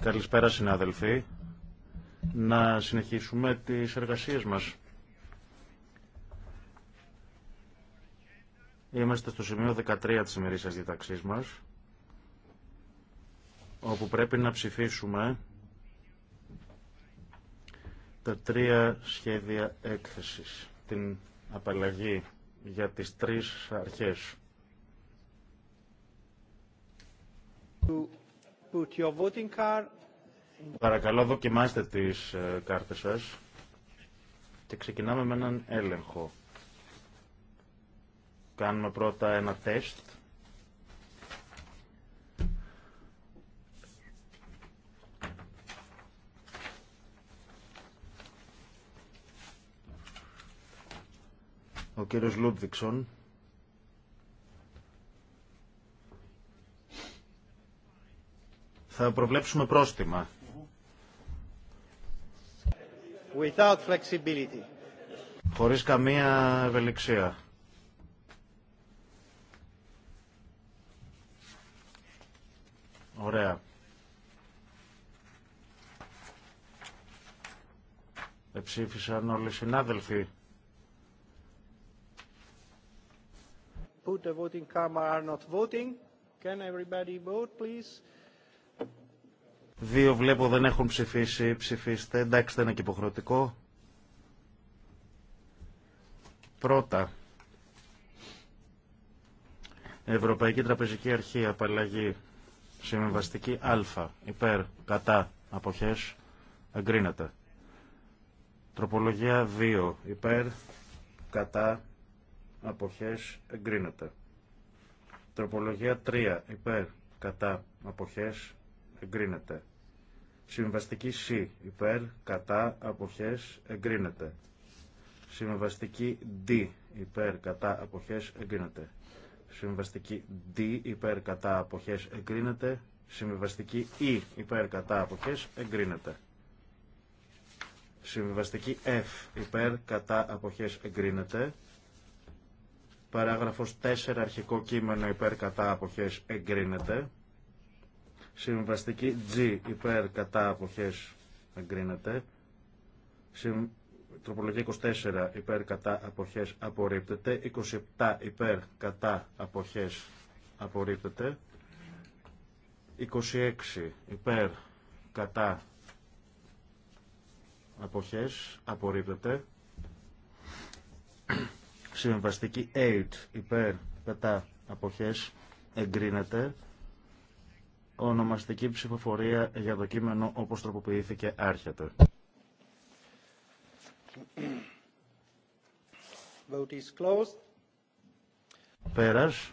Καλησπέρα συνάδελφοι. Να συνεχίσουμε τις εργασίες μας. Είμαστε στο σημείο 13 της ημερήσιας διδαξής μας, όπου πρέπει να ψηφίσουμε τα τρία σχέδια έκθεσης, την απαλλαγή για τις τρεις αρχές Παρακαλώ δοκιμάστε τις ε, κάρτες σας και ξεκινάμε με έναν έλεγχο. Κάνουμε πρώτα ένα τεστ. Ο κύριος Λούντβικσον. Θα προβλέψουμε πρόστιμα. Without flexibility. Χωρίς καμία ευελιξία. Ωραία. Εψήφισαν όλοι οι συνάδελφοι. Put the voting camera are not voting. Can everybody vote, please? Δύο βλέπω δεν έχουν ψηφίσει. Ψηφίστε. Εντάξει δεν είναι και υποχρεωτικό. Πρώτα. Ευρωπαϊκή Τραπεζική Αρχή. Απαλλαγή. Συμβαστική Α. Υπέρ. Κατά. Αποχές. Εγκρίνεται. Τροπολογία 2. Υπέρ. Κατά. Αποχές. Εγκρίνεται. Τροπολογία 3. Υπέρ. Κατά. Αποχές εγκρίνεται. Συμβαστική Σ υπέρ κατά αποχές εγκρίνεται. Συμβαστική Δ υπέρ κατά αποχές εγκρίνεται. Συμβαστική D υπέρ κατά αποχές εγκρίνεται. Συμβαστική E υπέρ κατά αποχές εγκρίνεται. Συμβαστική F υπέρ κατά αποχές εγκρίνεται. Παράγραφος 4 αρχικό κείμενο υπέρ κατά αποχές εγκρίνεται. Συμβαστική G υπέρ κατά αποχές εγκρίνεται. Συμ... Τροπολογία 24 υπέρ κατά αποχές απορρίπτεται. 27 υπέρ κατά αποχές απορρίπτεται. 26 υπέρ κατά αποχές απορρίπτεται. Συμβαστική 8 υπέρ κατά αποχές εγκρίνεται. Ονομαστική ψηφοφορία για το κείμενο όπως τροποποιήθηκε άρχεται. Vote is closed. Πέρας.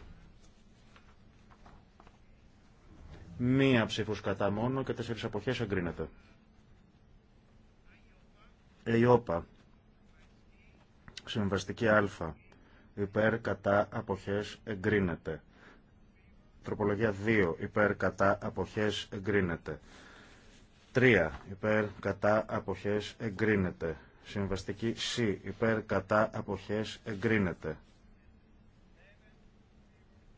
Μία ψήφος κατά μόνο και τέσσερις αποχές εγκρίνεται. ΕΙΟΠΑ. Συμβαστική Α. Υπέρ κατά αποχές εγκρίνεται. Τροπολογία 2 υπέρ κατά αποχές εγκρίνεται. 3 υπέρ κατά αποχές εγκρίνεται. Συμβαστική C υπέρ κατά αποχές εγκρίνεται.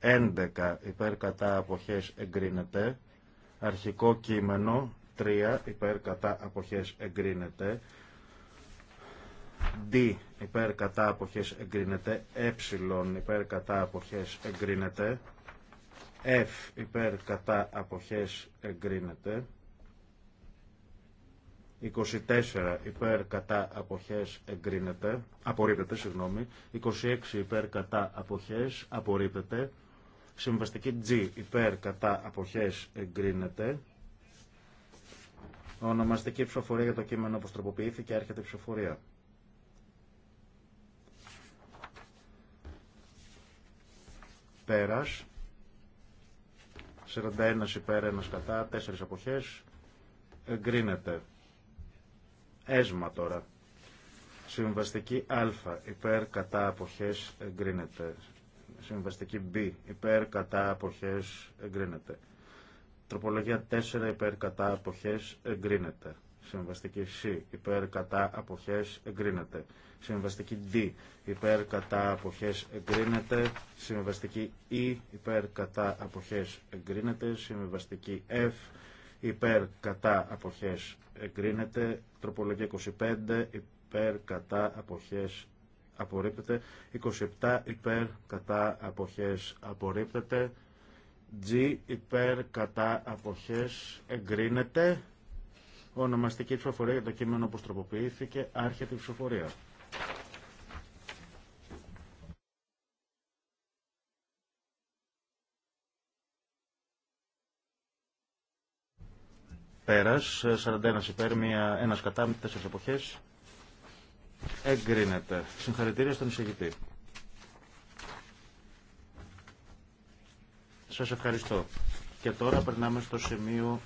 11 υπέρ κατά αποχές εγκρίνεται. Αρχικό κείμενο 3 υπέρ κατά αποχές εγκρίνεται. D υπέρ κατά αποχές εγκρίνεται. Ε υπέρ κατά αποχές εγκρίνεται. F υπέρ κατά αποχές εγκρίνεται. 24 υπέρ κατά αποχές εγκρίνεται, απορρίπτεται, συγγνώμη. 26 υπέρ κατά αποχές απορρίπτεται. Συμβαστική G υπέρ κατά αποχές εγκρίνεται. Ονομαστική ψηφοφορία για το κείμενο που τροποποιήθηκε έρχεται η ψηφοφορία. Πέρας. 41 υπέρ, ένα κατά, 4 αποχέ. Εγκρίνεται. Έσμα τώρα. Συμβαστική Α υπέρ κατά αποχέ εγκρίνεται. Συμβαστική Β υπέρ κατά αποχέ εγκρίνεται. Τροπολογία 4 υπέρ κατά αποχέ εγκρίνεται. Συμβαστική C υπέρ κατά αποχές εγκρίνεται. Συμβαστική D υπέρ κατά αποχές εγκρίνεται. Συμβαστική E υπέρ κατά αποχές εγκρίνεται. Συμβαστική F υπέρ κατά αποχές εγκρίνεται. Τροπολογία 25 υπέρ κατά αποχές απορρίπτεται. 27 υπέρ κατά αποχές απορρίπτεται. G υπέρ κατά αποχές εγκρίνεται. Ονομαστική ψηφοφορία για το κείμενο που τροποποιήθηκε. Άρχεται η ψηφοφορία. Πέρας, 41 υπέρ, μία, ένας κατά, τέσσερις εποχές. Εγκρίνεται. Συγχαρητήρια στον εισηγητή. Σας ευχαριστώ. Και τώρα περνάμε στο σημείο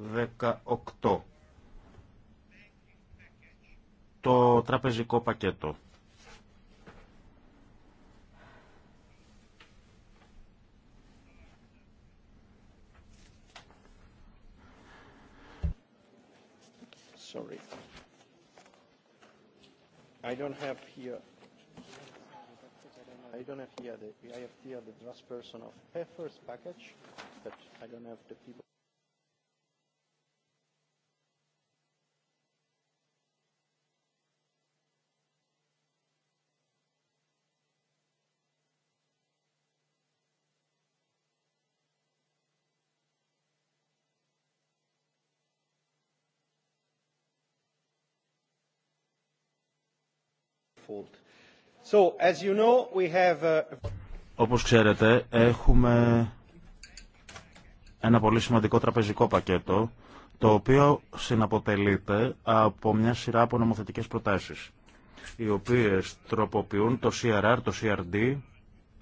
18. Το τραπεζικό πακέτο. Sorry. I don't have here. I don't have here the. I have here the draft person of first package, but I don't have the people. Uh, Όπως ξέρετε, έχουμε ένα πολύ σημαντικό τραπεζικό πακέτο, το οποίο συναποτελείται από μια σειρά από νομοθετικές προτάσεις, οι οποίες τροποποιούν το CRR, το CRD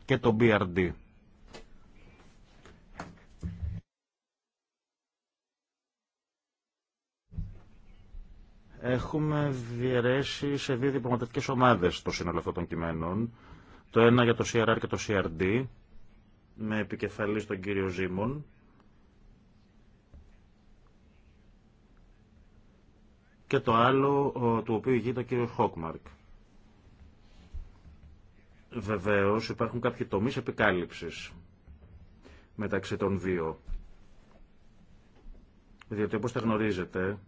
και το BRD. Έχουμε διαιρέσει σε δύο διπλωματικέ ομάδε το σύνολο αυτών των κειμένων. Το ένα για το CRR και το CRD, με επικεφαλή τον κύριο Ζήμων. Και το άλλο, του οποίου ηγείται ο κύριος Χόκμαρκ. Βεβαίως υπάρχουν κάποιοι τομείς επικάλυψης μεταξύ των δύο. Διότι όπως τα γνωρίζετε,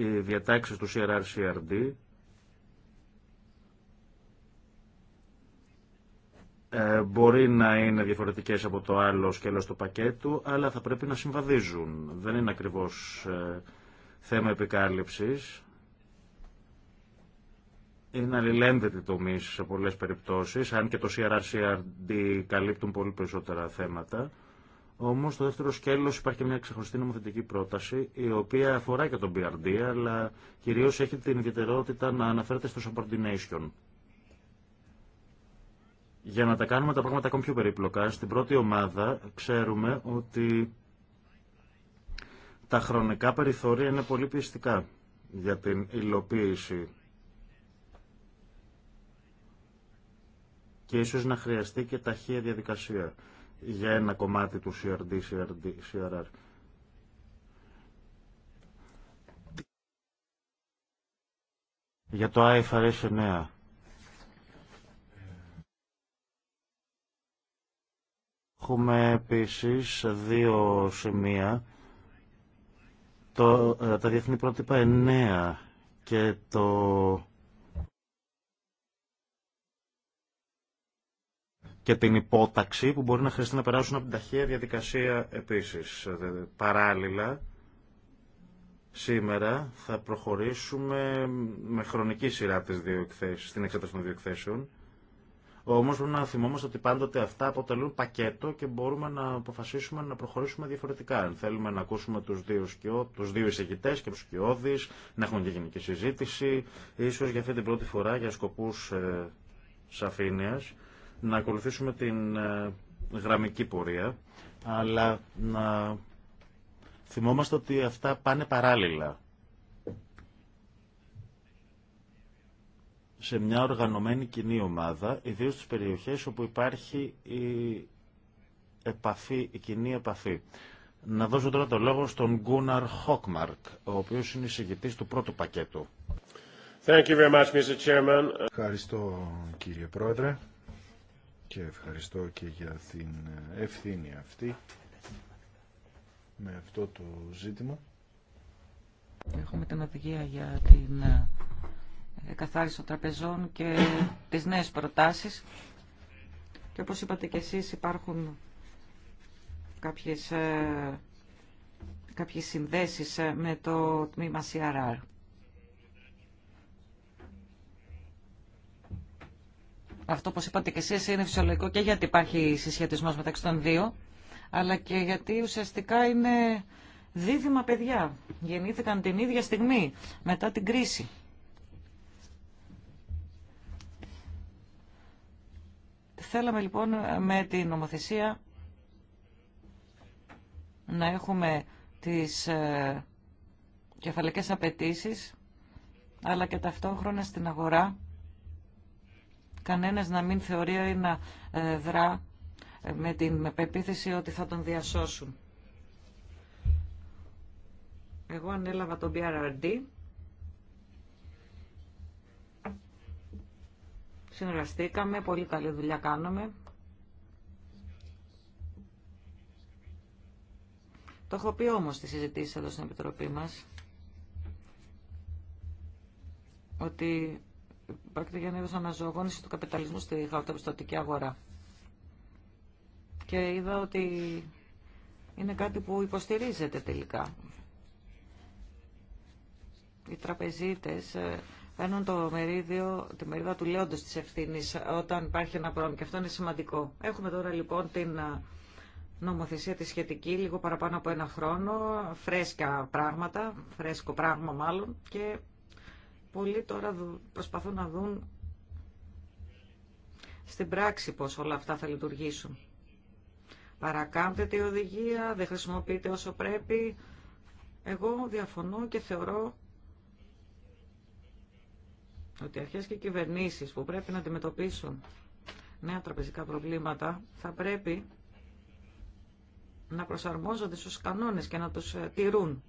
οι διατάξεις του CRR-CRD ε, μπορεί να είναι διαφορετικές από το άλλο σκέλος του πακέτου, αλλά θα πρέπει να συμβαδίζουν. Δεν είναι ακριβώς ε, θέμα επικάλυψης. Είναι αλληλένδετοι τομείς σε πολλές περιπτώσεις, αν και το CRR-CRD καλύπτουν πολύ περισσότερα θέματα. Όμω στο δεύτερο σκέλο υπάρχει και μια ξεχωριστή νομοθετική πρόταση, η οποία αφορά και τον BRD, αλλά κυρίω έχει την ιδιαιτερότητα να αναφέρεται στο subordination. Για να τα κάνουμε τα πράγματα ακόμη πιο περίπλοκα, στην πρώτη ομάδα ξέρουμε ότι τα χρονικά περιθώρια είναι πολύ πιεστικά για την υλοποίηση και ίσως να χρειαστεί και ταχεία διαδικασία για ένα κομμάτι του CRD, CRD, CRR. Για το IFRS 9. Έχουμε επίσης δύο σημεία. Το, ε, τα διεθνή πρότυπα 9 και το και την υπόταξη που μπορεί να χρειαστεί να περάσουν από την ταχεία διαδικασία επίσης. Ε, παράλληλα, σήμερα θα προχωρήσουμε με χρονική σειρά τις δύο εκθέσεις, στην εξέταση των δύο εκθέσεων. Όμως πρέπει να θυμόμαστε ότι πάντοτε αυτά αποτελούν πακέτο και μπορούμε να αποφασίσουμε να προχωρήσουμε διαφορετικά. Αν θέλουμε να ακούσουμε τους δύο, σκιο, τους δύο εισηγητές και τους σκιώδεις, να έχουμε και γενική συζήτηση, ίσως για αυτή την πρώτη φορά για σκοπούς ε, σαφήνειας να ακολουθήσουμε την ε, γραμμική πορεία, αλλά να θυμόμαστε ότι αυτά πάνε παράλληλα. σε μια οργανωμένη κοινή ομάδα, ιδίως στις περιοχές όπου υπάρχει η, επαφή, η κοινή επαφή. Να δώσω τώρα το λόγο στον Γκούναρ Χόκμαρκ, ο οποίος είναι εισηγητής του πρώτου πακέτου. Thank you very much, Mr. Chairman. Ευχαριστώ κύριε Πρόεδρε και ευχαριστώ και για την ευθύνη αυτή με αυτό το ζήτημα. Έχουμε την οδηγία για την ε, καθάριση των τραπεζών και τις νέες προτάσεις. Και όπως είπατε και εσείς υπάρχουν κάποιες, ε, κάποιες συνδέσεις ε, με το τμήμα CRR. Αυτό, όπως είπατε και εσείς, είναι φυσιολογικό και γιατί υπάρχει συσχετισμός μεταξύ των δύο, αλλά και γιατί ουσιαστικά είναι δίδυμα παιδιά. Γεννήθηκαν την ίδια στιγμή, μετά την κρίση. Θέλαμε λοιπόν με την νομοθεσία να έχουμε τις ε, κεφαλικές απαιτήσεις αλλά και ταυτόχρονα στην αγορά κανένας να μην θεωρεί να ε, δρά ε, με την πεποίθηση ότι θα τον διασώσουν. Εγώ ανέλαβα τον BRRD. Συνεργαστήκαμε, πολύ καλή δουλειά κάνουμε. Το έχω πει όμως της συζήτηση εδώ στην Επιτροπή μας ότι πρόκειται για ένα είδος αναζωογόνηση του καπιταλισμού στη χαρτοπιστωτική αγορά. Και είδα ότι είναι κάτι που υποστηρίζεται τελικά. Οι τραπεζίτες ε, παίρνουν το μερίδιο, τη μερίδα του λέοντος της ευθύνης όταν υπάρχει ένα πρόβλημα και αυτό είναι σημαντικό. Έχουμε τώρα λοιπόν την ε, νομοθεσία τη σχετική λίγο παραπάνω από ένα χρόνο, φρέσκα πράγματα, φρέσκο πράγμα μάλλον και Πολλοί τώρα προσπαθούν να δουν στην πράξη πώς όλα αυτά θα λειτουργήσουν. Παρακάμπτεται η οδηγία, δεν χρησιμοποιείται όσο πρέπει. Εγώ διαφωνώ και θεωρώ ότι αρχές και κυβερνήσεις που πρέπει να αντιμετωπίσουν νέα τραπεζικά προβλήματα θα πρέπει να προσαρμόζονται στους κανόνες και να τους ε, τηρούν.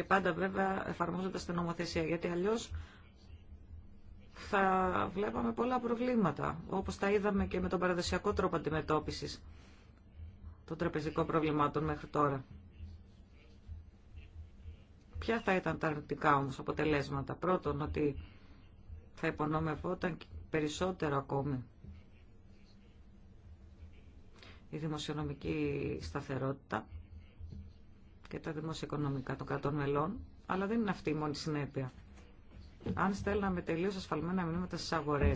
Και πάντα βέβαια εφαρμόζοντας την νομοθεσία, γιατί αλλιώς θα βλέπαμε πολλά προβλήματα, όπως τα είδαμε και με τον παραδοσιακό τρόπο αντιμετώπισης των τραπεζικών προβλημάτων μέχρι τώρα. Ποια θα ήταν τα αρνητικά όμως αποτελέσματα. Πρώτον, ότι θα υπονομευόταν περισσότερο ακόμη η δημοσιονομική σταθερότητα και τα δημοσιοοικονομικά των κρατών μελών, αλλά δεν είναι αυτή η μόνη συνέπεια. Αν στέλναμε τελείω ασφαλμένα μηνύματα στι αγορέ.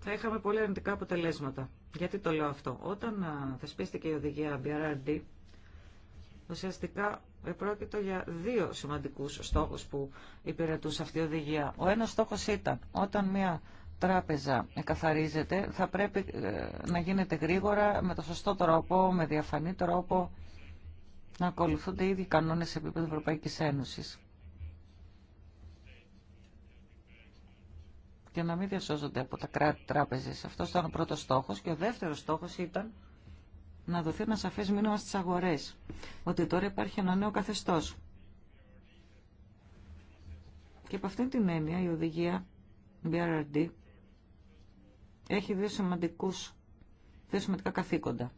θα είχαμε πολύ αρνητικά αποτελέσματα. Γιατί το λέω αυτό. Όταν θεσπίστηκε η οδηγία BRRD, ουσιαστικά πρόκειται για δύο σημαντικούς στόχους που υπηρετούσε αυτή η οδηγία. Ο ένας στόχος ήταν όταν μια τράπεζα εκαθαρίζεται, θα πρέπει ε, να γίνεται γρήγορα, με το σωστό τρόπο, με διαφανή τρόπο, να ακολουθούνται ήδη οι κανόνες σε επίπεδο Ευρωπαϊκής Ένωσης και να μην διασώζονται από τα κράτη τράπεζες. Αυτός ήταν ο πρώτος στόχος και ο δεύτερος στόχος ήταν να δοθεί ένα σαφές μήνυμα στις αγορές ότι τώρα υπάρχει ένα νέο καθεστώς. Και από αυτήν την έννοια η οδηγία BRRD έχει δύο, σημαντικούς, δύο σημαντικά καθήκοντα.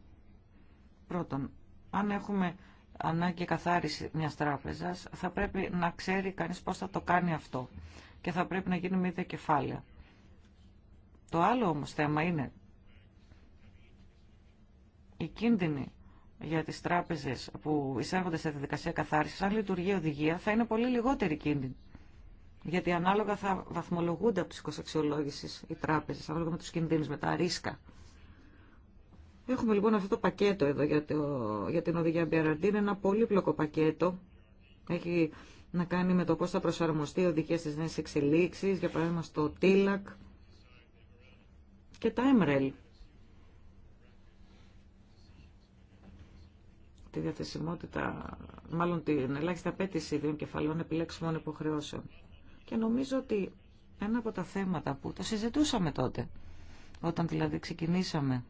Πρώτον, αν έχουμε ανάγκη καθάριση μιας τράπεζας, θα πρέπει να ξέρει κανείς πώς θα το κάνει αυτό και θα πρέπει να γίνει με ίδια κεφάλαια. Το άλλο όμως θέμα είναι η κίνδυνη για τις τράπεζες που εισέρχονται σε διαδικασία καθάρισης, αν λειτουργεί οδηγία, θα είναι πολύ λιγότερη κίνδυνη. Γιατί ανάλογα θα βαθμολογούνται από τις οικοσαξιολόγησεις οι τράπεζες, ανάλογα με τους κινδύνους, με τα ρίσκα. Έχουμε λοιπόν αυτό το πακέτο εδώ για, το, για την οδηγία BRRD. Είναι ένα πολύπλοκο πακέτο. Έχει να κάνει με το πώς θα προσαρμοστεί η οδηγία στις νέες εξελίξεις, για παράδειγμα στο TILAC και τα MREL. Τη διαθεσιμότητα, μάλλον την ελάχιστη απέτηση δύο κεφαλών επιλέξιμων υποχρεώσεων. Και νομίζω ότι ένα από τα θέματα που τα συζητούσαμε τότε, όταν δηλαδή ξεκινήσαμε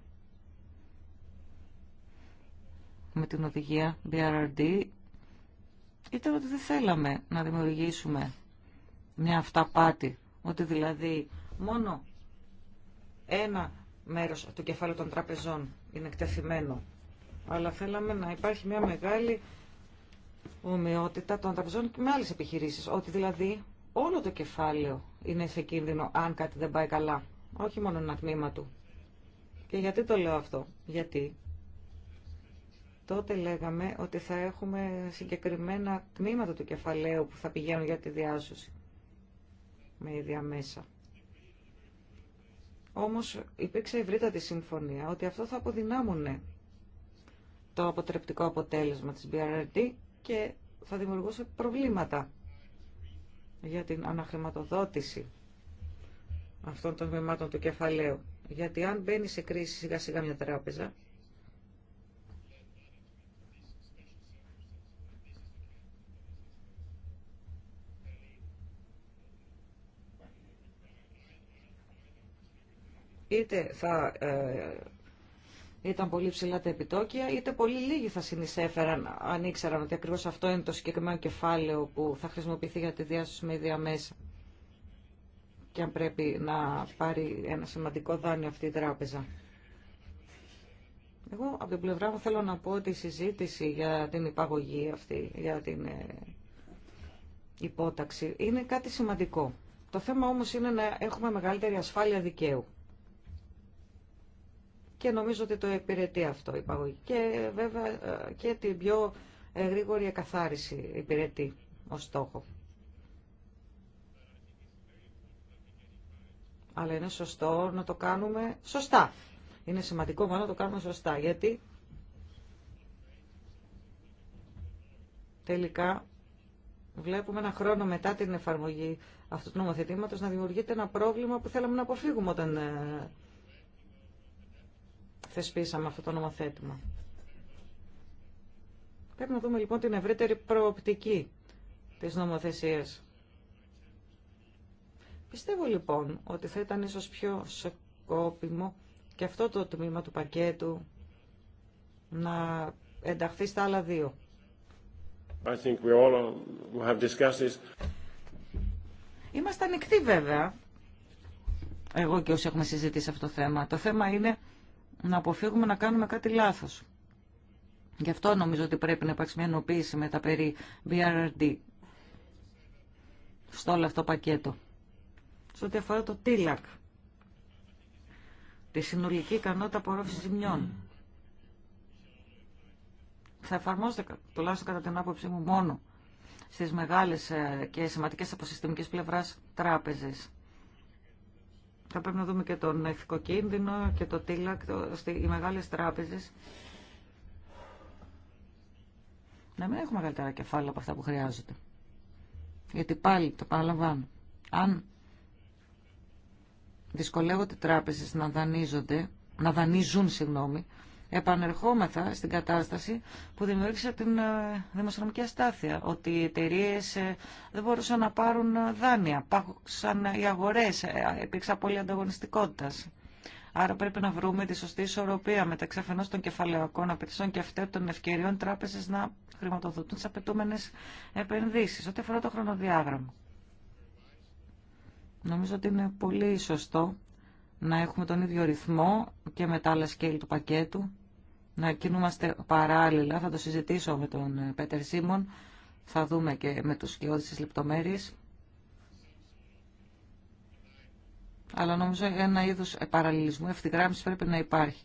με την οδηγία BRRD ήταν ότι δεν θέλαμε να δημιουργήσουμε μια αυταπάτη, ότι δηλαδή μόνο ένα μέρος του κεφάλαιου των τραπεζών είναι εκτεθειμένο, αλλά θέλαμε να υπάρχει μια μεγάλη ομοιότητα των τραπεζών και με άλλες επιχειρήσεις, ότι δηλαδή όλο το κεφάλαιο είναι σε κίνδυνο αν κάτι δεν πάει καλά, όχι μόνο ένα τμήμα του. Και γιατί το λέω αυτό, γιατί Τότε λέγαμε ότι θα έχουμε συγκεκριμένα τμήματα του κεφαλαίου που θα πηγαίνουν για τη διάσωση με ίδια μέσα. Όμως υπήρξε ευρύτατη συμφωνία ότι αυτό θα αποδυνάμουνε το αποτρεπτικό αποτέλεσμα της BRRD και θα δημιουργούσε προβλήματα για την αναχρηματοδότηση αυτών των τμήματων του κεφαλαίου. Γιατί αν μπαίνει σε κρίση σιγά σιγά μια τράπεζα, είτε θα ε, ήταν πολύ ψηλά τα επιτόκια, είτε πολύ λίγοι θα συνεισέφεραν αν ήξεραν ότι ακριβώς αυτό είναι το συγκεκριμένο κεφάλαιο που θα χρησιμοποιηθεί για τη διάσωση με ίδια μέσα και αν πρέπει να πάρει ένα σημαντικό δάνειο αυτή η τράπεζα. Εγώ από την πλευρά μου θέλω να πω ότι η συζήτηση για την υπαγωγή αυτή, για την ε, υπόταξη, είναι κάτι σημαντικό. Το θέμα όμως είναι να έχουμε μεγαλύτερη ασφάλεια δικαίου και νομίζω ότι το υπηρετεί αυτό η παγωγή. Και βέβαια ε, και την πιο ε, γρήγορη εκαθάριση υπηρετεί ως στόχο. Αλλά είναι σωστό να το κάνουμε σωστά. Είναι σημαντικό μόνο να το κάνουμε σωστά, γιατί τελικά βλέπουμε ένα χρόνο μετά την εφαρμογή αυτού του νομοθετήματος να δημιουργείται ένα πρόβλημα που θέλαμε να αποφύγουμε όταν ε, θεσπίσαμε αυτό το νομοθέτημα. Πρέπει να δούμε λοιπόν την ευρύτερη προοπτική της νομοθεσίας. Πιστεύω λοιπόν ότι θα ήταν ίσως πιο σκόπιμο και αυτό το τμήμα του πακέτου να ενταχθεί στα άλλα δύο. I think we all have discussed Είμαστε ανοιχτοί βέβαια. Εγώ και όσοι έχουμε συζητήσει αυτό το θέμα. Το θέμα είναι να αποφύγουμε να κάνουμε κάτι λάθος. Γι' αυτό νομίζω ότι πρέπει να υπάρξει μια ενοποίηση με τα περί BRRD στο όλο αυτό πακέτο. Σε ό,τι αφορά το TILAC, τη συνολική ικανότητα απορρόφησης ζημιών. Θα εφαρμόζεται, τουλάχιστον κατά την άποψή μου, μόνο στις μεγάλες ε, και σημαντικές αποσυστημικές πλευράς τράπεζες θα πρέπει να δούμε και τον ηθικό και το τίλακ, οι μεγάλες τράπεζες. Να μην έχουμε μεγαλύτερα κεφάλαια από αυτά που χρειάζονται. Γιατί πάλι το παραλαμβάνω. Αν δυσκολεύονται τράπεζες να δανείζονται, να δανείζουν, συγγνώμη, επανερχόμεθα στην κατάσταση που δημιούργησε την ε, δημοσιονομική αστάθεια, ότι οι εταιρείε ε, δεν μπορούσαν να πάρουν ε, δάνεια, πάχουσαν οι αγορές, υπήρξε πολύ ανταγωνιστικότητα. Άρα πρέπει να βρούμε τη σωστή ισορροπία μεταξύ αφενό των κεφαλαιακών απαιτήσεων και αυτών των ευκαιριών τράπεζε να χρηματοδοτούν τι απαιτούμενε επενδύσει. Ό,τι αφορά το χρονοδιάγραμμα. Νομίζω ότι είναι πολύ σωστό να έχουμε τον ίδιο ρυθμό και με τα άλλα σκέλη του πακέτου να κινούμαστε παράλληλα. Θα το συζητήσω με τον ε, Πέτερ Σίμων. Θα δούμε και με τους σκιώδεις λεπτομέρειες. Αλλά νομίζω ένα είδους παραλληλισμού ευθυγράμμισης πρέπει να υπάρχει.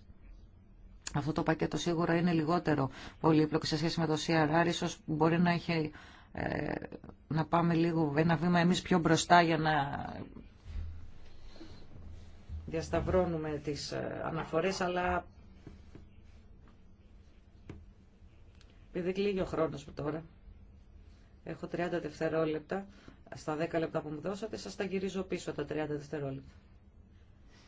Αυτό το πακέτο σίγουρα είναι λιγότερο πολύπλοκο σε σχέση με το CRR. Ίσως μπορεί να, έχει, ε, να πάμε λίγο ένα βήμα εμείς πιο μπροστά για να διασταυρώνουμε τις ε, αναφορές, αλλά Επειδή κλείγει ο χρόνος μου τώρα, έχω 30 δευτερόλεπτα, στα 10 λεπτά που μου δώσατε, σας τα γυρίζω πίσω τα 30 δευτερόλεπτα.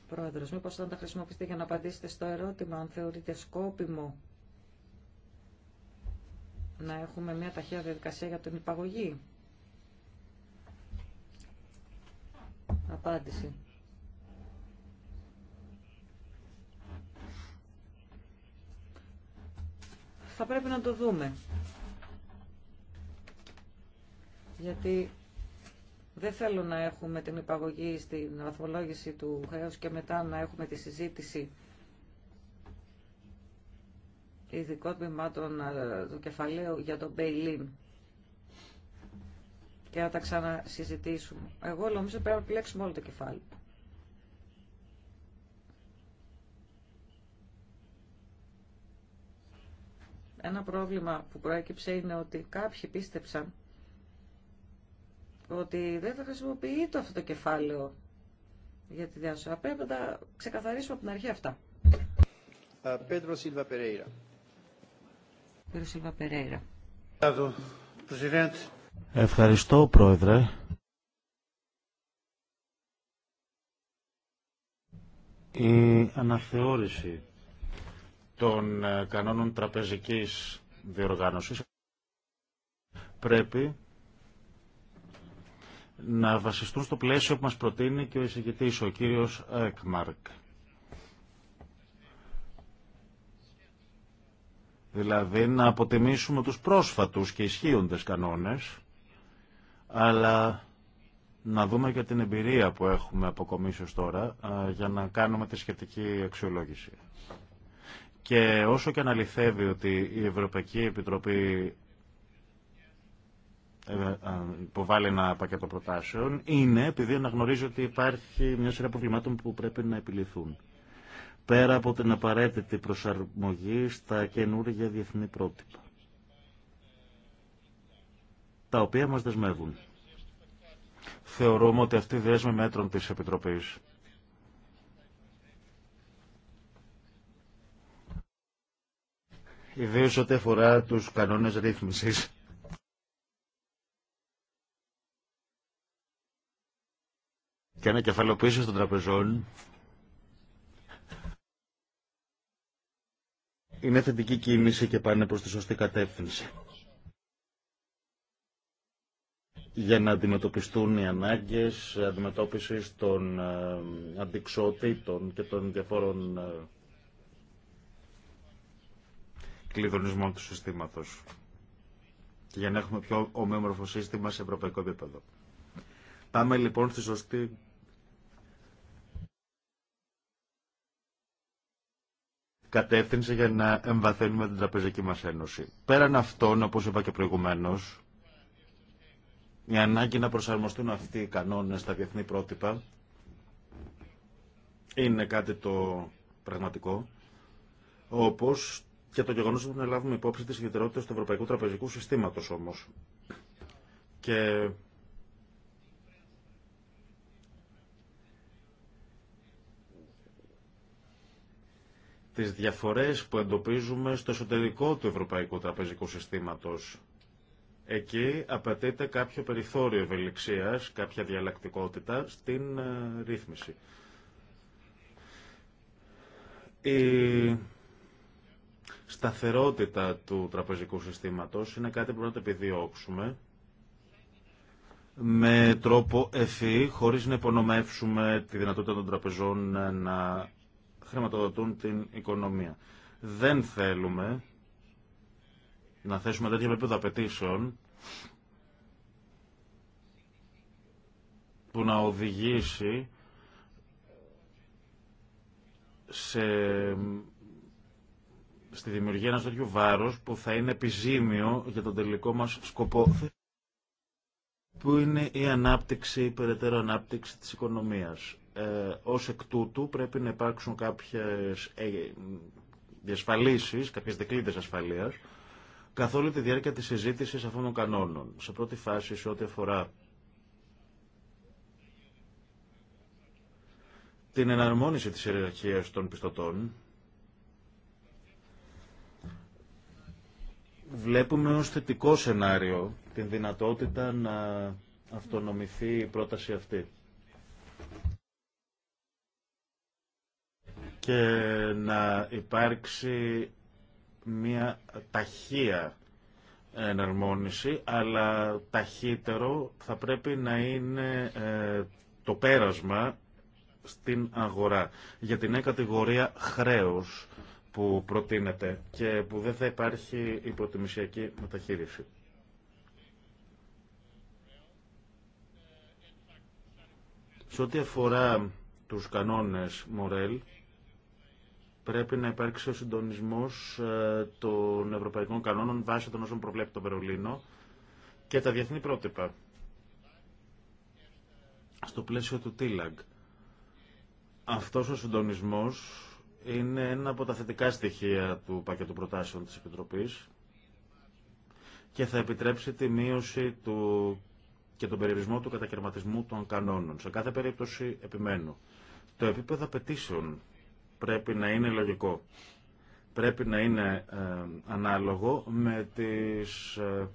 Πρόεδρος, μήπως θα τα χρησιμοποιήσετε για να απαντήσετε στο ερώτημα, αν θεωρείτε σκόπιμο να έχουμε μια ταχεία διαδικασία για την υπαγωγή. Απάντηση. θα πρέπει να το δούμε. Γιατί δεν θέλω να έχουμε την υπαγωγή στην βαθμολόγηση του χρέους και μετά να έχουμε τη συζήτηση ειδικών τμήματων ε, του κεφαλαίου για τον Μπέιλιν και να τα ξανασυζητήσουμε. Εγώ νομίζω πρέπει να επιλέξουμε όλο το κεφάλι. Ένα πρόβλημα που προέκυψε είναι ότι κάποιοι πίστεψαν ότι δεν θα χρησιμοποιείται αυτό το κεφάλαιο για τη διάσωση. Πρέπει ξεκαθαρίσουμε από την αρχή αυτά. Ε, Πέτρο Σίλβα Περέιρα. Πέτρο Σίλβα Περέιρα. Ευχαριστώ, Πρόεδρε. Η αναθεώρηση των ε, κανόνων τραπεζικής διοργάνωσης πρέπει να βασιστούν στο πλαίσιο που μας προτείνει και ο εισηγητής, ο κύριος Εκμαρκ. Δηλαδή να αποτιμήσουμε τους πρόσφατους και ισχύοντες κανόνες, αλλά να δούμε και την εμπειρία που έχουμε αποκομίσει τώρα ε, για να κάνουμε τη σχετική αξιολόγηση. Και όσο και αναλυθεύει ότι η Ευρωπαϊκή Επιτροπή ε, ε, ε, υποβάλλει ένα πακέτο προτάσεων, είναι επειδή αναγνωρίζει ότι υπάρχει μια σειρά προβλημάτων που πρέπει να επιληθούν. Πέρα από την απαραίτητη προσαρμογή στα καινούργια διεθνή πρότυπα, τα οποία μας δεσμεύουν. Θεωρούμε ότι αυτή η δέσμη μέτρων της Επιτροπής Ιδίω ό,τι αφορά τους κανόνες ρύθμιση. Και ανακεφαλοποίηση των τραπεζών είναι θετική κίνηση και πάνε προς τη σωστή κατεύθυνση. για να αντιμετωπιστούν οι ανάγκες αντιμετώπισης των ε, αντικσότητων και των διαφόρων ε, κλειδονισμών του συστήματος και για να έχουμε πιο ομοιόμορφο σύστημα σε ευρωπαϊκό επίπεδο. Πάμε λοιπόν στη σωστή κατεύθυνση για να εμβαθύνουμε την τραπεζική μας ένωση. Πέραν αυτών, όπως είπα και προηγουμένως, η ανάγκη να προσαρμοστούν αυτοί οι κανόνες στα διεθνή πρότυπα είναι κάτι το πραγματικό, όπως και το γεγονό ότι να λάβουμε υπόψη τη ιδιαιτερότητε του Ευρωπαϊκού Τραπεζικού Συστήματο όμω. Και τις διαφορές που εντοπίζουμε στο εσωτερικό του Ευρωπαϊκού Τραπεζικού Συστήματος. Εκεί απαιτείται κάποιο περιθώριο ευελιξίας, κάποια διαλλακτικότητα στην ε, ρύθμιση. Η σταθερότητα του τραπεζικού συστήματος είναι κάτι που πρέπει να το επιδιώξουμε με τρόπο ευφύ, χωρίς να υπονομεύσουμε τη δυνατότητα των τραπεζών να χρηματοδοτούν την οικονομία. Δεν θέλουμε να θέσουμε τέτοια επίπεδα απαιτήσεων που να οδηγήσει σε στη δημιουργία ενός τέτοιου βάρους που θα είναι επιζήμιο για τον τελικό μας σκοπό που είναι η ανάπτυξη, η περαιτέρω ανάπτυξη της οικονομίας. Ε, ως εκ τούτου πρέπει να υπάρξουν κάποιες ε, διασφαλίσεις, κάποιες δεκλίδες ασφαλείας, καθ' όλη τη διάρκεια της συζήτησης αυτών των κανόνων. Σε πρώτη φάση, σε ό,τι αφορά την εναρμόνιση της ιεραρχίας των πιστωτών, βλέπουμε ως θετικό σενάριο την δυνατότητα να αυτονομηθεί η πρόταση αυτή. Και να υπάρξει μια ταχεία εναρμόνιση, αλλά ταχύτερο θα πρέπει να είναι ε, το πέρασμα στην αγορά. Για την νέα κατηγορία «χρέος» που προτείνεται και που δεν θα υπάρχει η προτιμησιακή μεταχείριση. Σε ό,τι αφορά τους κανόνες Μορέλ, πρέπει να υπάρξει ο συντονισμός ε, των ευρωπαϊκών κανόνων βάσει των όσων προβλέπει το Βερολίνο και τα διεθνή πρότυπα στο πλαίσιο του ΤΙΛΑΓ. Αυτός ο συντονισμός είναι ένα από τα θετικά στοιχεία του πακέτου προτάσεων της Επιτροπής και θα επιτρέψει τη μείωση του και τον περιορισμό του κατακαιρματισμού των κανόνων. Σε κάθε περίπτωση επιμένω. Το επίπεδο απαιτήσεων πρέπει να είναι λογικό. Πρέπει να είναι ε, ανάλογο με τις ε,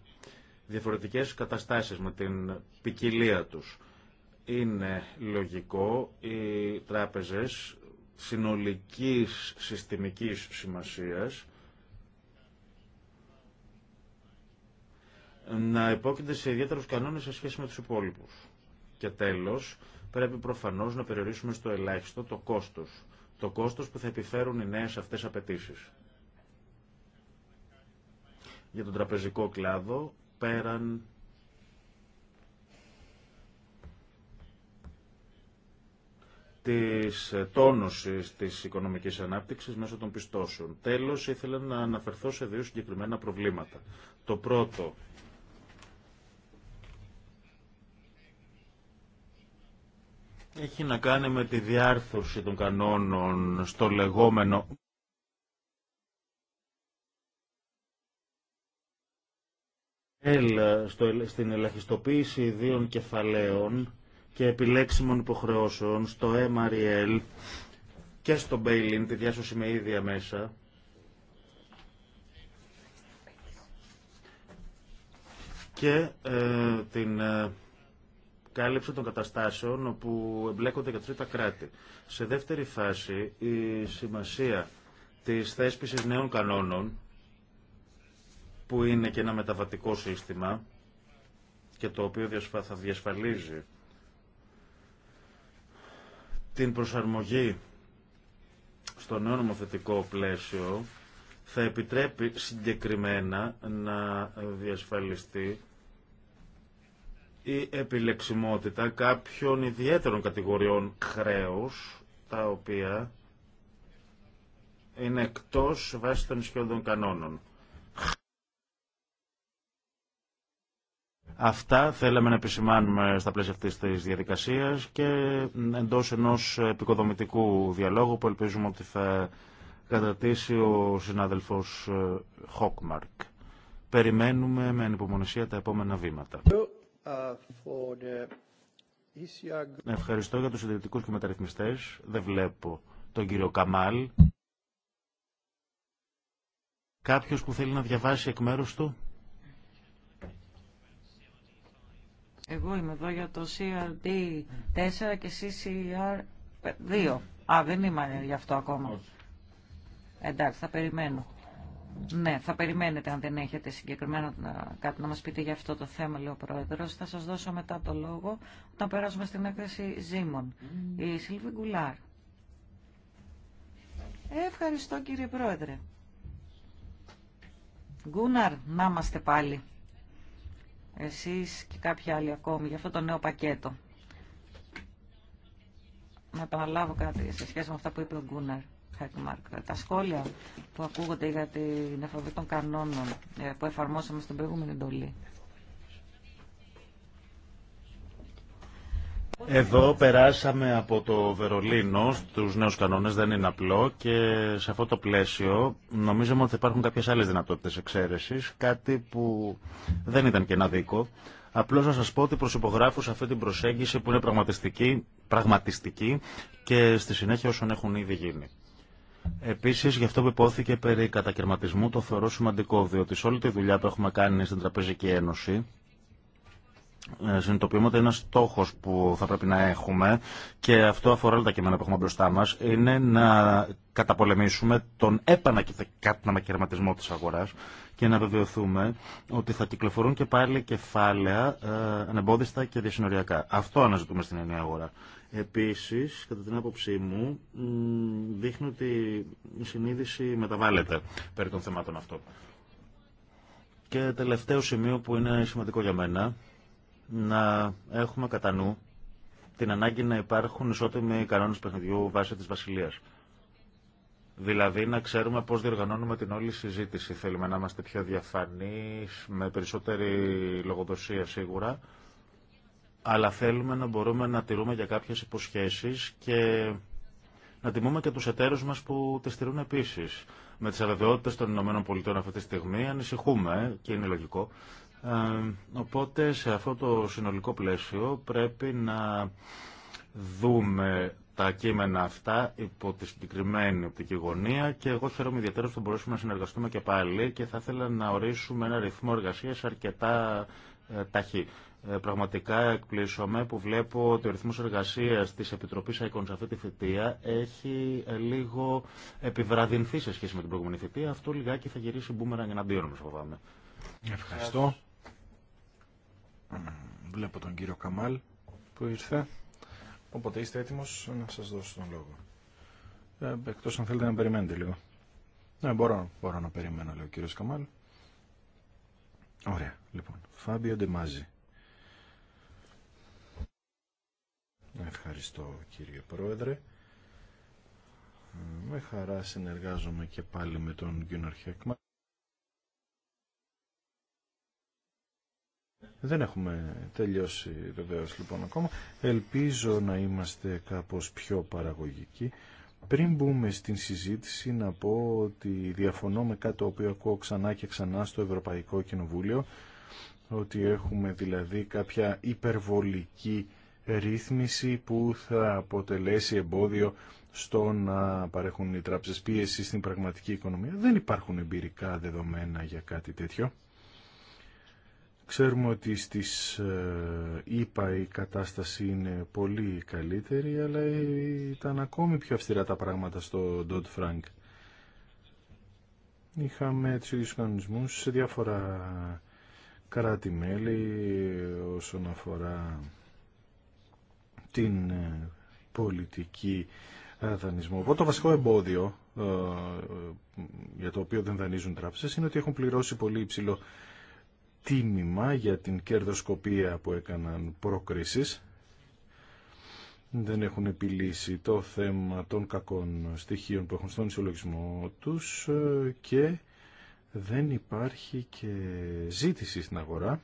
διαφορετικές καταστάσεις, με την ποικιλία τους. Είναι λογικό οι τράπεζες συνολικής συστημικής σημασίας να υπόκειται σε ιδιαίτερους κανόνες σε σχέση με τους υπόλοιπους. Και τέλος, πρέπει προφανώς να περιορίσουμε στο ελάχιστο το κόστος. Το κόστος που θα επιφέρουν οι νέες αυτές απαιτήσει. Για τον τραπεζικό κλάδο, πέραν της τόνωσης της οικονομικής ανάπτυξης μέσω των πιστώσεων. Τέλος, ήθελα να αναφερθώ σε δύο συγκεκριμένα προβλήματα. Το πρώτο, έχει να κάνει με τη διάρθρωση των κανόνων στο λεγόμενο στην ελαχιστοποίηση ιδίων κεφαλαίων και επιλέξιμων υποχρεώσεων στο MRL e και στο Bailin, τη διάσωση με ίδια μέσα, και ε, την ε, κάλυψη των καταστάσεων όπου εμπλέκονται για τρίτα κράτη. Σε δεύτερη φάση, η σημασία της θέσπισης νέων κανόνων, που είναι και ένα μεταβατικό σύστημα και το οποίο θα διασφαλίζει την προσαρμογή στο νέο νομοθετικό πλαίσιο θα επιτρέπει συγκεκριμένα να διασφαλιστεί η επιλεξιμότητα κάποιων ιδιαίτερων κατηγοριών χρέους, τα οποία είναι εκτός βάση των ισχυόντων κανόνων. Αυτά θέλαμε να επισημάνουμε στα πλαίσια αυτής της διαδικασίας και εντός ενός επικοδομητικού διαλόγου που ελπίζουμε ότι θα κατατήσει ο συνάδελφος ε, Χόκμαρκ. Περιμένουμε με ανυπομονησία τα επόμενα βήματα. Uh, e Ευχαριστώ για τους συντηρητικούς και μεταρρυθμιστές. Δεν βλέπω τον κύριο Καμάλ. Κάποιος που θέλει να διαβάσει εκ μέρους του. Εγώ είμαι εδώ για το CRD4 και CCR2. Α, δεν είμαι για αυτό ακόμα. Εντάξει, θα περιμένω. Ναι, θα περιμένετε αν δεν έχετε συγκεκριμένα κάτι να μας πείτε για αυτό το θέμα, λέει ο Πρόεδρος. Θα σας δώσω μετά το λόγο όταν περάσουμε στην έκθεση Ζήμων. Mm. Η Σιλβί Γκουλάρ. Ευχαριστώ κύριε Πρόεδρε. Γκούναρ, να είμαστε πάλι εσείς και κάποιοι άλλοι ακόμη για αυτό το νέο πακέτο. Να επαναλάβω κάτι σε σχέση με αυτά που είπε ο Γκούναρ. Τα σχόλια που ακούγονται για την εφαρμογή των κανόνων ε, που εφαρμόσαμε στην προηγούμενη εντολή. Εδώ περάσαμε από το Βερολίνο στους νέους κανόνες, δεν είναι απλό και σε αυτό το πλαίσιο νομίζαμε ότι θα υπάρχουν κάποιες άλλες δυνατότητες εξαίρεσης, κάτι που δεν ήταν και ένα δίκο. Απλώς να σας πω ότι προσυπογράφω σε αυτή την προσέγγιση που είναι πραγματιστική, πραγματιστική και στη συνέχεια όσων έχουν ήδη γίνει. Επίση, γι' αυτό που υπόθηκε περί κατακαιρματισμού το θεωρώ σημαντικό, διότι σε όλη τη δουλειά που έχουμε κάνει στην Τραπεζική Ένωση, ε, συνειδητοποιούμε ότι ένα στόχο που θα πρέπει να έχουμε και αυτό αφορά όλα τα κείμενα που έχουμε μπροστά μα είναι να καταπολεμήσουμε τον επανακαιρματισμό τη αγορά και να βεβαιωθούμε ότι θα κυκλοφορούν και πάλι κεφάλαια ε, ανεμπόδιστα και διασυνοριακά. Αυτό αναζητούμε στην ενιαία αγορά. Επίση, κατά την άποψή μου, δείχνει ότι η συνείδηση μεταβάλλεται περί των θεμάτων αυτών. Και τελευταίο σημείο που είναι σημαντικό για μένα να έχουμε κατά νου την ανάγκη να υπάρχουν ισότιμοι κανόνε παιχνιδιού βάσει της Βασιλείας. Δηλαδή να ξέρουμε πώς διοργανώνουμε την όλη συζήτηση. Θέλουμε να είμαστε πιο διαφανεί με περισσότερη λογοδοσία σίγουρα, αλλά θέλουμε να μπορούμε να τηρούμε για κάποιες υποσχέσει και να τιμούμε και τους εταίρους μα που τι τηρούν επίση, Με τι αβεβαιότητε των Ηνωμένων Πολιτών αυτή τη στιγμή ανησυχούμε και είναι λογικό. Ε, οπότε σε αυτό το συνολικό πλαίσιο πρέπει να δούμε τα κείμενα αυτά υπό τη συγκεκριμένη οπτική γωνία και εγώ χαίρομαι ιδιαίτερα που μπορέσουμε να συνεργαστούμε και πάλι και θα ήθελα να ορίσουμε ένα ρυθμό εργασία αρκετά ε, ταχύ. Ε, πραγματικά εκπλήσωμαι που βλέπω ότι ο ρυθμός εργασίας της Επιτροπής ΑΕΚΟΝ σε αυτή τη θητεία έχει λίγο επιβραδυνθεί σε σχέση με την προηγούμενη θητεία. Αυτό λιγάκι θα γυρίσει μπούμερα για να μπει φοβάμαι. Ευχαριστώ. Βλέπω τον κύριο Καμάλ που ήρθε. Οπότε είστε έτοιμος να σας δώσω τον λόγο. Ε, εκτός αν θέλετε να περιμένετε λίγο. Ναι, μπορώ, μπορώ να περιμένω, λέει ο κύριος Καμάλ. Ωραία, λοιπόν. Φάμπιο Ντεμάζη. Ευχαριστώ κύριε Πρόεδρε. Ε, με χαρά συνεργάζομαι και πάλι με τον Γκίνορ Δεν έχουμε τελειώσει βεβαίω λοιπόν ακόμα. Ελπίζω να είμαστε κάπως πιο παραγωγικοί. Πριν μπούμε στην συζήτηση να πω ότι διαφωνώ με κάτι το οποίο ακούω ξανά και ξανά στο Ευρωπαϊκό Κοινοβούλιο ότι έχουμε δηλαδή κάποια υπερβολική ρύθμιση που θα αποτελέσει εμπόδιο στο να παρέχουν οι τράπεζες πίεση στην πραγματική οικονομία. Δεν υπάρχουν εμπειρικά δεδομένα για κάτι τέτοιο. Ξέρουμε ότι στις ΙΠΑ ε, η κατάσταση είναι πολύ καλύτερη, αλλά ε, ήταν ακόμη πιο αυστηρά τα πράγματα στο Ντόντ Frank. Είχαμε τους ίδιους κανονισμούς σε διάφορα κράτη-μέλη όσον αφορά την ε, πολιτική δανεισμό. Οπότε το βασικό εμπόδιο για το οποίο δεν δανείζουν τράπεζες είναι ότι έχουν πληρώσει πολύ υψηλό τίμημα για την κερδοσκοπία που έκαναν προκρίσεις. Δεν έχουν επιλύσει το θέμα των κακών στοιχείων που έχουν στον ισολογισμό τους και δεν υπάρχει και ζήτηση στην αγορά.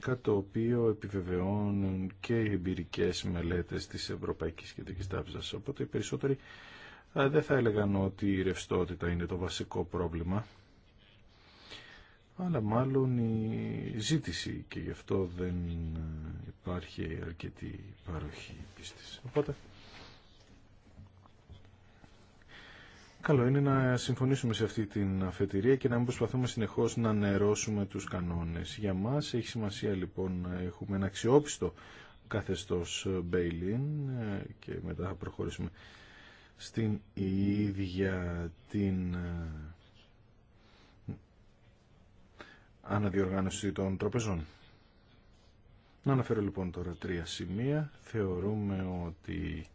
κάτι το οποίο επιβεβαιώνουν και οι εμπειρικές μελέτες της Ευρωπαϊκής Κεντρικής Τράπεζας. Οπότε οι περισσότεροι δεν θα έλεγαν ότι η ρευστότητα είναι το βασικό πρόβλημα, αλλά μάλλον η ζήτηση και γι' αυτό δεν υπάρχει αρκετή παροχή πίστης. Οπότε, καλό είναι να συμφωνήσουμε σε αυτή την αφετηρία και να μην προσπαθούμε συνεχώς να νερώσουμε τους κανόνες. Για μας έχει σημασία λοιπόν να έχουμε ένα αξιόπιστο Μπέιλιν ε, και μετά θα προχωρήσουμε στην ίδια την ε, αναδιοργάνωση των τροπεζών. Να αναφέρω λοιπόν τώρα τρία σημεία. Θεωρούμε ότι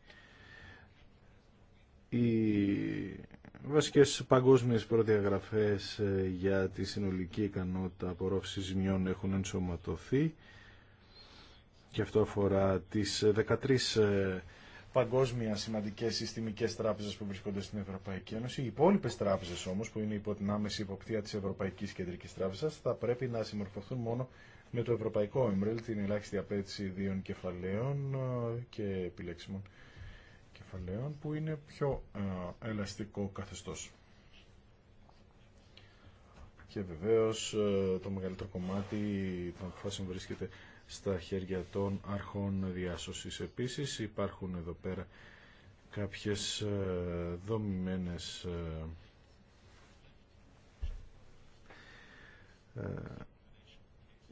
οι βασικές παγκόσμιες προδιαγραφές ε, για τη συνολική ικανότητα απορρόφησης ζημιών έχουν ενσωματωθεί και αυτό αφορά τις 13 παγκόσμια σημαντικές συστημικές τράπεζες που βρίσκονται στην Ευρωπαϊκή Ένωση. Οι υπόλοιπε τράπεζε όμως που είναι υπό την άμεση υποπτία της Ευρωπαϊκής Κεντρικής Τράπεζας θα πρέπει να συμμορφωθούν μόνο με το Ευρωπαϊκό Εμπρέλ, την ελάχιστη απέτηση δύο κεφαλαίων ε, και επιλέξιμων κεφαλαίων που είναι πιο ε, ελαστικό καθεστώ. Και βεβαίω, ε, το μεγαλύτερο κομμάτι των αποφάσεων βρίσκεται στα χέρια των αρχών διάσωσης. Επίσης υπάρχουν εδώ πέρα κάποιες ε, δομημένες ε, ε,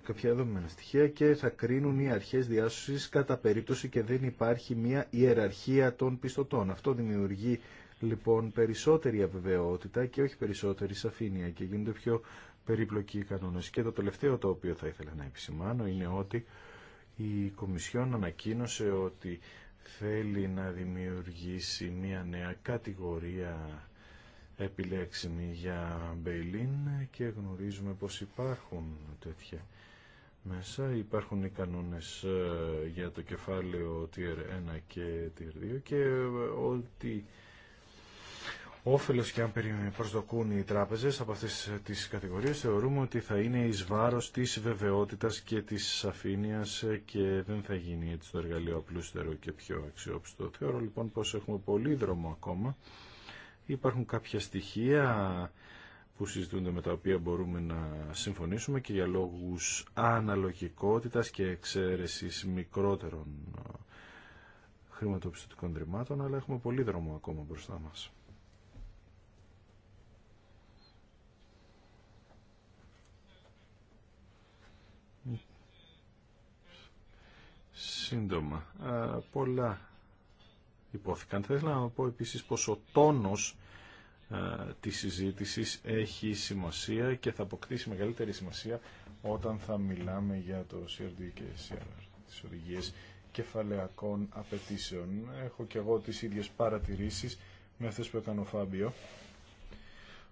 κάποια στοιχεία και θα κρίνουν οι αρχές διάσωσης κατά περίπτωση και δεν υπάρχει μια ιεραρχία των πιστωτών. Αυτό δημιουργεί λοιπόν περισσότερη αβεβαιότητα και όχι περισσότερη σαφήνεια και γίνονται πιο περίπλοκοι Και το τελευταίο το οποίο θα ήθελα να επισημάνω είναι ότι η Κομισιόν ανακοίνωσε ότι θέλει να δημιουργήσει μια νέα κατηγορία επιλέξιμη για Μπέιλιν και γνωρίζουμε πως υπάρχουν τέτοια μέσα. Υπάρχουν οι κανόνες ε, για το κεφάλαιο Tier 1 και Tier 2 και ότι Όφελο και αν προσδοκούν οι τράπεζε από αυτέ τι κατηγορίε, θεωρούμε ότι θα είναι ει βάρο της βεβαιότητας και τη αφήνεια και δεν θα γίνει έτσι το εργαλείο απλούστερο και πιο αξιόπιστο. Θεωρώ λοιπόν πω έχουμε πολύ δρόμο ακόμα. Υπάρχουν κάποια στοιχεία που συζητούνται με τα οποία μπορούμε να συμφωνήσουμε και για λόγου αναλογικότητα και εξαίρεση μικρότερων χρηματοπιστωτικών δρυμάτων, αλλά έχουμε πολύ δρόμο ακόμα μπροστά μας. σύντομα. πολλά υπόθηκαν. Θα ήθελα να πω επίσης πως ο τόνος της συζήτησης έχει σημασία και θα αποκτήσει μεγαλύτερη σημασία όταν θα μιλάμε για το CRD και CRR, τις οδηγίες κεφαλαιακών απαιτήσεων. Έχω και εγώ τις ίδιες παρατηρήσεις με αυτές που έκανε ο Φάμπιο,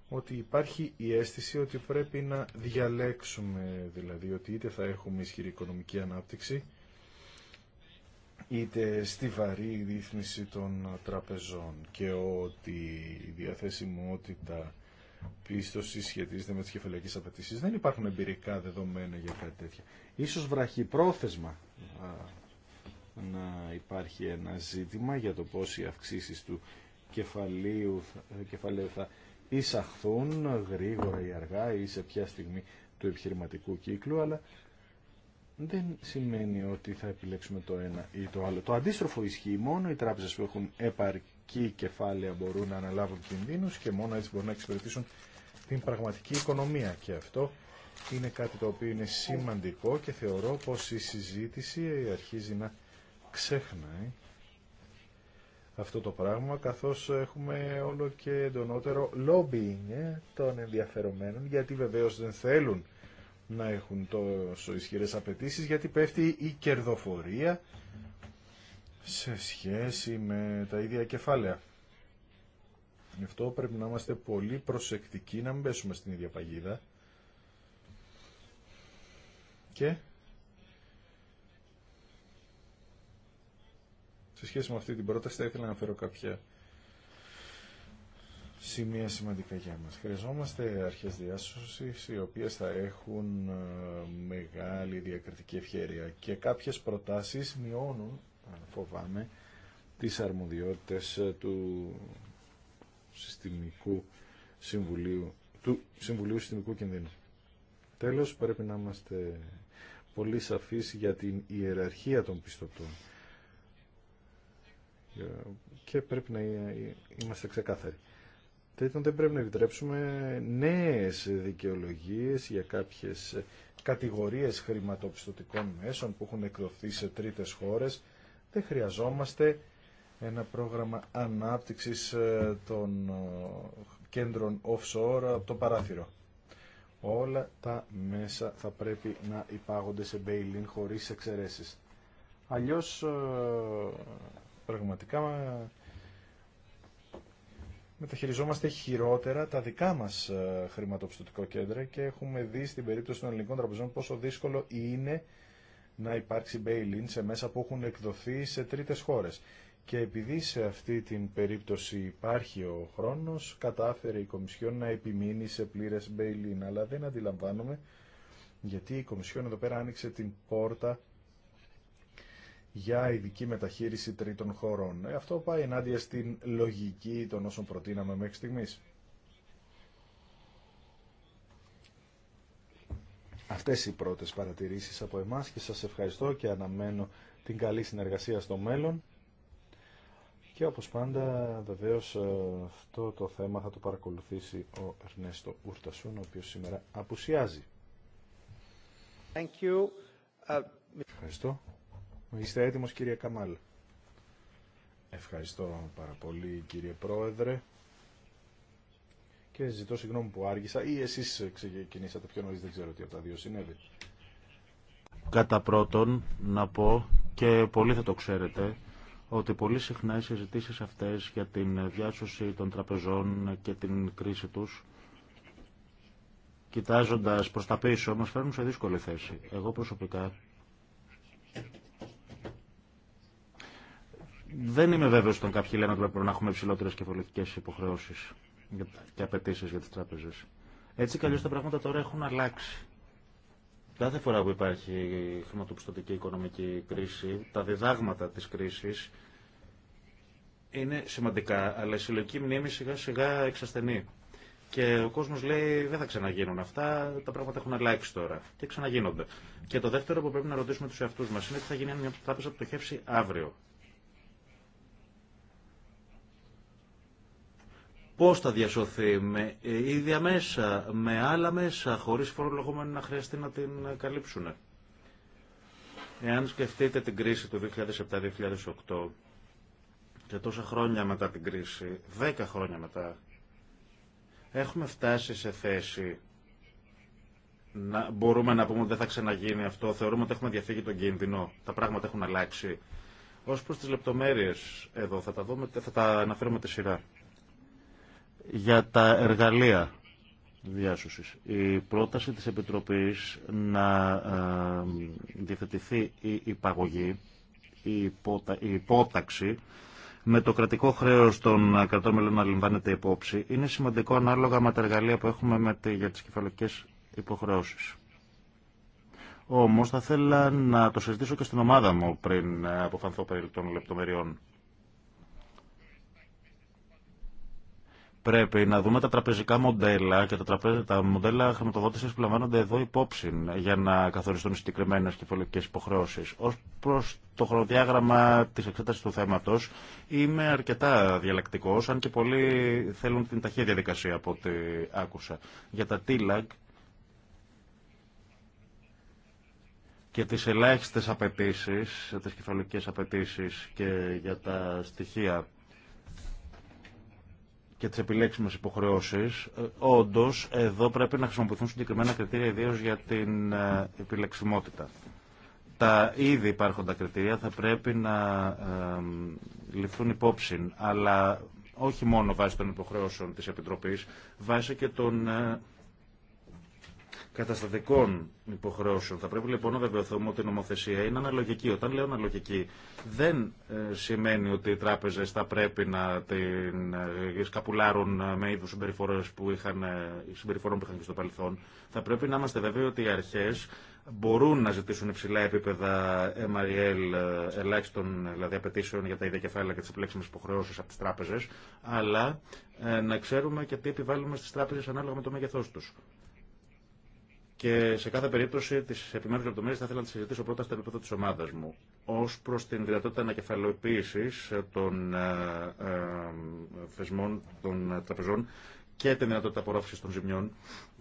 ότι υπάρχει η αίσθηση ότι πρέπει να διαλέξουμε, δηλαδή ότι είτε θα έχουμε ισχυρή οικονομική ανάπτυξη, είτε στη βαρύ ρύθμιση των τραπεζών και ότι η διαθέσιμότητα πίστοση σχετίζεται με τις κεφαλαϊκές απαιτήσει. Δεν υπάρχουν εμπειρικά δεδομένα για κάτι τέτοιο. Ίσως βραχυπρόθεσμα να υπάρχει ένα ζήτημα για το πώς οι αυξήσεις του κεφαλαίου, κεφαλαίου θα εισαχθούν γρήγορα ή αργά ή σε ποια στιγμή του επιχειρηματικού κύκλου, αλλά δεν σημαίνει ότι θα επιλέξουμε το ένα ή το άλλο. Το αντίστροφο ισχύει. Μόνο οι τράπεζες που έχουν επαρκή κεφάλαια μπορούν να αναλάβουν κινδύνους και μόνο έτσι μπορούν να εξυπηρετήσουν την πραγματική οικονομία. Και αυτό είναι κάτι το οποίο είναι σημαντικό και θεωρώ πως η συζήτηση αρχίζει να ξέχναει αυτό το πράγμα, καθώς έχουμε όλο και εντονότερο lobbying ε, των ενδιαφερομένων, γιατί βεβαίως δεν θέλουν να έχουν τόσο ισχυρές απαιτήσει γιατί πέφτει η κερδοφορία σε σχέση με τα ίδια κεφάλαια. Γι' αυτό πρέπει να είμαστε πολύ προσεκτικοί να μην πέσουμε στην ίδια παγίδα. Και σε σχέση με αυτή την πρόταση θα ήθελα να φέρω κάποια σημεία σημαντικά για μας. Χρειαζόμαστε αρχές διάσωσης οι οποίες θα έχουν ε, μεγάλη διακριτική ευχαίρεια και κάποιες προτάσεις μειώνουν, αν φοβάμαι, τις αρμοδιότητες ε, του συστημικού συμβουλίου, του Συμβουλίου Συστημικού Κινδύνου. Τέλος, πρέπει να είμαστε πολύ σαφείς για την ιεραρχία των πιστωτών ε, και πρέπει να είμαστε ξεκάθαροι. Τέτοιον δεν πρέπει να επιτρέψουμε νέες δικαιολογίες για κάποιες κατηγορίες χρηματοπιστωτικών μέσων που έχουν εκδοθεί σε τρίτες χώρες. Δεν χρειαζόμαστε ένα πρόγραμμα ανάπτυξης ε, των ε, κέντρων offshore από ε, το παράθυρο. Όλα τα μέσα θα πρέπει να υπάγονται σε bail-in χωρίς εξαιρέσεις. Αλλιώς πραγματικά μεταχειριζόμαστε χειρότερα τα δικά μας ε, χρηματοπιστωτικό κέντρα και έχουμε δει στην περίπτωση των ελληνικών τραπεζών πόσο δύσκολο είναι να υπάρξει bail-in σε μέσα που έχουν εκδοθεί σε τρίτες χώρες. Και επειδή σε αυτή την περίπτωση υπάρχει ο χρόνος, κατάφερε η Κομισιόν να επιμείνει σε πλήρες bail-in, αλλά δεν αντιλαμβάνομαι γιατί η Κομισιόν εδώ πέρα άνοιξε την πόρτα για ειδική μεταχείριση τρίτων χωρών. Ε, αυτό πάει ενάντια στην λογική των όσων προτείναμε μέχρι στιγμής. Αυτές οι πρώτες παρατηρήσεις από εμάς και σας ευχαριστώ και αναμένω την καλή συνεργασία στο μέλλον. Και όπως πάντα βεβαίως ε, αυτό το θέμα θα το παρακολουθήσει ο Ερνέστο Ουρτασούν, ο σήμερα απουσιάζει. Thank you. Ε, ευχαριστώ. Είστε έτοιμος κύριε Καμάλ. Ευχαριστώ πάρα πολύ κύριε Πρόεδρε. Και ζητώ συγγνώμη που άργησα ή εσείς ξεκινήσατε πιο νωρίς, δεν ξέρω τι από τα δύο συνέβη. Κατά πρώτον να πω και πολύ θα το ξέρετε ότι πολύ συχνά οι συζητήσει αυτές για την διάσωση των τραπεζών και την κρίση τους κοιτάζοντας προς τα πίσω μας φέρνουν σε δύσκολη θέση. Εγώ προσωπικά δεν είμαι βέβαιο στον κάποιοι λένε ότι πρέπει να έχουμε υψηλότερε κεφαλαιοκέ υποχρεώσει και απαιτήσει για τι τράπεζε. Έτσι καλώ τα πράγματα τώρα έχουν αλλάξει. Κάθε φορά που υπάρχει χρηματοπιστωτική οικονομική κρίση, τα διδάγματα τη κρίση είναι σημαντικά, αλλά η συλλογική μνήμη σιγά σιγά εξασθενεί. Και ο κόσμο λέει δεν θα ξαναγίνουν αυτά, τα πράγματα έχουν αλλάξει τώρα και ξαναγίνονται. Και το δεύτερο που πρέπει να ρωτήσουμε του εαυτού μα είναι τι θα γίνει αν μια τράπεζα πτωχεύσει αύριο. Πώς θα διασωθεί με ε, ίδια μέσα, με άλλα μέσα, χωρίς φορολογούμενο να χρειαστεί να την καλύψουνε. Εάν σκεφτείτε την κρίση του 2007-2008 και τόσα χρόνια μετά την κρίση, 10 χρόνια μετά, έχουμε φτάσει σε θέση να μπορούμε να πούμε ότι δεν θα ξαναγίνει αυτό. Θεωρούμε ότι έχουμε διαφύγει τον κίνδυνο. Τα πράγματα έχουν αλλάξει. Ω προ τι λεπτομέρειε εδώ θα τα, δούμε, θα τη σειρά για τα εργαλεία διάσωσης. Η πρόταση της Επιτροπής να ε, διευθετηθεί η υπαγωγή, η, υπόταξη, με το κρατικό χρέος των κρατών μελών να λαμβάνεται υπόψη, είναι σημαντικό ανάλογα με τα εργαλεία που έχουμε με για τις κεφαλικές υποχρεώσεις. Όμως θα θέλα να το συζητήσω και στην ομάδα μου πριν ε, αποφανθώ περί των λεπτομεριών. πρέπει να δούμε τα τραπεζικά μοντέλα και τα, μοντέλα χρηματοδότηση που λαμβάνονται εδώ υπόψη για να καθοριστούν συγκεκριμένε κεφαλαιοκέ υποχρεώσει. Ω προς το χρονοδιάγραμμα της εξέταση του θέματος είμαι αρκετά διαλεκτικός, αν και πολλοί θέλουν την ταχεία διαδικασία από ό,τι άκουσα. Για τα TILAG και τις ελάχιστε απαιτήσει, τι κεφαλαιοκέ απαιτήσει και για τα στοιχεία και τις επιλέξιμες υποχρεώσεις, ε, όντω, εδώ πρέπει να χρησιμοποιηθούν συγκεκριμένα κριτήρια ιδίω για την ε, επιλεξιμότητα. Τα ήδη υπάρχοντα κριτήρια θα πρέπει να ληφθούν υπόψη, αλλά όχι μόνο βάσει των υποχρεώσεων τη επιτροπή, βάσει και των ε, καταστατικών υποχρεώσεων. Θα πρέπει λοιπόν να βεβαιωθούμε ότι η νομοθεσία είναι αναλογική. Όταν λέω αναλογική, δεν ε, σημαίνει ότι οι τράπεζε θα πρέπει να την ε, σκαπουλάρουν ε, με είδου συμπεριφορών που είχαν και στο παρελθόν. Θα πρέπει να είμαστε βέβαιοι ότι οι αρχέ μπορούν να ζητήσουν υψηλά επίπεδα MRL ελάχιστον δηλαδή απαιτήσεων για τα ίδια κεφάλαια και τι επιλέξιμε υποχρεώσει από τι τράπεζε, αλλά ε, να ξέρουμε και τι επιβάλλουμε στι τράπεζε ανάλογα με το μέγεθό του. Και σε κάθε περίπτωση τι επιμέρου λεπτομέρειε θα ήθελα να τι συζητήσω πρώτα στο επίπεδο τη ομάδα μου. Ω προ την δυνατότητα ανακεφαλαιοποίηση ε, των ε, ε, θεσμών των τραπεζών και την δυνατότητα απορρόφηση των ζημιών,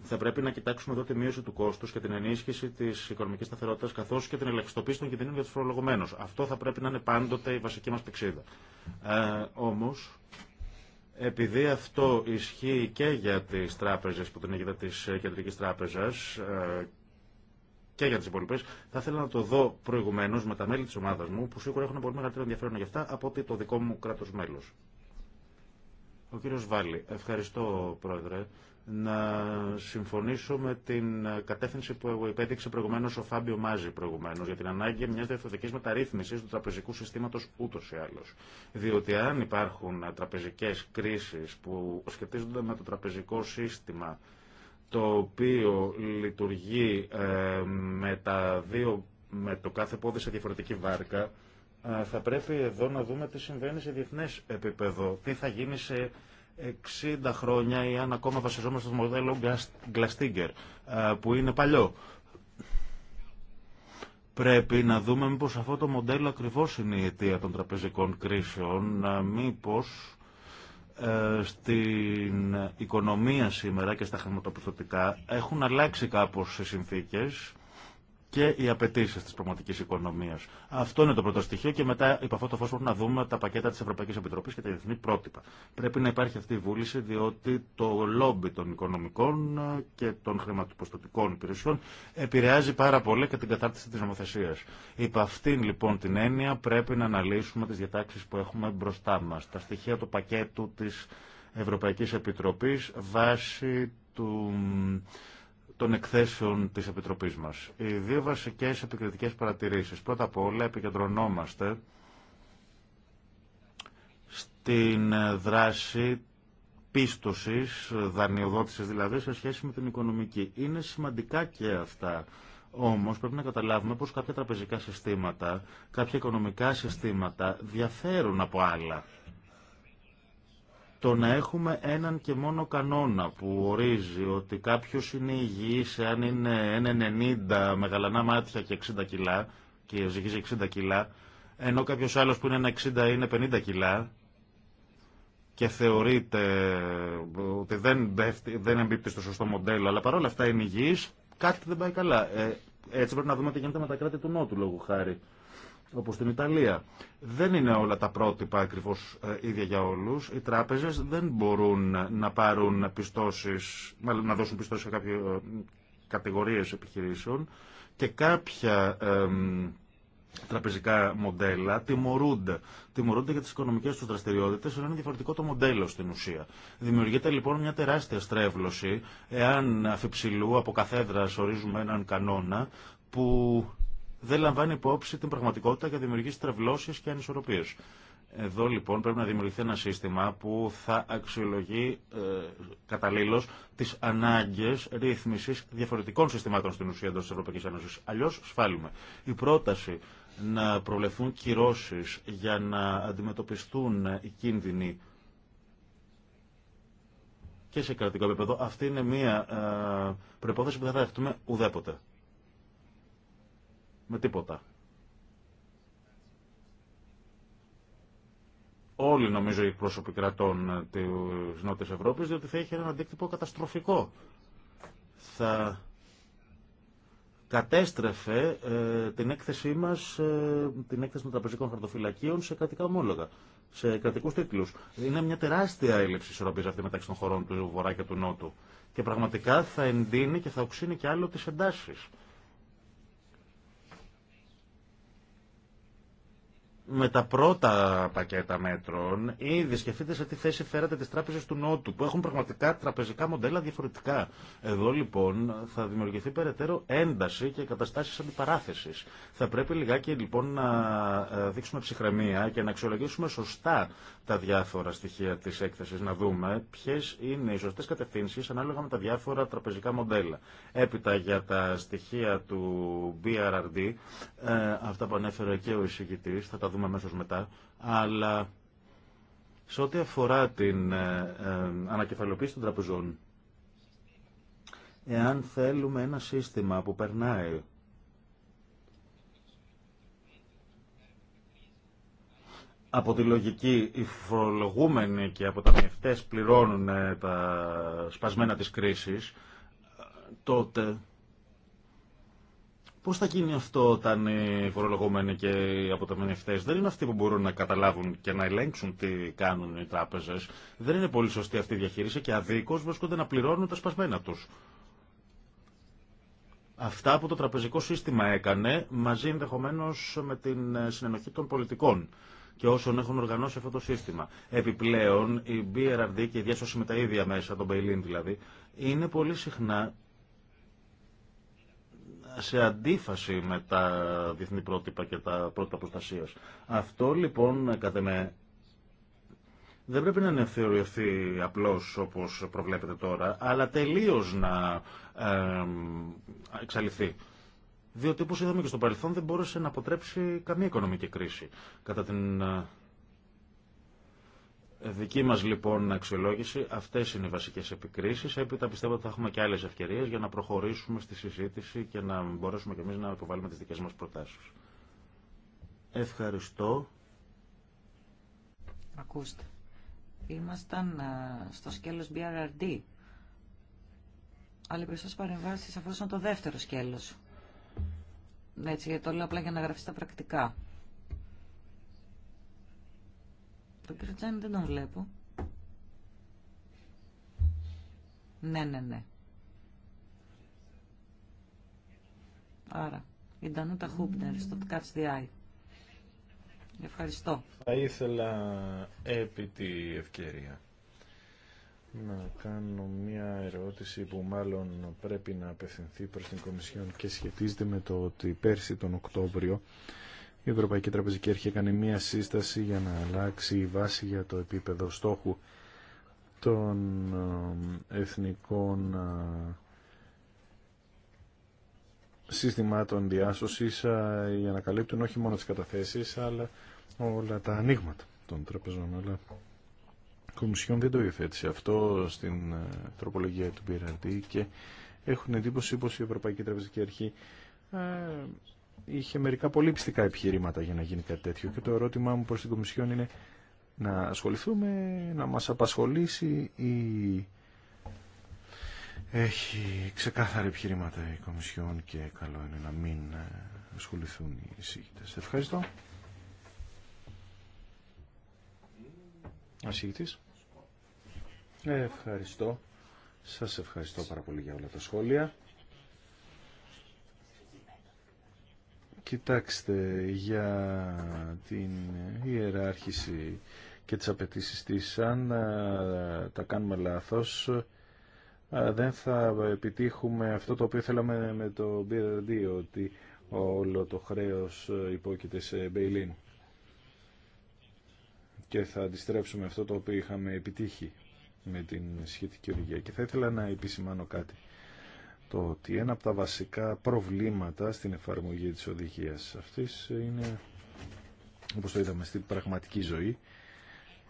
θα πρέπει να κοιτάξουμε εδώ τη μείωση του κόστου και την ενίσχυση τη οικονομική σταθερότητα καθώ και την ελαχιστοποίηση των κινδύνων για του φορολογουμένου. Αυτό θα πρέπει να είναι πάντοτε η βασική μα πηξίδα. Ε, Όμω, επειδή αυτό ισχύει και για τις τράπεζες που την έγινε της Κεντρικής Τράπεζας ε, και για τις υπόλοιπες, θα ήθελα να το δω προηγουμένως με τα μέλη της ομάδας μου, που σίγουρα έχουν πολύ μεγαλύτερο ενδιαφέρον για αυτά από ότι το δικό μου κράτος μέλος. Ο κύριος Βάλλη. Ευχαριστώ, Πρόεδρε να συμφωνήσω με την κατεύθυνση που υπέδειξε προηγουμένω ο Φάμπιο Μάζη προηγουμένω για την ανάγκη μια θεωρητικής μεταρρύθμιση του τραπεζικού συστήματο ούτω ή άλλω. Διότι αν υπάρχουν τραπεζικέ κρίσει που σχετίζονται με το τραπεζικό σύστημα το οποίο λειτουργεί ε, με, τα δύο, με το κάθε πόδι σε διαφορετική βάρκα, ε, θα πρέπει εδώ να δούμε τι συμβαίνει σε διεθνές επίπεδο, τι θα γίνει σε 60 χρόνια ή αν ακόμα βασιζόμαστε στο μοντέλο Glastinger, ε, που είναι παλιό. Πρέπει να δούμε μήπως αυτό το μοντέλο ακριβώς είναι η αιτία των τραπεζικών κρίσεων, μήπως ε, στην οικονομία σήμερα και στα χρηματοπιστωτικά έχουν αλλάξει κάπως οι συνθήκες και οι απαιτήσει τη πραγματική οικονομία. Αυτό είναι το πρώτο στοιχείο και μετά, υπό αυτό το φω, πρέπει να δούμε τα πακέτα τη Ευρωπαϊκή Επιτροπή και τα διεθνή πρότυπα. Πρέπει να υπάρχει αυτή η βούληση, διότι το λόμπι των οικονομικών και των χρηματοποστοτικών υπηρεσιών επηρεάζει πάρα πολύ και την κατάρτιση τη νομοθεσία. Υπό αυτήν λοιπόν την έννοια πρέπει να αναλύσουμε τι διατάξει που έχουμε μπροστά μα, τα στοιχεία του πακέτου τη Ευρωπαϊκή Επιτροπή βάσει του των εκθέσεων της επιτροπή μας. Οι δύο βασικέ επικριτικές παρατηρήσεις. Πρώτα απ' όλα επικεντρωνόμαστε στην δράση πίστοση, δανειοδότηση δηλαδή, σε σχέση με την οικονομική. Είναι σημαντικά και αυτά. Όμω πρέπει να καταλάβουμε πω κάποια τραπεζικά συστήματα, κάποια οικονομικά συστήματα διαφέρουν από άλλα. Το να έχουμε έναν και μόνο κανόνα που ορίζει ότι κάποιο είναι υγιής αν είναι 1,90 με γαλανά μάτια και 60 κιλά και ζυγίζει 60 κιλά, ενώ κάποιος άλλος που είναι 1,60 είναι 50 κιλά και θεωρείται ότι δεν, δεν εμπίπτει στο σωστό μοντέλο, αλλά παρόλα αυτά είναι υγιής, κάτι δεν πάει καλά. Ε, έτσι πρέπει να δούμε τι γίνεται με τα κράτη του Νότου, λόγου χάρη όπως στην Ιταλία. Δεν είναι όλα τα πρότυπα ακριβώς ε, ίδια για όλους. Οι τράπεζες δεν μπορούν να πάρουν πιστώσεις, μάλλον να δώσουν πιστώσεις σε κάποιες κατηγορίες επιχειρήσεων και κάποια τραπεζικά μοντέλα τιμωρούνται. Τιμωρούνται για τις οικονομικές τους δραστηριότητες, ενώ είναι διαφορετικό το μοντέλο στην ουσία. Δημιουργείται λοιπόν μια τεράστια στρέβλωση, εάν αφιψηλού από καθέδρας ορίζουμε έναν κανόνα που δεν λαμβάνει υπόψη την πραγματικότητα για δημιουργεί στρεβλώσει και ανισορροπίε. Εδώ λοιπόν πρέπει να δημιουργηθεί ένα σύστημα που θα αξιολογεί ε, καταλήλω τι ανάγκε ρύθμιση διαφορετικών συστημάτων στην ουσία εντό τη Ευρωπαϊκή Ένωση. Αλλιώ σφάλουμε. Η πρόταση να προβλεφθούν κυρώσει για να αντιμετωπιστούν οι κίνδυνοι και σε κρατικό επίπεδο, αυτή είναι μια ε, προπόθεση που δεν θα δεχτούμε ουδέποτε με τίποτα. όλοι νομίζω οι εκπρόσωποι κρατών ε, τη Νότια Ευρώπη, διότι θα είχε ένα αντίκτυπο καταστροφικό. Θα κατέστρεφε ε, την έκθεσή μα, ε, την έκθεση των τραπεζικών χαρτοφυλακίων, σε κρατικά ομόλογα, σε κρατικού τίτλου. Είναι μια τεράστια έλλειψη ισορροπία αυτή μεταξύ των χωρών του Βορρά και του Νότου. Και πραγματικά θα εντείνει και θα οξύνει και άλλο τι εντάσει. με τα πρώτα πακέτα μέτρων ήδη σκεφτείτε σε τι θέση φέρατε τις τράπεζες του Νότου που έχουν πραγματικά τραπεζικά μοντέλα διαφορετικά. Εδώ λοιπόν θα δημιουργηθεί περαιτέρω ένταση και καταστάσεις αντιπαράθεσης. Θα πρέπει λιγάκι λοιπόν να ε, δείξουμε ψυχραιμία και να αξιολογήσουμε σωστά τα διάφορα στοιχεία τη έκθεση, να δούμε ποιε είναι οι σωστέ κατευθύνσει ανάλογα με τα διάφορα τραπεζικά μοντέλα. Έπειτα για τα στοιχεία του BRRD, ε, αυτά που ανέφερε και ο εισηγητή, θα τα δούμε μετά, αλλά σε ό,τι αφορά την ε, ε, ανακεφαλοποίηση των τραπεζών, εάν θέλουμε ένα σύστημα που περνάει από τη λογική οι φορολογούμενοι και από τα πληρώνουν ε, τα σπασμένα της κρίσης, τότε Πώ θα γίνει αυτό όταν οι φορολογούμενοι και οι αποταμιευτέ δεν είναι αυτοί που μπορούν να καταλάβουν και να ελέγξουν τι κάνουν οι τράπεζε. Δεν είναι πολύ σωστή αυτή η διαχείριση και αδίκω βρίσκονται να πληρώνουν τα σπασμένα του. Αυτά που το τραπεζικό σύστημα έκανε μαζί ενδεχομένω με την ε, συνενοχή των πολιτικών και όσων έχουν οργανώσει αυτό το σύστημα. Επιπλέον, η BRRD και η διάσωση με τα ίδια μέσα, τον Μπεϊλίν δηλαδή, είναι πολύ συχνά σε αντίφαση με τα διεθνή πρότυπα και τα πρότυπα προστασία. Αυτό λοιπόν κατά με δεν πρέπει να θεωρηθεί απλώς όπως προβλέπετε τώρα, αλλά τελείως να εξαλειφθεί. Διότι όπως είδαμε και στο παρελθόν δεν μπόρεσε να αποτρέψει καμία οικονομική κρίση. Κατά την Δική μας λοιπόν αξιολόγηση, αυτές είναι οι βασικές επικρίσεις. Έπειτα πιστεύω ότι θα έχουμε και άλλες ευκαιρίες για να προχωρήσουμε στη συζήτηση και να μπορέσουμε και εμείς να υποβάλουμε τις δικές μας προτάσεις. Ευχαριστώ. Ακούστε. Ήμασταν ε, στο σκέλος BRRD. Αλλά οι περισσότερες παρεμβάσεις αφορούσαν το δεύτερο σκέλος. Έτσι, το λέω απλά για να γραφεί στα πρακτικά. Τον κύριο δεν τον βλέπω. Ναι, ναι, ναι. Άρα, η Ντανούτα Χούπνερ στο ΚΑΤΣΔΙ. the Eye. Ευχαριστώ. Θα ήθελα επί τη ευκαιρία να κάνω μια ερώτηση που μάλλον πρέπει να απευθυνθεί προς την Κομισιόν και σχετίζεται με το ότι πέρσι τον Οκτώβριο η Ευρωπαϊκή Τραπεζική Αρχή έκανε μία σύσταση για να αλλάξει η βάση για το επίπεδο στόχου των ε, εθνικών ε, συστημάτων διάσωσης ε, για να καλύπτουν όχι μόνο τις καταθέσεις αλλά όλα τα ανοίγματα των τραπεζών. Αλλά η Κομισιόν δεν το υιοθέτησε αυτό στην τροπολογία του BRD και έχουν εντύπωση πως η Ευρωπαϊκή Τραπεζική Αρχή είχε μερικά πολύ πιστικά επιχειρήματα για να γίνει κάτι τέτοιο και το ερώτημά μου προς την Κομισιόν είναι να ασχοληθούμε, να μας απασχολήσει ή έχει ξεκάθαρα επιχειρήματα η Κομισιόν και καλό είναι να μην ε, ασχοληθούν οι εισηγητές. Ευχαριστώ. Ασηγητής. Ευχαριστώ. Σας ευχαριστώ πάρα πολύ για όλα τα σχόλια. Κοιτάξτε, για την ιεράρχηση και τις απαιτήσει της, αν τα κάνουμε λάθος, δεν θα επιτύχουμε αυτό το οποίο θέλαμε με το BRD, ότι όλο το χρέος υπόκειται σε Μπέιλιν. Και θα αντιστρέψουμε αυτό το οποίο είχαμε επιτύχει με την σχετική οδηγία. Και θα ήθελα να επισημάνω κάτι το ότι ένα από τα βασικά προβλήματα στην εφαρμογή της οδηγίας αυτής είναι, όπως το είδαμε στην πραγματική ζωή,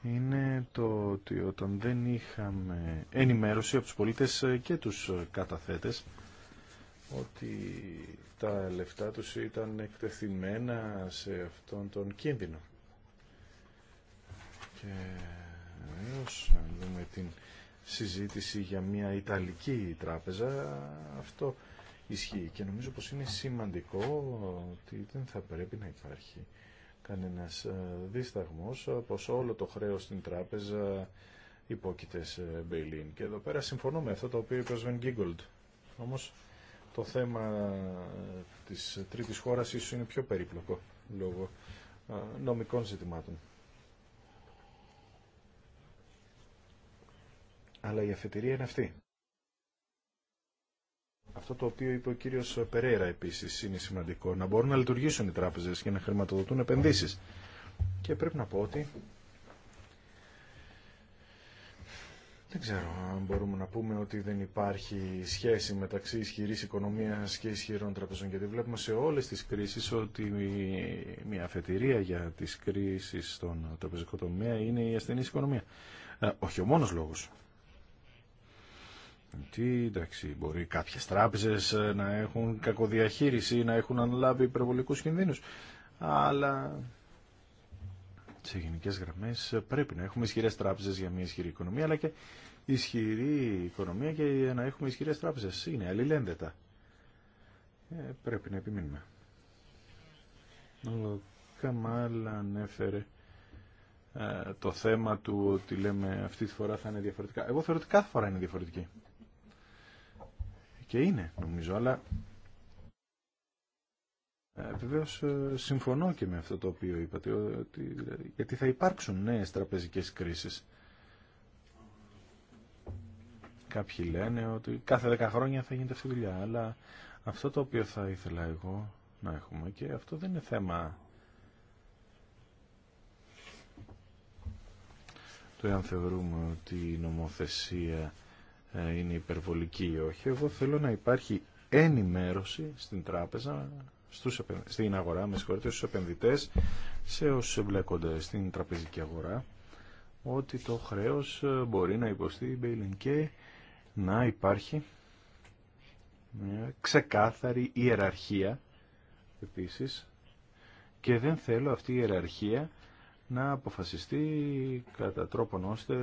είναι το ότι όταν δεν είχαμε ενημέρωση από τους πολίτες και τους καταθέτες ότι τα λεφτά τους ήταν εκτεθειμένα σε αυτόν τον κίνδυνο. Και έως αν δούμε την συζήτηση για μια Ιταλική τράπεζα. Αυτό ισχύει και νομίζω πως είναι σημαντικό ότι δεν θα πρέπει να υπάρχει κανένας ε, δισταγμός πως όλο το χρέος στην τράπεζα υπόκειται σε Μπέιλιν. Και εδώ πέρα συμφωνώ με αυτό το οποίο είπε ο Σβεν Όμως το θέμα ε, της τρίτης χώρας ίσως είναι πιο περίπλοκο λόγω ε, νομικών ζητημάτων. αλλά η αφετηρία είναι αυτή. Αυτό το οποίο είπε ο κύριο Περέρα επίσης είναι σημαντικό. Να μπορούν να λειτουργήσουν οι τράπεζες και να χρηματοδοτούν επενδύσεις. Και πρέπει να πω ότι Δεν ξέρω αν μπορούμε να πούμε ότι δεν υπάρχει σχέση μεταξύ ισχυρή οικονομία και ισχυρών τραπεζών. Γιατί βλέπουμε σε όλε τι κρίσει ότι μια αφετηρία για τι κρίσει στον τραπεζικό τομέα είναι η ασθενή οικονομία. Ε, όχι ο μόνο λόγο. Τι, εντάξει, μπορεί κάποιες τράπεζες ε, να έχουν κακοδιαχείριση ή να έχουν αναλάβει υπερβολικούς κινδύνους. Αλλά σε γενικέ γραμμέ ε, πρέπει να έχουμε ισχυρέ τράπεζες για μια ισχυρή οικονομία, αλλά και ισχυρή οικονομία και να έχουμε ισχυρέ τράπεζες Είναι αλληλένδετα. Ε, πρέπει να επιμείνουμε. Ο Καμάλ ανέφερε ε, το θέμα του ότι λέμε αυτή τη φορά θα είναι διαφορετικά. Εγώ θεωρώ ότι κάθε φορά είναι διαφορετική και είναι νομίζω, αλλά ε, Βεβαίω ε, συμφωνώ και με αυτό το οποίο είπατε, ότι, δηλαδή, γιατί θα υπάρξουν νέες τραπεζικές κρίσεις. Κάποιοι λένε ότι κάθε δέκα χρόνια θα γίνεται αυτή η δουλειά, αλλά αυτό το οποίο θα ήθελα εγώ να έχουμε και αυτό δεν είναι θέμα το εάν θεωρούμε ότι η νομοθεσία ε, είναι υπερβολική ή όχι. Εγώ θέλω να υπάρχει ενημέρωση στην τράπεζα, στους, στην αγορά, με συγχωρείτε, στους επενδυτές, σε όσους εμπλέκονται στην τραπεζική αγορά, ότι το χρέος ε, μπορεί να υποστεί bail να υπάρχει μια ξεκάθαρη ιεραρχία επίσης και δεν θέλω αυτή η ιεραρχία να αποφασιστεί κατά τρόπον ώστε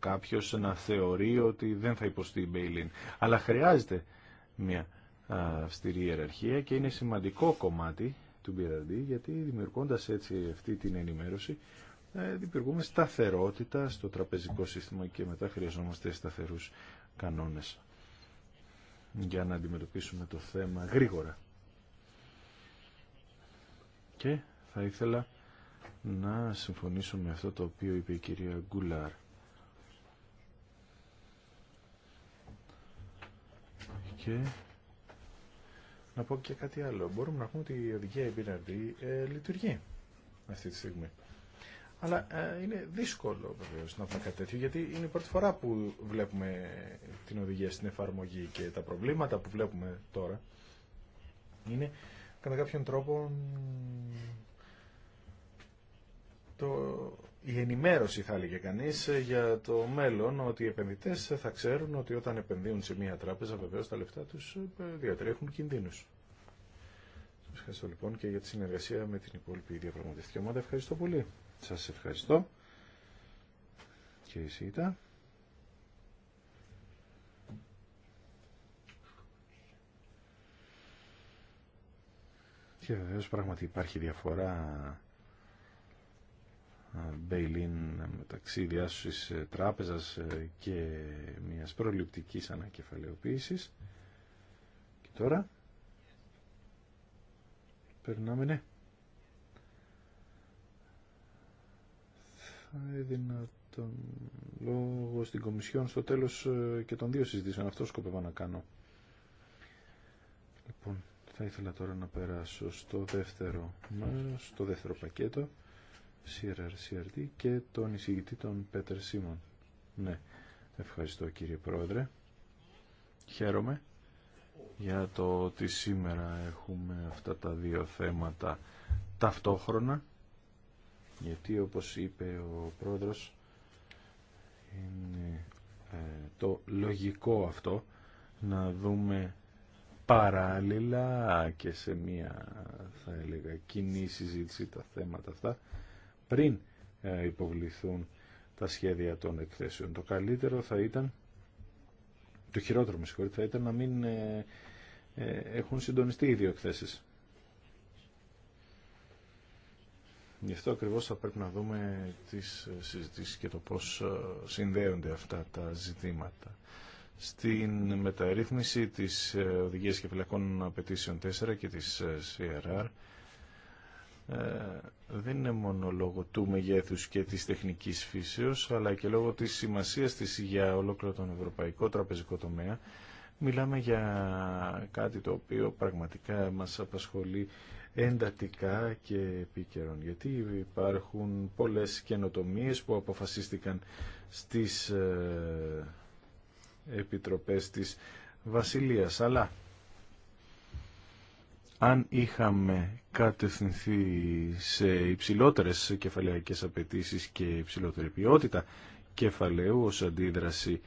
κάποιος να θεωρεί ότι δεν θα υποστει η Μπέιλιν. Αλλά χρειάζεται μια αυστηρή ιεραρχία και είναι σημαντικό κομμάτι του BRD γιατί δημιουργώντας έτσι αυτή την ενημέρωση ε, δημιουργούμε σταθερότητα στο τραπεζικό σύστημα και μετά χρειαζόμαστε σταθερούς κανόνες για να αντιμετωπίσουμε το θέμα γρήγορα. Και θα ήθελα να συμφωνήσω με αυτό το οποίο είπε η κυρία Γκουλάρ. και να πω και κάτι άλλο. Μπορούμε να πούμε ότι η οδηγία BNRD ε, λειτουργεί αυτή τη στιγμή. Αλλά ε, είναι δύσκολο βεβαίω να πούμε κάτι τέτοιο, γιατί είναι η πρώτη φορά που βλέπουμε την οδηγία στην εφαρμογή και τα προβλήματα που βλέπουμε τώρα είναι κατά κάποιον τρόπο το η ενημέρωση θα έλεγε κανεί για το μέλλον ότι οι επενδυτές θα ξέρουν ότι όταν επενδύουν σε μια τράπεζα βεβαίω τα λεφτά τους ε, διατρέχουν κινδύνους. Σα ευχαριστώ λοιπόν και για τη συνεργασία με την υπόλοιπη διαπραγματευτική ομάδα. Ευχαριστώ πολύ. Σας ευχαριστώ. Και εσύ ήταν. Και βεβαίως πράγματι υπάρχει διαφορά bail-in μεταξύ διάσωσης ε, τράπεζας ε, και μιας προληπτικής ανακεφαλαιοποίησης. Και τώρα περνάμε, ναι. Θα έδινα τον λόγο στην Κομισιόν στο τέλος ε, και των δύο συζητήσεων. Αυτό σκοπεύω να κάνω. Λοιπόν, θα ήθελα τώρα να περάσω στο δεύτερο μέρος, στο δεύτερο πακέτο και τον εισηγητή τον Πέτερ Σίμον. Ναι, ευχαριστώ κύριε Πρόεδρε. Χαίρομαι για το ότι σήμερα έχουμε αυτά τα δύο θέματα ταυτόχρονα γιατί όπως είπε ο πρόεδρος είναι ε, το λογικό αυτό να δούμε παράλληλα και σε μία θα έλεγα κοινή συζήτηση τα θέματα αυτά πριν ε, υποβληθούν τα σχέδια των εκθέσεων. Το καλύτερο θα ήταν, το χειρότερο με συγχωρείτε, θα ήταν να μην ε, ε, έχουν συντονιστεί οι δύο εκθέσεις. Γι' αυτό ακριβώς θα πρέπει να δούμε τις συζητήσεις και το πώς συνδέονται αυτά τα ζητήματα. Στην μεταρρύθμιση της Οδηγίας και Φυλακών Απαιτήσεων 4 και της CRR ε, δεν είναι μόνο λόγω του μεγέθους και της τεχνικής φύσεως, αλλά και λόγω της σημασίας της για ολόκληρο τον ευρωπαϊκό τραπεζικό τομέα. Μιλάμε για κάτι το οποίο πραγματικά μας απασχολεί εντατικά και επίκαιρον, γιατί υπάρχουν πολλές καινοτομίες που αποφασίστηκαν στις ε, επιτροπές της Βασιλείας, αλλά αν είχαμε κατευθυνθεί σε υψηλότερες κεφαλαιακές απαιτήσεις και υψηλότερη ποιότητα κεφαλαίου ως αντίδραση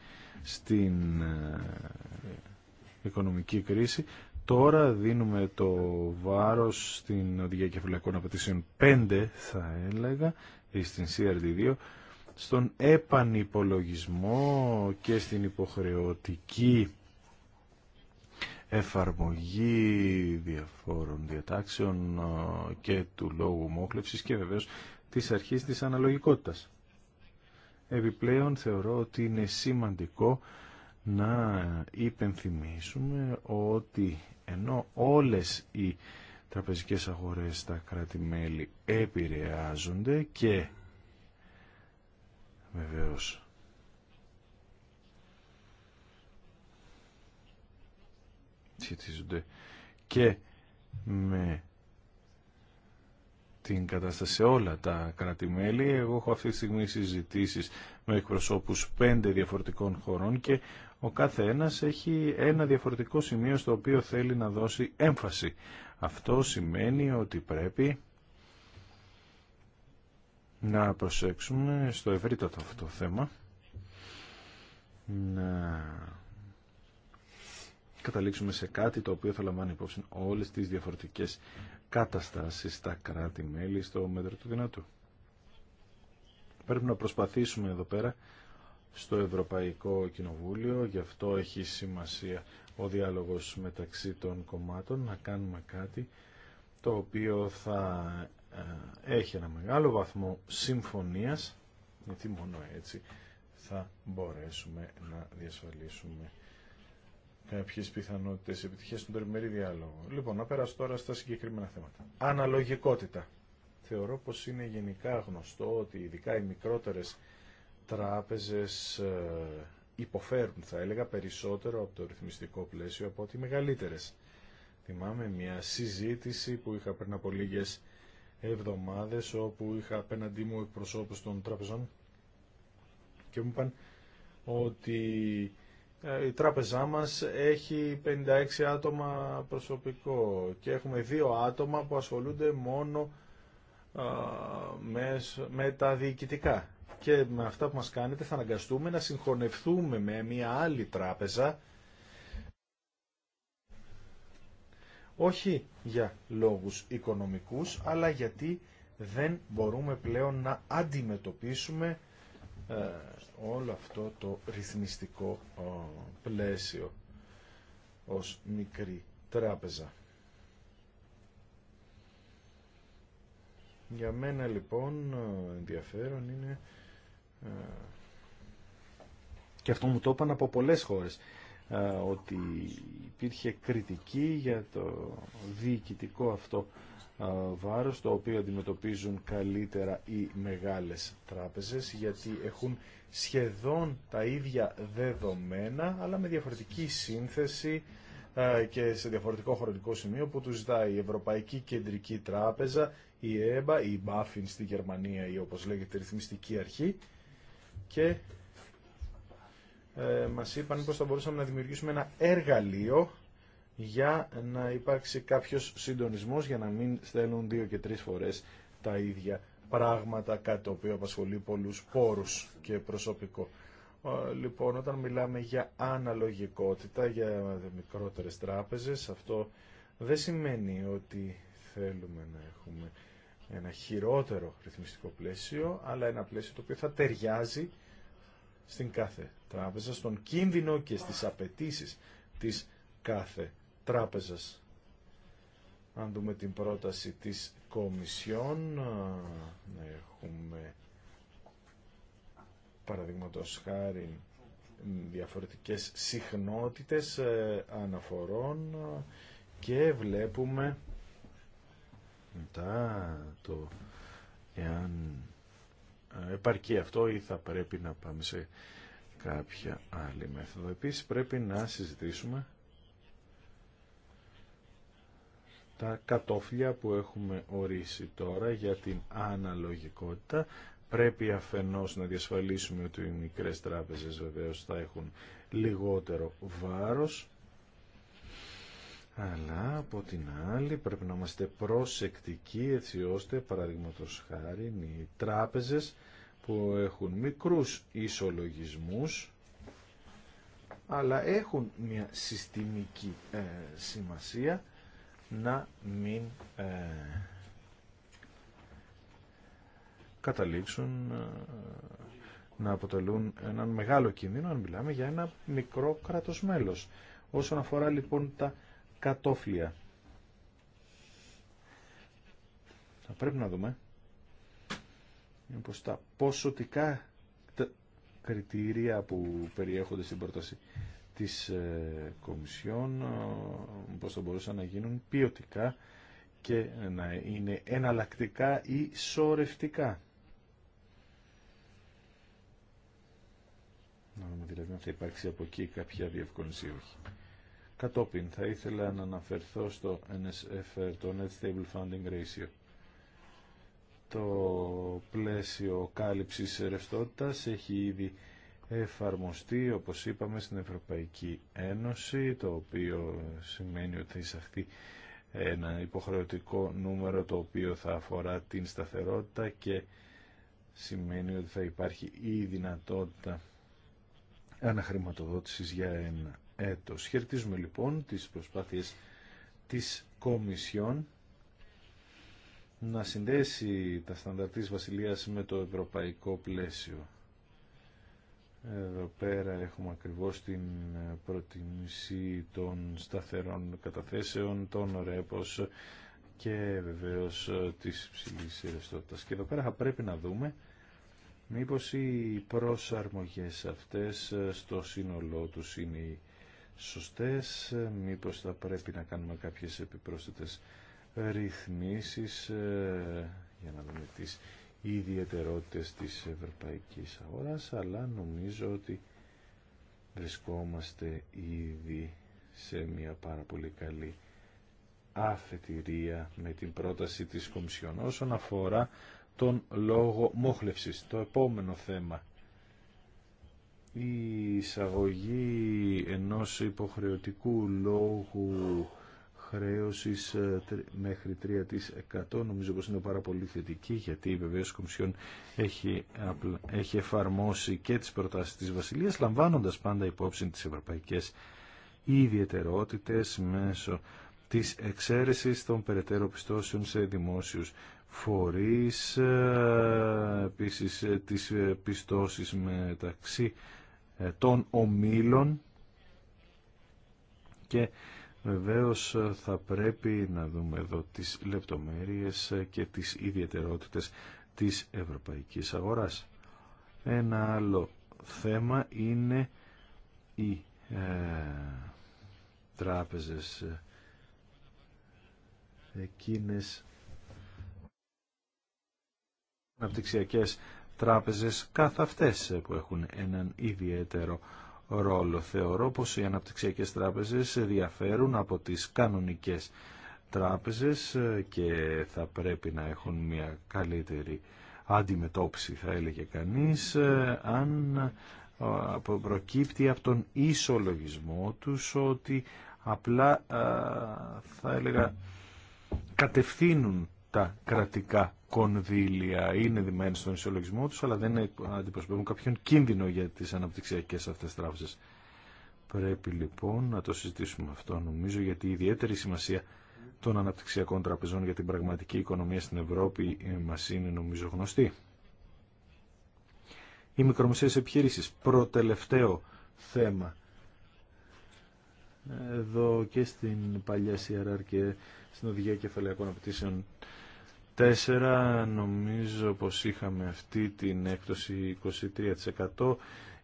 στην ε, οικονομική κρίση, τώρα δίνουμε το βάρος στην οδηγία κεφαλαϊκών απαιτήσεων 5 θα έλεγα ή στην CRD2 στον επανυπολογισμό και στην υποχρεωτική εφαρμογή διαφόρων διατάξεων ε, και του λόγου μόχλευσης και βεβαίως της αρχής της αναλογικότητας. Επιπλέον θεωρώ ότι είναι σημαντικό να υπενθυμίσουμε ότι ενώ όλες οι τραπεζικές αγορές στα κράτη-μέλη επηρεάζονται και βεβαίως σχετίζονται και με την κατάσταση σε όλα τα κρατη Εγώ έχω αυτή τη στιγμή συζητήσεις με εκπροσώπους πέντε διαφορετικών χωρών και ο κάθε ένας έχει ένα διαφορετικό σημείο στο οποίο θέλει να δώσει έμφαση. Αυτό σημαίνει ότι πρέπει να προσέξουμε στο ευρύτατο αυτό το θέμα να καταλήξουμε σε κάτι το οποίο θα λαμβάνει υπόψη όλες τις διαφορετικές καταστάσεις στα κράτη-μέλη στο μέτρο του δυνατού. Πρέπει να προσπαθήσουμε εδώ πέρα στο Ευρωπαϊκό Κοινοβούλιο, γι' αυτό έχει σημασία ο διάλογος μεταξύ των κομμάτων, να κάνουμε κάτι το οποίο θα ε, έχει ένα μεγάλο βαθμό συμφωνίας, γιατί μόνο έτσι θα μπορέσουμε να διασφαλίσουμε Ποιε πιθανότητε επιτυχία στον τριμερή διάλογο. Λοιπόν, να περάσω τώρα στα συγκεκριμένα θέματα. Αναλογικότητα. Θεωρώ πως είναι γενικά γνωστό ότι ειδικά οι μικρότερες τράπεζες ε, υποφέρουν, θα έλεγα, περισσότερο από το ρυθμιστικό πλαίσιο από ότι οι μεγαλύτερε. Θυμάμαι μια συζήτηση που είχα πριν από λίγε εβδομάδε όπου είχα απέναντί μου εκπροσώπου των τραπεζών και μου είπαν ότι ε, η τράπεζά μας έχει 56 άτομα προσωπικό και έχουμε δύο άτομα που ασχολούνται μόνο με, τα διοικητικά. Και με αυτά που μας κάνετε θα αναγκαστούμε να συγχωνευτούμε με μια άλλη τράπεζα όχι για λόγους οικονομικούς αλλά γιατί δεν μπορούμε πλέον να αντιμετωπίσουμε ε, όλο αυτό το ρυθμιστικό πλαίσιο ως μικρή τράπεζα. Για μένα λοιπόν ενδιαφέρον είναι ε, και αυτό μου το είπαν από πολλές χώρες ε, ότι υπήρχε κριτική για το διοικητικό αυτό ε, βάρος το οποίο αντιμετωπίζουν καλύτερα οι μεγάλες τράπεζες γιατί έχουν σχεδόν τα ίδια δεδομένα αλλά με διαφορετική σύνθεση ε, και σε διαφορετικό χρονικό σημείο που τους ζητάει η Ευρωπαϊκή Κεντρική Τράπεζα, η ΕΜΠΑ, η Μπάφιν στη Γερμανία ή όπως λέγεται η οπως λεγεται αρχή και ε, μας είπαν πως θα μπορούσαμε να δημιουργήσουμε ένα εργαλείο για να υπάρξει κάποιος συντονισμός για να μην στέλνουν δύο και τρεις φορές τα ίδια πράγματα, κάτι το οποίο απασχολεί πολλούς πόρους και προσωπικό. Ε, λοιπόν, όταν μιλάμε για αναλογικότητα, για μικρότερες τράπεζες, αυτό δεν σημαίνει ότι θέλουμε να έχουμε ένα χειρότερο ρυθμιστικό πλαίσιο, αλλά ένα πλαίσιο το οποίο θα ταιριάζει στην κάθε τράπεζα, στον κίνδυνο και στις απαιτήσει της κάθε τράπεζας. Αν δούμε την πρόταση της Κομισιόν, έχουμε παραδείγματος χάρη διαφορετικές συχνότητες ε, αναφορών και βλέπουμε μετά το εάν επαρκεί αυτό ή θα πρέπει να πάμε σε κάποια άλλη μέθοδο. Επίσης πρέπει να συζητήσουμε τα κατόφλια που έχουμε ορίσει τώρα για την αναλογικότητα. Πρέπει αφενός να διασφαλίσουμε ότι οι μικρές τράπεζες βεβαίως θα έχουν λιγότερο βάρος, αλλά από την άλλη πρέπει να είμαστε προσεκτικοί έτσι ώστε παραδείγματο χάρη οι τράπεζες που έχουν μικρούς ισολογισμούς αλλά έχουν μια συστημική ε, σημασία να μην ε, καταλήξουν ε, να αποτελούν έναν μεγάλο κίνδυνο αν μιλάμε για ένα μικρό κράτος μέλος. Όσον αφορά λοιπόν τα κατόφλια. Θα πρέπει να δούμε πως τα ποσοτικά κριτήρια που περιέχονται στην πρόταση της ε, Κομισιόν ε, πώς θα μπορούσαν να γίνουν ποιοτικά και να είναι εναλλακτικά ή σωρευτικά. Να δούμε δηλαδή αν θα υπάρξει από εκεί κάποια διευκόλυνση ή όχι. Κατόπιν θα ήθελα να αναφερθώ στο NSFR, το Net Stable Funding Ratio. Το πλαίσιο κάλυψης ρευστότητας έχει ήδη εφαρμοστεί όπως είπαμε στην Ευρωπαϊκή Ένωση το οποίο σημαίνει ότι θα εισαχθεί ένα υποχρεωτικό νούμερο το οποίο θα αφορά την σταθερότητα και σημαίνει ότι θα υπάρχει η δυνατότητα αναχρηματοδότησης για ένα έτος. Χαιρετίζουμε λοιπόν τις προσπάθειες της Κομισιόν να συνδέσει τα στανταρτής Βασιλείας με το ευρωπαϊκό πλαίσιο. Εδώ πέρα έχουμε ακριβώς την προτιμήση των σταθερών καταθέσεων, των ρέπος και βεβαίως της υψηλής ρευστότητας. Και εδώ πέρα θα πρέπει να δούμε μήπως οι προσαρμογές αυτές στο σύνολό τους είναι σωστές, μήπως θα πρέπει να κάνουμε κάποιες επιπρόσθετες ρυθμίσεις ε, για να δούμε τις οι ιδιαιτερότητες της ευρωπαϊκής αγοράς, αλλά νομίζω ότι βρισκόμαστε ήδη σε μια πάρα πολύ καλή αφετηρία με την πρόταση της Κομισιόν όσον αφορά τον λόγο μόχλευσης. Το επόμενο θέμα η εισαγωγή ενός υποχρεωτικού λόγου χρέωσης ε, μέχρι 3% νομίζω πως είναι πάρα πολύ θετική γιατί η η Κομισιόν έχει, έχει εφαρμόσει και τις προτάσεις της Βασιλείας λαμβάνοντας πάντα υπόψη τις ευρωπαϊκές ιδιαιτερότητες μέσω της εξαίρεσης των περαιτέρω πιστώσεων σε δημόσιους φορείς, ε, επίσης ε, τις πιστώσει μεταξύ των ομίλων και Βεβαίως ε, θα πρέπει να δούμε εδώ τις λεπτομέρειες ε, και τις ιδιαιτερότητες της ευρωπαϊκής αγοράς. Ένα άλλο θέμα είναι οι ε, τράπεζες ε, εκείνες αναπτυξιακές τράπεζες καθ' αυτές που έχουν έναν ιδιαίτερο ρόλο. Θεωρώ πως οι αναπτυξιακές τράπεζες διαφέρουν από τις κανονικές τράπεζες και θα πρέπει να έχουν μια καλύτερη αντιμετώπιση θα έλεγε κανείς αν προκύπτει από τον ισολογισμό τους ότι απλά θα έλεγα κατευθύνουν τα κρατικά κονδύλια είναι δημένοι στον ισολογισμό τους, αλλά δεν αντιπροσωπεύουν κάποιον κίνδυνο για τις αναπτυξιακές αυτές τράπεζες. Πρέπει λοιπόν να το συζητήσουμε αυτό νομίζω γιατί η ιδιαίτερη σημασία των αναπτυξιακών τραπεζών για την πραγματική οικονομία στην Ευρώπη μας είναι νομίζω γνωστή. Οι μικρομεσαίες επιχειρήσεις. Προτελευταίο θέμα. Εδώ και στην παλιά CRR και στην οδηγία Κεφαλαίων απαιτήσεων Τέσσερα νομίζω πως είχαμε αυτή την έκπτωση 23%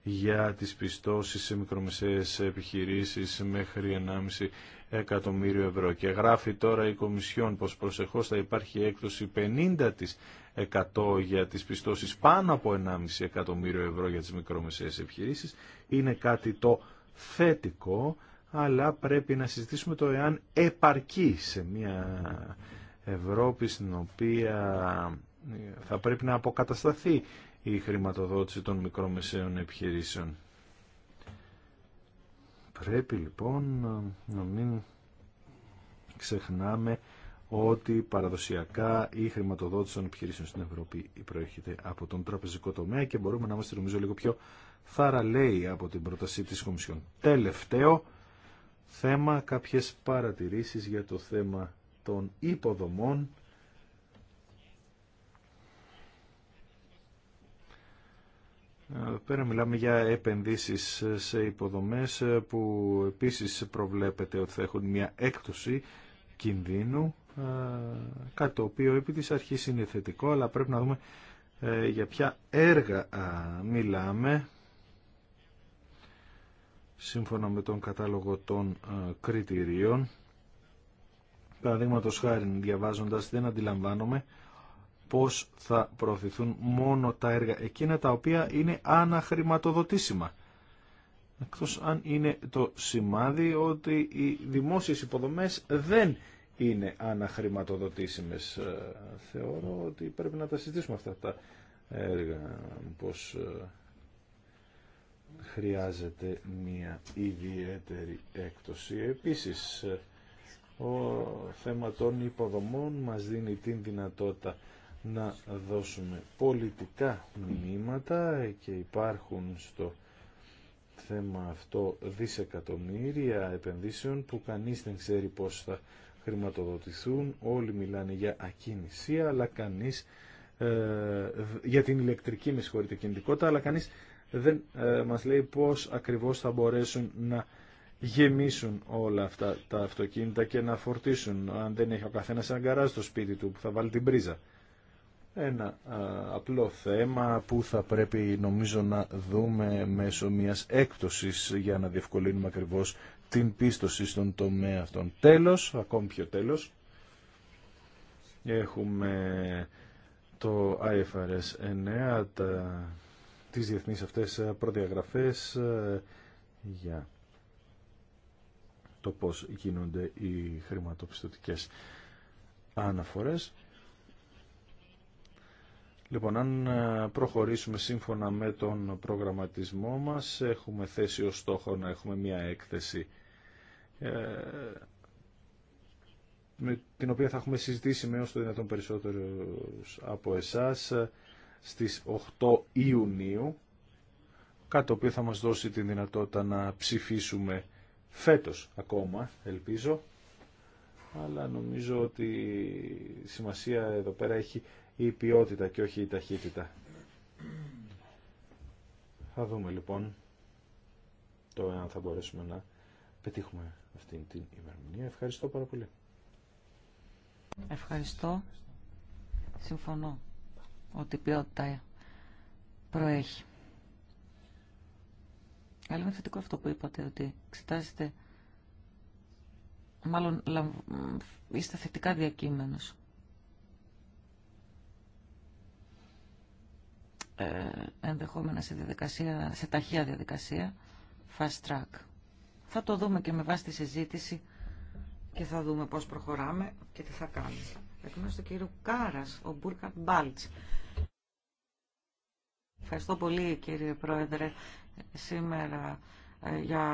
για τις πιστώσεις σε μικρομεσαίες επιχειρήσεις μέχρι 1,5 εκατομμύριο ευρώ. Και γράφει τώρα η Κομισιόν πως προσεχώς θα υπάρχει έκπτωση 50% για τις πιστώσεις πάνω από 1,5 εκατομμύριο ευρώ για τις μικρομεσαίες επιχειρήσεις. Είναι κάτι το θετικό, αλλά πρέπει να συζητήσουμε το εάν επαρκεί σε μια Ευρώπη στην οποία ε, θα πρέπει να αποκατασταθεί η χρηματοδότηση των μικρομεσαίων επιχειρήσεων. Πρέπει λοιπόν να μην ξεχνάμε ότι παραδοσιακά η χρηματοδότηση των επιχειρήσεων στην Ευρώπη προέρχεται από τον τραπεζικό τομέα και μπορούμε να είμαστε νομίζω λίγο πιο θαραλέοι από την πρότασή της Κομισιόν. Τελευταίο θέμα, κάποιες παρατηρήσεις για το θέμα των υποδομών Εδώ πέρα μιλάμε για επενδύσεις σε υποδομές ε, που επίσης προβλέπεται ότι θα έχουν μια έκπτωση κινδύνου, ε, κάτι το οποίο επί της αρχής είναι θετικό, αλλά πρέπει να δούμε ε, για ποια έργα μιλάμε σύμφωνα με τον κατάλογο των κριτηρίων Παραδείγματο χάρη, διαβάζοντας, δεν αντιλαμβάνομαι πώς θα προωθηθούν μόνο τα έργα εκείνα τα οποία είναι αναχρηματοδοτήσιμα. Εκτός αν είναι το σημάδι ότι οι δημόσιες υποδομές δεν είναι αναχρηματοδοτήσιμες. Ε, θεωρώ ότι πρέπει να τα συζητήσουμε αυτά τα έργα, πώς ε, χρειάζεται μια ιδιαίτερη έκπτωση. Επίσης, ε, ο θέμα των υποδομών μας δίνει την δυνατότητα να δώσουμε πολιτικά μηνύματα και υπάρχουν στο θέμα αυτό δισεκατομμύρια επενδύσεων που κανείς δεν ξέρει πώς θα χρηματοδοτηθούν όλοι μιλάνε για ακίνησία αλλά κανείς ε, για την ηλεκτρική με συγχωρείτε κινητικότητα αλλά κανείς δεν ε, μας λέει πώς ακριβώς θα μπορέσουν να γεμίσουν όλα αυτά τα αυτοκίνητα και να φορτίσουν αν δεν έχει ο καθένας ένα γκαράζ στο σπίτι του που θα βάλει την πρίζα. Ένα απλό θέμα που θα πρέπει νομίζω να δούμε μέσω μιας έκπτωσης για να διευκολύνουμε ακριβώς την πίστοση στον τομέα αυτών. Τέλος, ακόμη πιο τέλος, έχουμε το IFRS 9, τα, τις διεθνείς αυτές προδιαγραφές ε, για το πώς γίνονται οι χρηματοπιστωτικές αναφορές. Λοιπόν, αν ε, προχωρήσουμε σύμφωνα με τον προγραμματισμό μας, έχουμε θέσει ως στόχο να έχουμε μία έκθεση ε, με την οποία θα έχουμε συζητήσει με όσο το δυνατόν περισσότερους από εσάς ε, στις 8 Ιουνίου, κάτι το οποίο θα μας δώσει τη δυνατότητα να ψηφίσουμε φέτος ακόμα, ελπίζω, αλλά νομίζω ότι σημασία εδώ πέρα έχει η ποιότητα και όχι η ταχύτητα. Θα δούμε λοιπόν το εάν θα μπορέσουμε να πετύχουμε αυτή την ημερομηνία. Ευχαριστώ πάρα πολύ. Ευχαριστώ. Συμφωνώ ότι η ποιότητα προέχει. Αλλά είναι θετικό αυτό που είπατε, ότι εξετάζετε, μάλλον είστε θετικά διακείμενος. Ε, ενδεχόμενα σε, διαδικασία, σε ταχεία διαδικασία, fast track. Θα το δούμε και με βάση τη συζήτηση και θα δούμε πώς προχωράμε και τι θα κάνουμε. Εκ του κύριου Κάρας, ο Μπούρκα Μπάλτς. Ευχαριστώ πολύ κύριε Πρόεδρε. Σήμερα ε, για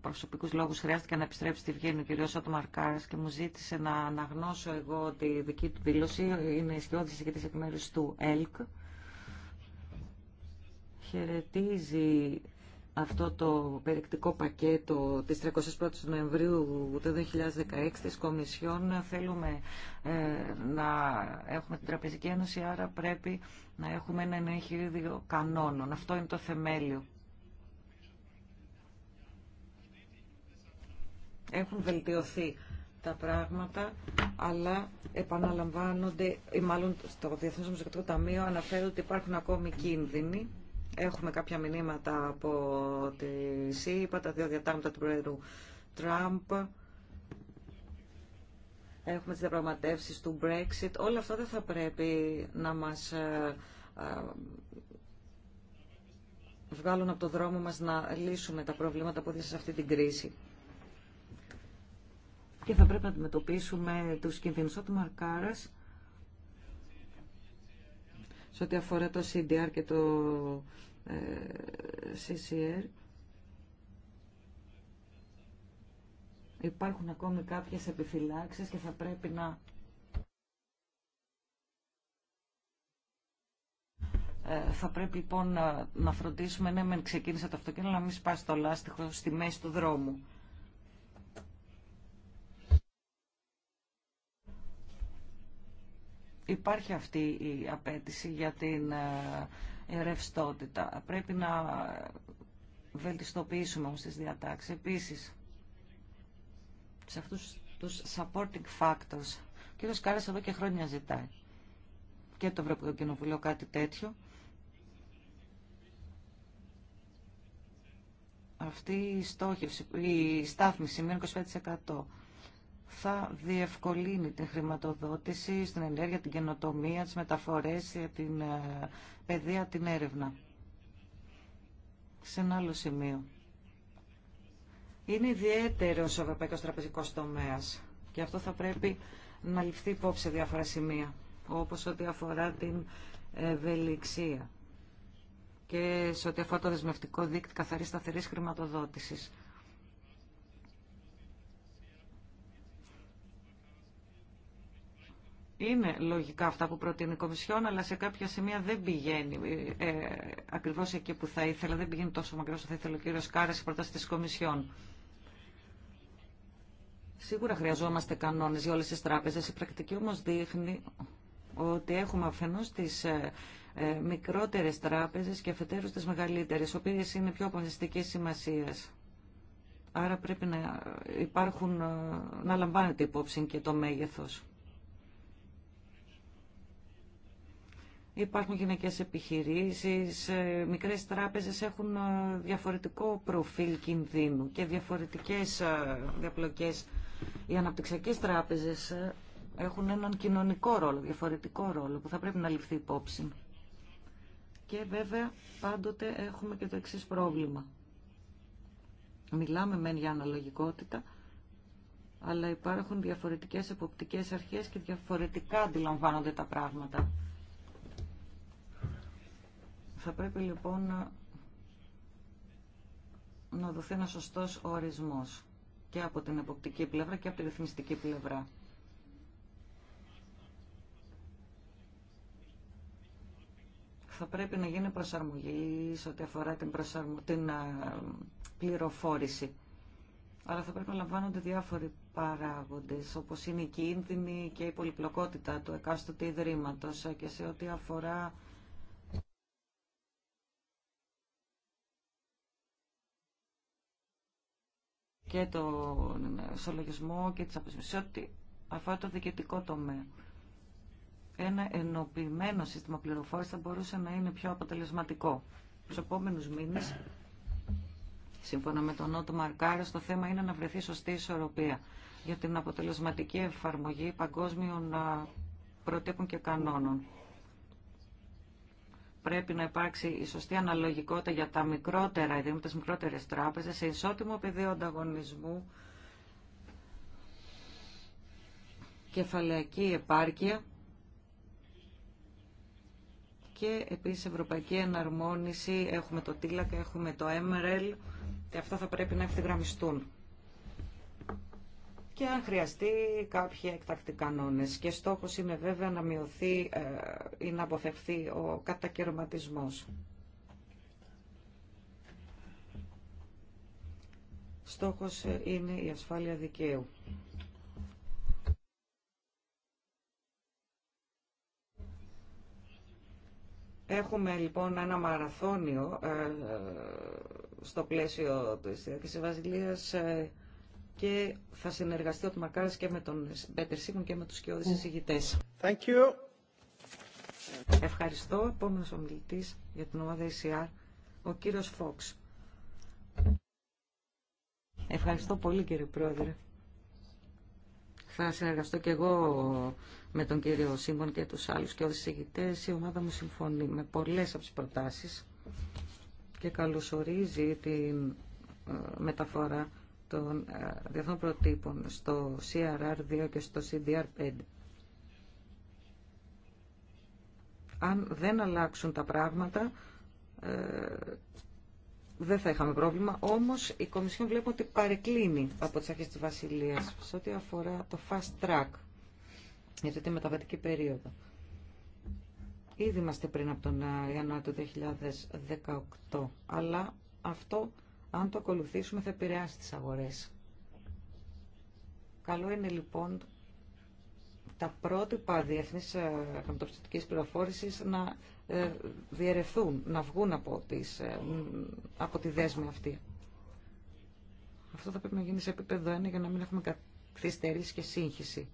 προσωπικούς λόγους χρειάστηκε να επιστρέψει στη Βιέννη ο κύριος Σότο και μου ζήτησε να αναγνώσω εγώ τη δική του δήλωση. Είναι ισχυώδηση για τις εκ του ΕΛΚ. Χαιρετίζει αυτό το περιεκτικό πακέτο της 31ης Νοεμβρίου του 2016 της Κομισιόν θέλουμε ε, να έχουμε την Τραπεζική Ένωση, άρα πρέπει να έχουμε ένα εγχειρίδιο κανόνων. Αυτό είναι το θεμέλιο. Έχουν βελτιωθεί τα πράγματα, αλλά επαναλαμβάνονται, ή μάλλον στο Διεθνές Μουσικατικό Ταμείο αναφέρουν ότι υπάρχουν ακόμη κίνδυνοι Έχουμε κάποια μηνύματα από τη ΣΥΠΑ, τα δύο διατάγματα του Πρόεδρου Τραμπ. Έχουμε τις διαπραγματεύσεις του Brexit. Όλα αυτά δεν θα πρέπει να μας ε, ε, βγάλουν από το δρόμο μας να λύσουμε τα προβλήματα που έδειξε σε αυτή την κρίση. Και θα πρέπει να αντιμετωπίσουμε τους κινδύνους. του Μαρκάρας σε ό,τι αφορά το CDR και το ε, CCR. Υπάρχουν ακόμη κάποιες επιφυλάξεις και θα πρέπει να ε, θα πρέπει λοιπόν να, φροντίσουμε, ναι μην ξεκίνησε το αυτοκίνητο, να μην σπάσει το λάστιχο στη μέση του δρόμου. υπάρχει αυτή η απέτηση για την ε, ρευστότητα. Πρέπει να βελτιστοποιήσουμε όμως τις διατάξεις. Επίσης, σε αυτούς τους supporting factors, ο κύριος Κάρας εδώ και χρόνια ζητάει και το Ευρωπαϊκό Κοινοβουλίο κάτι τέτοιο. Αυτή η στόχευση, η στάθμιση, με 25% θα διευκολύνει την χρηματοδότηση στην ενέργεια, την καινοτομία, τις μεταφορές, ε, την ε, παιδεία, την έρευνα. Σε ένα άλλο σημείο. Είναι ιδιαίτερο ο Ευρωπαϊκό Τραπεζικός Τομέας και αυτό θα πρέπει να ληφθεί υπόψη σε διάφορα σημεία, όπω ό,τι αφορά την ευελιξία και σε ό,τι αφορά το δεσμευτικό δίκτυο καθαρή σταθερή χρηματοδότηση. Είναι λογικά αυτά που προτείνει η Κομισιόν, αλλά σε κάποια σημεία δεν πηγαίνει ε, ακριβώς εκεί που θα ήθελα. Δεν πηγαίνει τόσο μακριά όσο θα ήθελε ο κύριος Κάρας η προτάση της Κομισιόν. Σίγουρα χρειαζόμαστε κανόνες για όλες τις τράπεζες. Η πρακτική όμως δείχνει ότι έχουμε αφενός τις ε, ε μικρότερες τράπεζες και αφετέρου τις μεγαλύτερες, οι οποίες είναι πιο αποφασιστική σημασία. Άρα πρέπει να υπάρχουν, ε, να λαμβάνεται υπόψη και το μέγεθος. Υπάρχουν γυναικές επιχειρήσεις, ε, μικρές τράπεζες έχουν ε, διαφορετικό προφίλ κινδύνου και διαφορετικές ε, διαπλοκές. Οι αναπτυξιακές τράπεζες έχουν έναν κοινωνικό ρόλο, διαφορετικό ρόλο που θα πρέπει να ληφθεί υπόψη. Και βέβαια πάντοτε έχουμε και το εξή πρόβλημα. Μιλάμε μεν για αναλογικότητα, αλλά υπάρχουν διαφορετικές εποπτικές αρχές και διαφορετικά αντιλαμβάνονται τα πράγματα. Θα πρέπει λοιπόν να δοθεί ένα σωστός ορισμός και από την εποπτική πλευρά και από την ρυθμιστική πλευρά. Θα πρέπει να γίνει προσαρμογή σε ό,τι αφορά την, προσαρμο... την ε, πληροφόρηση. Αλλά θα πρέπει να λαμβάνονται διάφοροι παράγοντες, όπως είναι η κίνδυνη και η πολυπλοκότητα του εκάστοτε ιδρύματος ε, και σε ό,τι αφορά και τον ισολογισμό και τις Σε ό,τι αφορά το διοικητικό τομέα. Ένα ενοποιημένο σύστημα πληροφόρηση θα μπορούσε να είναι πιο αποτελεσματικό. Στους επόμενους μήνες, σύμφωνα με τον Νότο Μαρκάρα, το θέμα είναι να βρεθεί σωστή ισορροπία για την αποτελεσματική εφαρμογή παγκόσμιων προτύπων και κανόνων πρέπει να υπάρξει η σωστή αναλογικότητα για τα μικρότερα ιδρύματα, τις μικρότερες τράπεζες, σε ισότιμο πεδίο ανταγωνισμού, κεφαλαϊκή επάρκεια και επίσης ευρωπαϊκή εναρμόνιση, έχουμε το TILAC, έχουμε το MRL και αυτά θα πρέπει να ευθυγραμμιστούν και αν χρειαστεί κάποιοι εκτακτοί κανόνες. Και στόχος είναι βέβαια να μειωθεί ε, ή να αποφευθεί ο κατακαιρματισμός. Στόχος ε, είναι η ασφάλεια δικαίου. Έχουμε λοιπόν ένα μαραθώνιο ε, στο πλαίσιο της Ιερακής Βασιλείας και θα συνεργαστεί ο Τμακάρας και με τον Πέτερ Σίμων και με τους σκιώδεις mm. εισηγητές. Thank Ευχαριστώ. Επόμενος ομιλητής για την ομάδα ECR, ο κύριος Φόξ. Ευχαριστώ πολύ κύριε Πρόεδρε. Θα συνεργαστώ και εγώ με τον κύριο Σίμων και τους άλλους και όλους Η ομάδα μου συμφωνεί με πολλές από τις προτάσεις και καλωσορίζει την ε, μεταφορά των ε, διεθνών προτύπων στο CRR2 και στο CDR5. Αν δεν αλλάξουν τα πράγματα, ε, δεν θα είχαμε πρόβλημα, όμως η Κομισιόν βλέπω ότι παρεκκλίνει από τις αρχές της Βασιλείας σε ό,τι αφορά το fast track, γιατί τη μεταβατική περίοδο. Ήδη είμαστε πριν από τον ε, Ιανουάριο του 2018, αλλά αυτό αν το ακολουθήσουμε θα επηρεάσει τις αγορές. Καλό είναι λοιπόν τα πρότυπα διεθνής ε, χρηματοπιστωτικής πληροφόρησης να ε, διαιρεθούν, να βγουν από, τις, ε, από τη δέσμη αυτή. Αυτό θα πρέπει να γίνει σε επίπεδο 1 για να μην έχουμε καθυστερήσει και σύγχυση.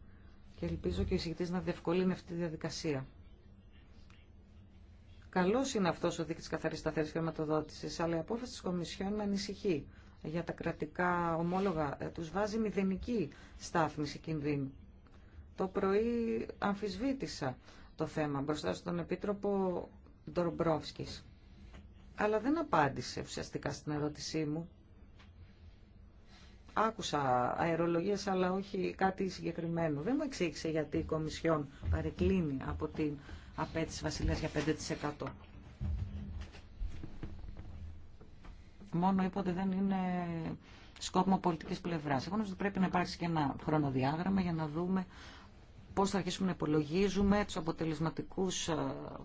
Και ελπίζω και ο εισηγητής να διευκολύνει αυτή τη διαδικασία. Καλό είναι αυτό ο δείκτη καθαρή σταθερή χρηματοδότηση, αλλά η απόφαση τη Κομισιόν με ανησυχεί για τα κρατικά ομόλογα. Ε, Του βάζει μηδενική στάθμιση κινδύνου. Το πρωί αμφισβήτησα το θέμα μπροστά στον Επίτροπο Ντορμπρόφσκη. Αλλά δεν απάντησε ουσιαστικά στην ερώτησή μου. Άκουσα αερολογίες αλλά όχι κάτι συγκεκριμένο. Δεν μου εξήγησε γιατί η Κομισιόν παρεκκλίνει από την απέτηση Βασιλείας για 5%. Μόνο είπα ότι δεν είναι σκόπιμο πολιτικής πλευράς. Εγώ νομίζω ότι πρέπει να υπάρξει και ένα χρονοδιάγραμμα για να δούμε πώς θα αρχίσουμε να υπολογίζουμε τους αποτελεσματικούς ε,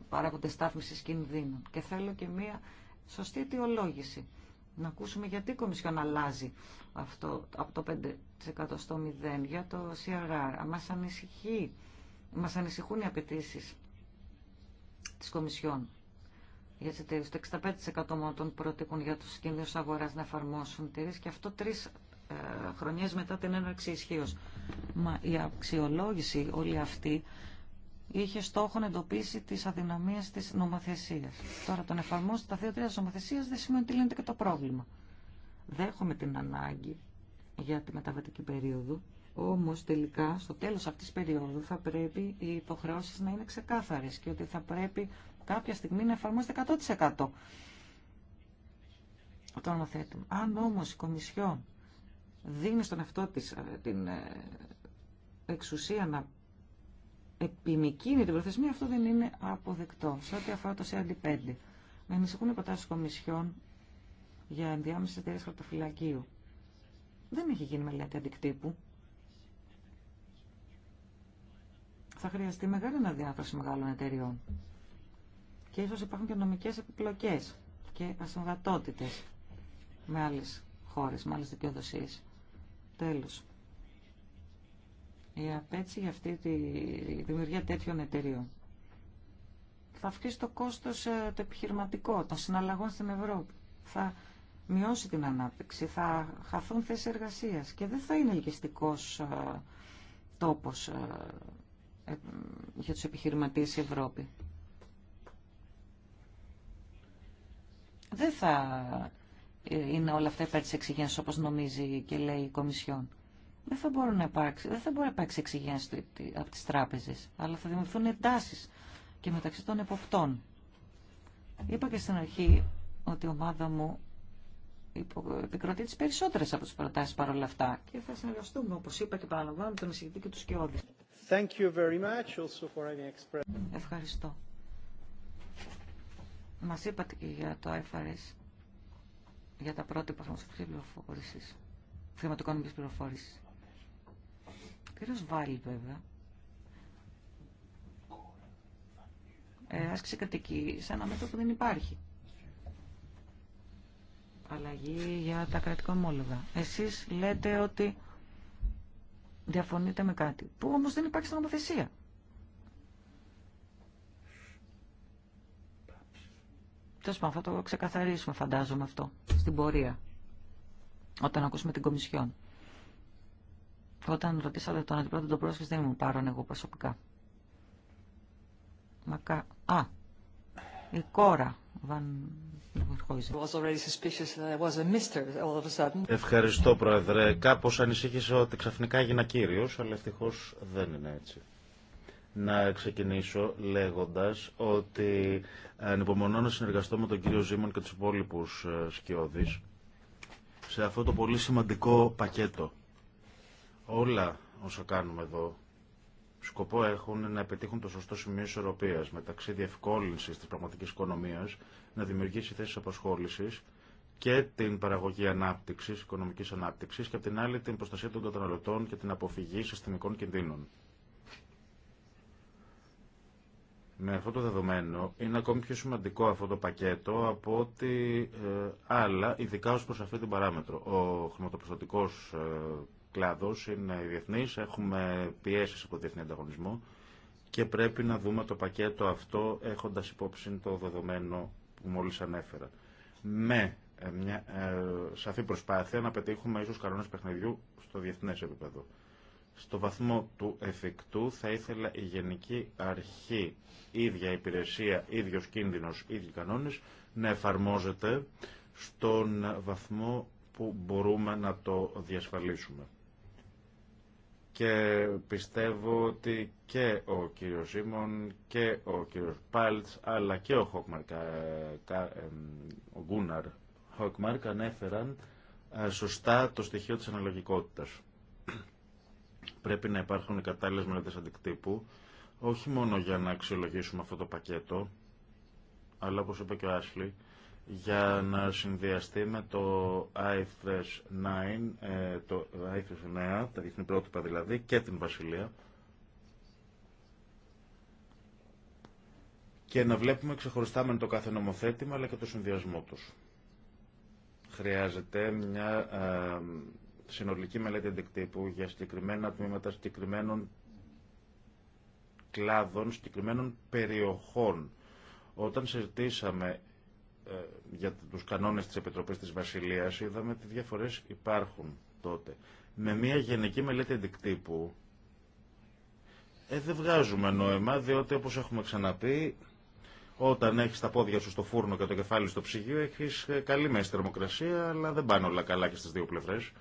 παράγοντες στάθμισης κινδύνων. Και θέλω και μία σωστή αιτιολόγηση. Να ακούσουμε γιατί η Κομισιόν αλλάζει αυτό από το 5% στο 0% για το CRR. Μας, ανησυχεί. Μας ανησυχούν οι απαιτήσει της Κομισιόν για τις εταιρείες. Το 65% μόνο των προτύπων για τους κίνδυνους αγοράς να εφαρμόσουν εταιρείες και αυτό τρεις ε, χρονιές μετά την έναρξη ισχύω. Μα η αξιολόγηση όλη αυτή είχε στόχο να εντοπίσει τις αδυναμίες της νομοθεσίας. Τώρα τον εφαρμόσει τα θεία της δεν σημαίνει ότι λύνεται και το πρόβλημα. Δέχομαι την ανάγκη για τη μεταβατική περίοδο όμως τελικά στο τέλος αυτής της περίοδου θα πρέπει οι υποχρεώσεις να είναι ξεκάθαρες και ότι θα πρέπει κάποια στιγμή να εφαρμόζεται 100% το νομοθέτημα. Αν όμως η Κομισιόν δίνει στον εαυτό της ε, την ε, εξουσία να επιμηκύνει την προθεσμία, αυτό δεν είναι αποδεκτό. Σε ό,τι αφορά το σε 5 με ανησυχούν οι προτάσει Κομισιόν για ενδιάμεσε εταιρείας χαρτοφυλακίου. Δεν έχει γίνει μελέτη αντικτύπου. θα χρειαστεί μεγάλη αναδιάθρωση μεγάλων εταιριών. Και ίσως υπάρχουν και νομικές επιπλοκές και ασυμβατότητες με άλλες χώρες, με άλλες δικαιοδοσίες. Τέλος. Η απέτηση για αυτή τη δημιουργία τέτοιων εταιριών θα αυξήσει το κόστος ε, το επιχειρηματικό των συναλλαγών στην Ευρώπη. Θα μειώσει την ανάπτυξη, θα χαθούν θέσεις εργασίας και δεν θα είναι ελκυστικός ε, τόπος ε, για τους επιχειρηματίες η Ευρώπη. Δεν θα είναι όλα αυτά υπέρ της εξηγένσης όπως νομίζει και λέει η Κομισιόν. Δεν θα, μπορούν να υπάρξει, δεν θα μπορεί να υπάρξει εξηγένση από τις τράπεζες, αλλά θα δημιουργηθούν εντάσεις και μεταξύ των εποπτών. Είπα και στην αρχή ότι η ομάδα μου επικροτεί τις περισσότερες από τις προτάσεις παρόλα αυτά και θα συνεργαστούμε, όπως είπα και παραλαμβάνω, με τον εισηγητή και τους κοιόδης. Ευχαριστώ. Μας είπατε και για το IFRS, για τα πρότυπα χρηματοοικονομικής πληροφόρησης, χρηματοοικονομικής πληροφόρησης. κύριος Βάλι, βέβαια, ε, άσκησε κριτική σε ένα μέτρο που δεν υπάρχει. Αλλαγή για τα κρατικά ομόλογα. Εσείς λέτε ότι διαφωνείτε με κάτι, που όμως δεν υπάρχει στην νομοθεσία. Τέλο πάντων, θα το ξεκαθαρίσουμε, φαντάζομαι αυτό, στην πορεία, όταν ακούσουμε την Κομισιόν. Όταν ρωτήσατε τον αντιπρόεδρο τον πρόσφυγε, δεν ήμουν πάρον εγώ προσωπικά. Μακα... Α, η κόρα Βαν Ευχαριστώ, Πρόεδρε. Κάπω ανησύχησα ότι ξαφνικά έγινα κύριο, αλλά ευτυχώ δεν είναι έτσι. Να ξεκινήσω λέγοντα ότι ανυπομονώ να συνεργαστώ με τον κύριο Ζήμων και του υπόλοιπου ε, σκιώδη σε αυτό το πολύ σημαντικό πακέτο. Όλα όσα κάνουμε εδώ σκοπό έχουν να επιτύχουν το σωστό σημείο ισορροπία μεταξύ διευκόλυνση τη πραγματική οικονομία, να δημιουργήσει θέσει απασχόληση και την παραγωγή ανάπτυξη, οικονομική ανάπτυξη και από την άλλη την προστασία των καταναλωτών και την αποφυγή συστημικών κινδύνων. Με αυτό το δεδομένο είναι ακόμη πιο σημαντικό αυτό το πακέτο από ότι ε, άλλα, ειδικά ω προς αυτή την παράμετρο. Ο χρηματοπιστωτικό. Ε, είναι διεθνή, έχουμε πιέσει από διεθνή ανταγωνισμό και πρέπει να δούμε το πακέτο αυτό έχοντας υπόψη το δεδομένο που μόλις ανέφερα. Με ε, μια ε, σαφή προσπάθεια να πετύχουμε ίσως κανόνε παιχνιδιού στο διεθνές επίπεδο. Στο βαθμό του εφικτού θα ήθελα η Γενική Αρχή, ίδια υπηρεσία, ίδιος κίνδυνος, ίδιοι κανόνες, να εφαρμόζεται στον βαθμό που μπορούμε να το διασφαλίσουμε. Και πιστεύω ότι και ο κύριος Ζήμων και ο κύριος Πάλτς αλλά και ο Γκούναρ Χόκμαρκ ανέφεραν ε, σωστά το στοιχείο της αναλογικότητας. Πρέπει να υπάρχουν οι κατάλληλες μελέτες αντικτύπου όχι μόνο για να αξιολογήσουμε αυτό το πακέτο αλλά όπως είπε και ο Άσλι για να συνδυαστεί με το IFRS 9, ε, το IFRS 9, τα διεθνή πρότυπα δηλαδή, και την Βασιλεία. Και να βλέπουμε ξεχωριστά με το κάθε νομοθέτημα, αλλά και το συνδυασμό τους. Χρειάζεται μια ε, συνολική μελέτη αντικτύπου για συγκεκριμένα τμήματα συγκεκριμένων κλάδων, συγκεκριμένων περιοχών. Όταν συζητήσαμε ε, για τους κανόνες της Επιτροπής της Βασιλείας είδαμε τι διαφορές υπάρχουν τότε. Με μια γενική μελέτη αντικτύπου ε, δεν βγάζουμε νόημα, διότι όπως έχουμε ξαναπεί, όταν έχεις τα πόδια σου στο φούρνο και το κεφάλι στο ψυγείο, έχεις ε, καλή μέση θερμοκρασία, αλλά δεν πάνε όλα καλά και στις δύο πλευρές.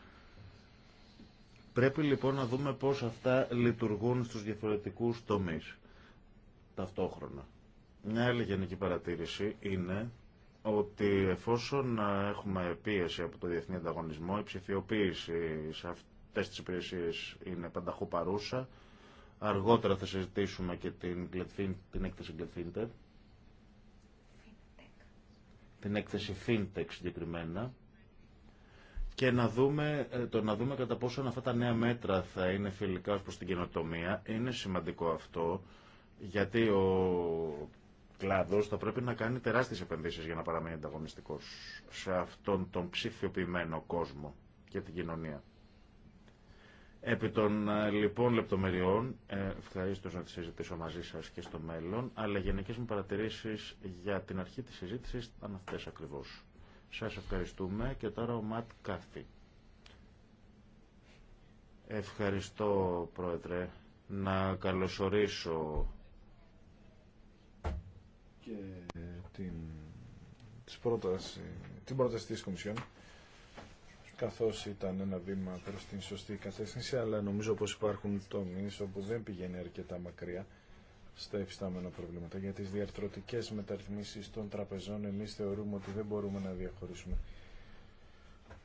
Πρέπει λοιπόν να δούμε πώς αυτά λειτουργούν στους διαφορετικούς τομείς ταυτόχρονα. Μια άλλη γενική παρατήρηση είναι ότι εφόσον ε, έχουμε πίεση από το διεθνή ανταγωνισμό, η ψηφιοποίηση σε αυτές τις υπηρεσίες είναι πανταχού παρούσα. Αργότερα θα συζητήσουμε και την, την έκθεση ΦΙΝΤΕΚ την έκθεση FinTech συγκεκριμένα, και να δούμε, ε, το να δούμε κατά πόσο αυτά τα νέα μέτρα θα είναι φιλικά προς την καινοτομία. Είναι σημαντικό αυτό, γιατί ο κλάδο θα πρέπει να κάνει τεράστιε επενδύσει για να παραμείνει ανταγωνιστικό σε αυτόν τον ψηφιοποιημένο κόσμο και την κοινωνία. Επί των ε, λοιπόν λεπτομεριών, ε, ευχαρίστω να τη συζητήσω μαζί σα και στο μέλλον, αλλά γενικέ μου παρατηρήσει για την αρχή τη συζήτηση ήταν αυτέ ακριβώ. Σα ευχαριστούμε και τώρα ο Ματ Κάρθη. Ευχαριστώ, Πρόεδρε. Να καλωσορίσω και την, της πρόταση, την πρόταση της Κομισιόν καθώς ήταν ένα βήμα προς την σωστή κατεύθυνση αλλά νομίζω πως υπάρχουν τομείς όπου δεν πηγαίνει αρκετά μακριά στα υφιστάμενα προβλήματα. Για τις διαρθρωτικές μεταρρυθμίσεις των τραπεζών εμείς θεωρούμε ότι δεν μπορούμε να διαχωρίσουμε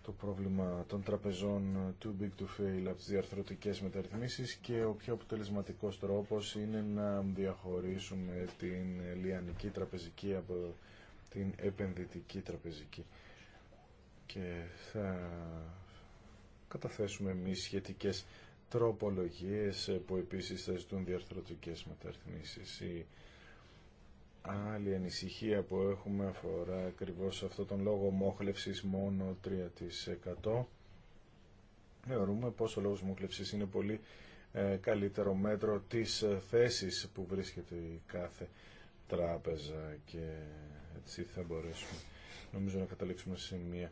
το πρόβλημα των τραπεζών too big to fail από τις διαρθρωτικές μεταρρυθμίσεις και ο πιο αποτελεσματικός τρόπος είναι να διαχωρίσουμε την λιανική τραπεζική από την επενδυτική τραπεζική και θα καταθέσουμε εμεί σχετικές τροπολογίες που επίσης θα ζητούν διαρθρωτικές μεταρρυθμίσεις άλλη ανησυχία που έχουμε αφορά ακριβώς αυτό τον λόγο μόχλευσης μόνο 3%. Θεωρούμε πως ο λόγος μόχλευσης είναι πολύ ε, καλύτερο μέτρο της ε, θέσης που βρίσκεται η κάθε τράπεζα και έτσι θα μπορέσουμε νομίζω να καταλήξουμε σε μια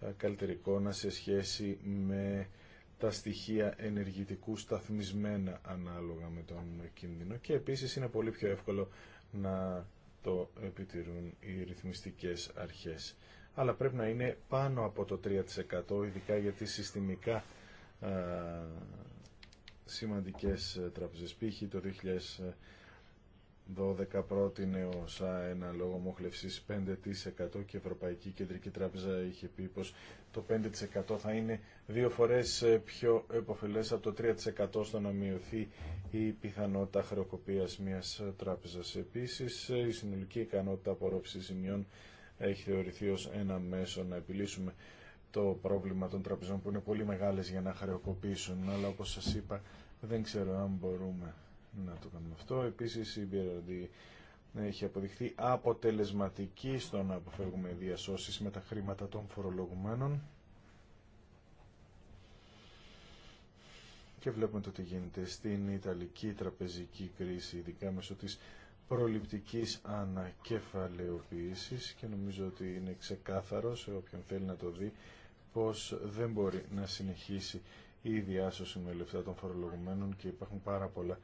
ε, καλύτερη εικόνα σε σχέση με τα στοιχεία ενεργητικού σταθμισμένα ανάλογα με τον κίνδυνο και επίσης είναι πολύ πιο εύκολο να το επιτηρούν οι ρυθμιστικές αρχές. Αλλά πρέπει να είναι πάνω από το 3% ειδικά για τις συστημικά σημαντικές ε, τραπεζές. Π.χ. το 12 πρότεινε ο ένα λόγο μόχλευσης 5% και η Ευρωπαϊκή Κεντρική Τράπεζα είχε πει πως το 5% θα είναι δύο φορές ε, πιο εποφελέ από το 3% στο να μειωθεί η πιθανότητα χρεοκοπίας μιας τράπεζας. Επίσης, ε, η συνολική ικανότητα απορρόψης ζημιών έχει θεωρηθεί ως ένα μέσο να επιλύσουμε το πρόβλημα των τραπεζών που είναι πολύ μεγάλες για να χρεοκοπήσουν, αλλά όπως σας είπα δεν ξέρω αν μπορούμε να το κάνουμε αυτό. Επίσης η BRD έχει αποδειχθεί αποτελεσματική στο να αποφεύγουμε διασώσεις με τα χρήματα των φορολογουμένων. Και βλέπουμε το τι γίνεται στην Ιταλική τραπεζική κρίση, ειδικά μέσω της προληπτικής ανακεφαλαιοποίησης και νομίζω ότι είναι ξεκάθαρο σε όποιον θέλει να το δει πως δεν μπορεί να συνεχίσει η διάσωση με λεφτά των φορολογουμένων και υπάρχουν πάρα πολλά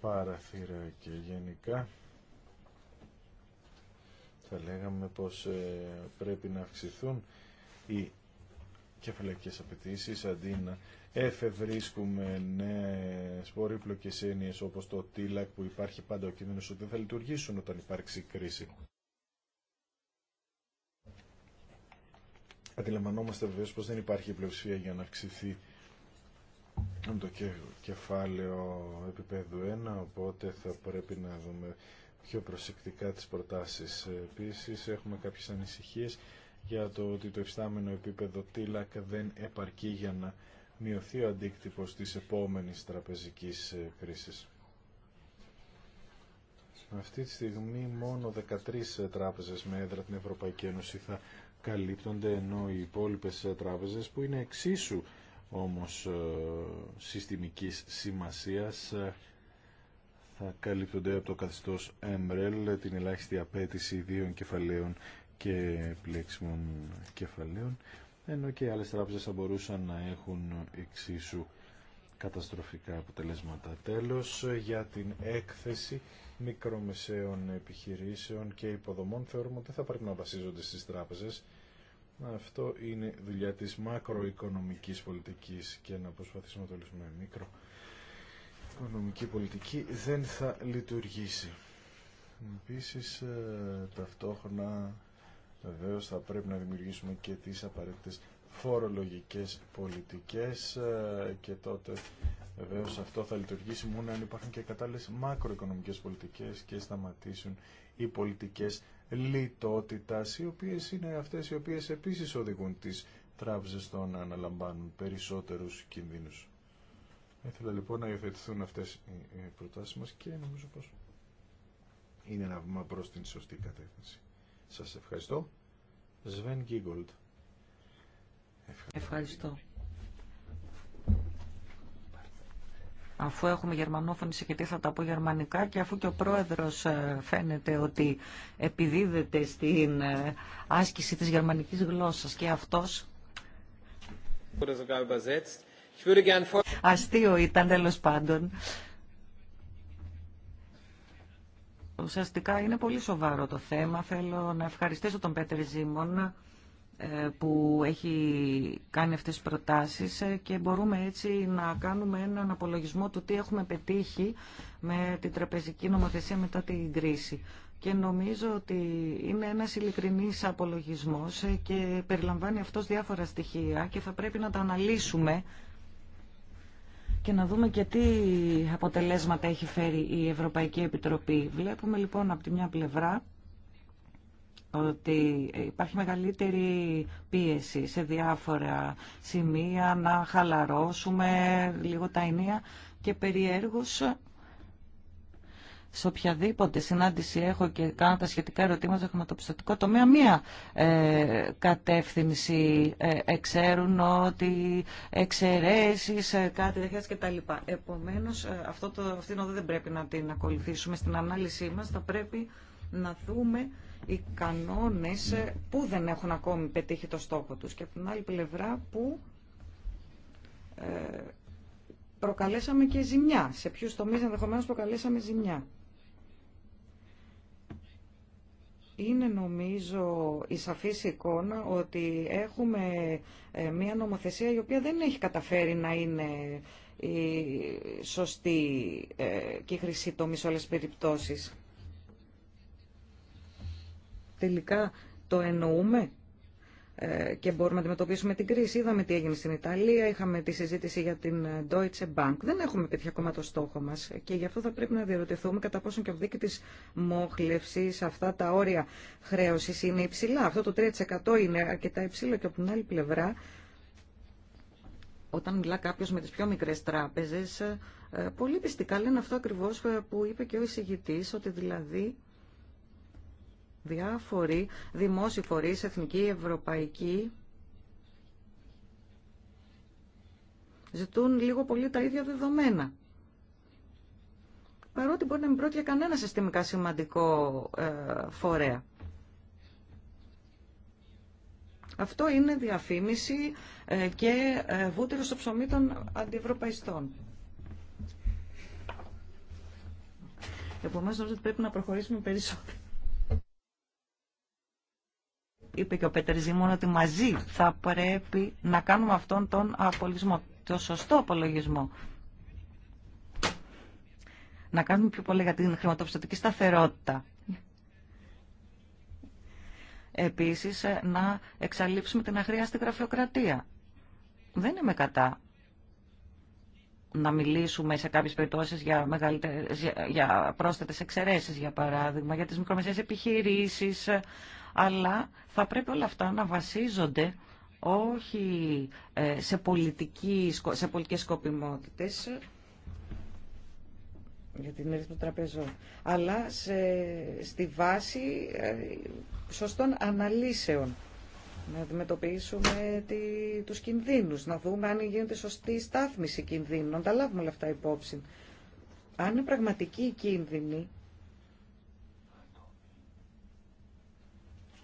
παραθύρα και γενικά θα λέγαμε πως ε, πρέπει να αυξηθούν οι κεφαλαϊκές απαιτήσει αντί να εφευρίσκουμε νέες πορύπλοκες έννοιες όπως το τίλακ που υπάρχει πάντα ο κίνδυνος ότι δεν θα λειτουργήσουν όταν υπάρξει κρίση. Αντιλαμβανόμαστε βεβαίω πως δεν υπάρχει πλειοψηφία για να αυξηθεί το κεφάλαιο επίπεδου 1, οπότε θα πρέπει να δούμε πιο προσεκτικά τις προτάσεις. Επίσης έχουμε κάποιες ανησυχίες για το ότι το υφιστάμενο επίπεδο TILAC δεν επαρκεί για να μειωθεί ο αντίκτυπος της επόμενης τραπεζικής ε, κρίσης. Αυτή τη στιγμή μόνο 13 ε, τράπεζες με έδρα την Ευρωπαϊκή Ένωση θα καλύπτονται, ενώ οι υπόλοιπες ε, τράπεζες που είναι εξίσου όμως ε, συστημικής σημασίας ε, θα καλύπτονται από το καθεστώς MREL ε, την ελάχιστη απέτηση ιδίων κεφαλαίων και πλέξιμων κεφαλαίων ενώ και άλλες τράπεζες θα μπορούσαν να έχουν εξίσου καταστροφικά αποτελέσματα. Τέλος, για την έκθεση μικρομεσαίων επιχειρήσεων και υποδομών θεωρούμε ότι δεν θα πρέπει να βασίζονται στις τράπεζες αυτό είναι δουλειά της μακροοικονομικής πολιτικής και να προσπαθήσουμε να το λύσουμε μικρο. πολιτική δεν θα λειτουργήσει. Επίσης, ε, ταυτόχρονα βεβαίω θα πρέπει να δημιουργήσουμε και τις απαραίτητες φορολογικές πολιτικές ε, και τότε βεβαίω αυτό θα λειτουργήσει μόνο αν υπάρχουν και κατάλληλες μακροοικονομικές πολιτικές και σταματήσουν οι πολιτικές λιτότητας, οι οποίες είναι αυτές οι οποίες επίσης οδηγούν τις τράπεζες στο να αναλαμβάνουν περισσότερους κινδύνους. Ήθελα λοιπόν να υιοθετηθούν αυτές οι προτάσεις μας και νομίζω πως είναι ένα βήμα προς την σωστή κατεύθυνση. Σας ευχαριστώ. Σβέν Ευχαριστώ. Ευχαριστώ. αφού έχουμε γερμανόφωνη συγκεκριτή θα τα πω γερμανικά και αφού και ο πρόεδρος ε, φαίνεται ότι επιδίδεται στην ε, άσκηση της γερμανικής γλώσσας και αυτός αστείο ήταν τέλο πάντων ουσιαστικά είναι πολύ σοβαρό το θέμα θέλω να ευχαριστήσω τον Πέτερ Ζήμωνα ε, που έχει κάνει αυτές τις προτάσεις ε, και μπορούμε έτσι να κάνουμε έναν απολογισμό του τι έχουμε πετύχει με την τραπεζική νομοθεσία μετά την κρίση. Και νομίζω ότι είναι ένας ειλικρινής απολογισμός ε, και περιλαμβάνει αυτός διάφορα στοιχεία και θα πρέπει να τα αναλύσουμε και να δούμε και τι αποτελέσματα έχει φέρει η Ευρωπαϊκή Επιτροπή. Βλέπουμε λοιπόν από τη μια πλευρά ότι υπάρχει μεγαλύτερη πίεση σε διάφορα σημεία να χαλαρώσουμε λίγο τα ενία και περιέργως σε οποιαδήποτε συνάντηση έχω και κάνω τα σχετικά ερωτήματα το χρηματοπιστωτικό τομέα, μία ε, κατεύθυνση ε, εξέρουν ότι εξαιρέσεις, ε, κάτι τα κτλ. Επομένως, ε, αυτό το, αυτήν εδώ δεν πρέπει να την ακολουθήσουμε. Στην ανάλυση μας θα πρέπει να δούμε οι κανόνες ε, που δεν έχουν ακόμη πετύχει το στόχο τους και από την άλλη πλευρά που ε, προκαλέσαμε και ζημιά, σε ποιους τομείς ενδεχομένως προκαλέσαμε ζημιά. είναι νομίζω η σαφής εικόνα ότι έχουμε ε, μια νομοθεσία η οποία δεν έχει καταφέρει να είναι η σωστή και χρυσή τομή σε όλες τις περιπτώσεις τελικά το εννοούμε ε, και μπορούμε να αντιμετωπίσουμε την κρίση. Είδαμε τι έγινε στην Ιταλία, είχαμε τη συζήτηση για την Deutsche Bank. Δεν έχουμε πετύχει ακόμα το στόχο μα και γι' αυτό θα πρέπει να διαρωτηθούμε κατά πόσο και ο δίκη τη μόχλευση, αυτά τα όρια χρέωση είναι υψηλά. Αυτό το 3% είναι αρκετά υψηλό και από την άλλη πλευρά. Όταν μιλά κάποιο με τι πιο μικρέ τράπεζε, ε, πολύ πιστικά λένε αυτό ακριβώ ε, που είπε και ο εισηγητή, ότι δηλαδή διάφοροι δημόσιοι φορείς, εθνικοί, ευρωπαϊκοί, ζητούν λίγο πολύ τα ίδια δεδομένα. Παρότι μπορεί να μην πρόκειται κανένα συστημικά σημαντικό ε, φορέα. Αυτό είναι διαφήμιση ε, και ε, βούτυρο στο ψωμί των αντιευρωπαϊστών. Επομένως, νομίζω ότι πρέπει να προχωρήσουμε περισσότερο είπε και ο Πέτερ Ζήμων ότι μαζί θα πρέπει να κάνουμε αυτόν τον απολογισμό, το σωστό απολογισμό. Να κάνουμε πιο πολύ για την χρηματοπιστωτική σταθερότητα. Επίσης, να εξαλείψουμε την στη γραφειοκρατία. Δεν είμαι κατά να μιλήσουμε σε κάποιες περιπτώσεις για, για πρόσθετες εξαιρέσεις, για παράδειγμα, για τις μικρομεσαίες επιχειρήσεις, αλλά θα πρέπει όλα αυτά να βασίζονται όχι ε, σε, πολιτική, σε πολιτικές σκοπιμότητες για την έρευνα του τραπεζών, αλλά σε, στη βάση ε, σωστών αναλύσεων να αντιμετωπίσουμε τη, τους κινδύνους, να δούμε αν γίνεται σωστή στάθμιση κινδύνων, να τα λάβουμε όλα αυτά υπόψη. Αν είναι πραγματική η κίνδυνη,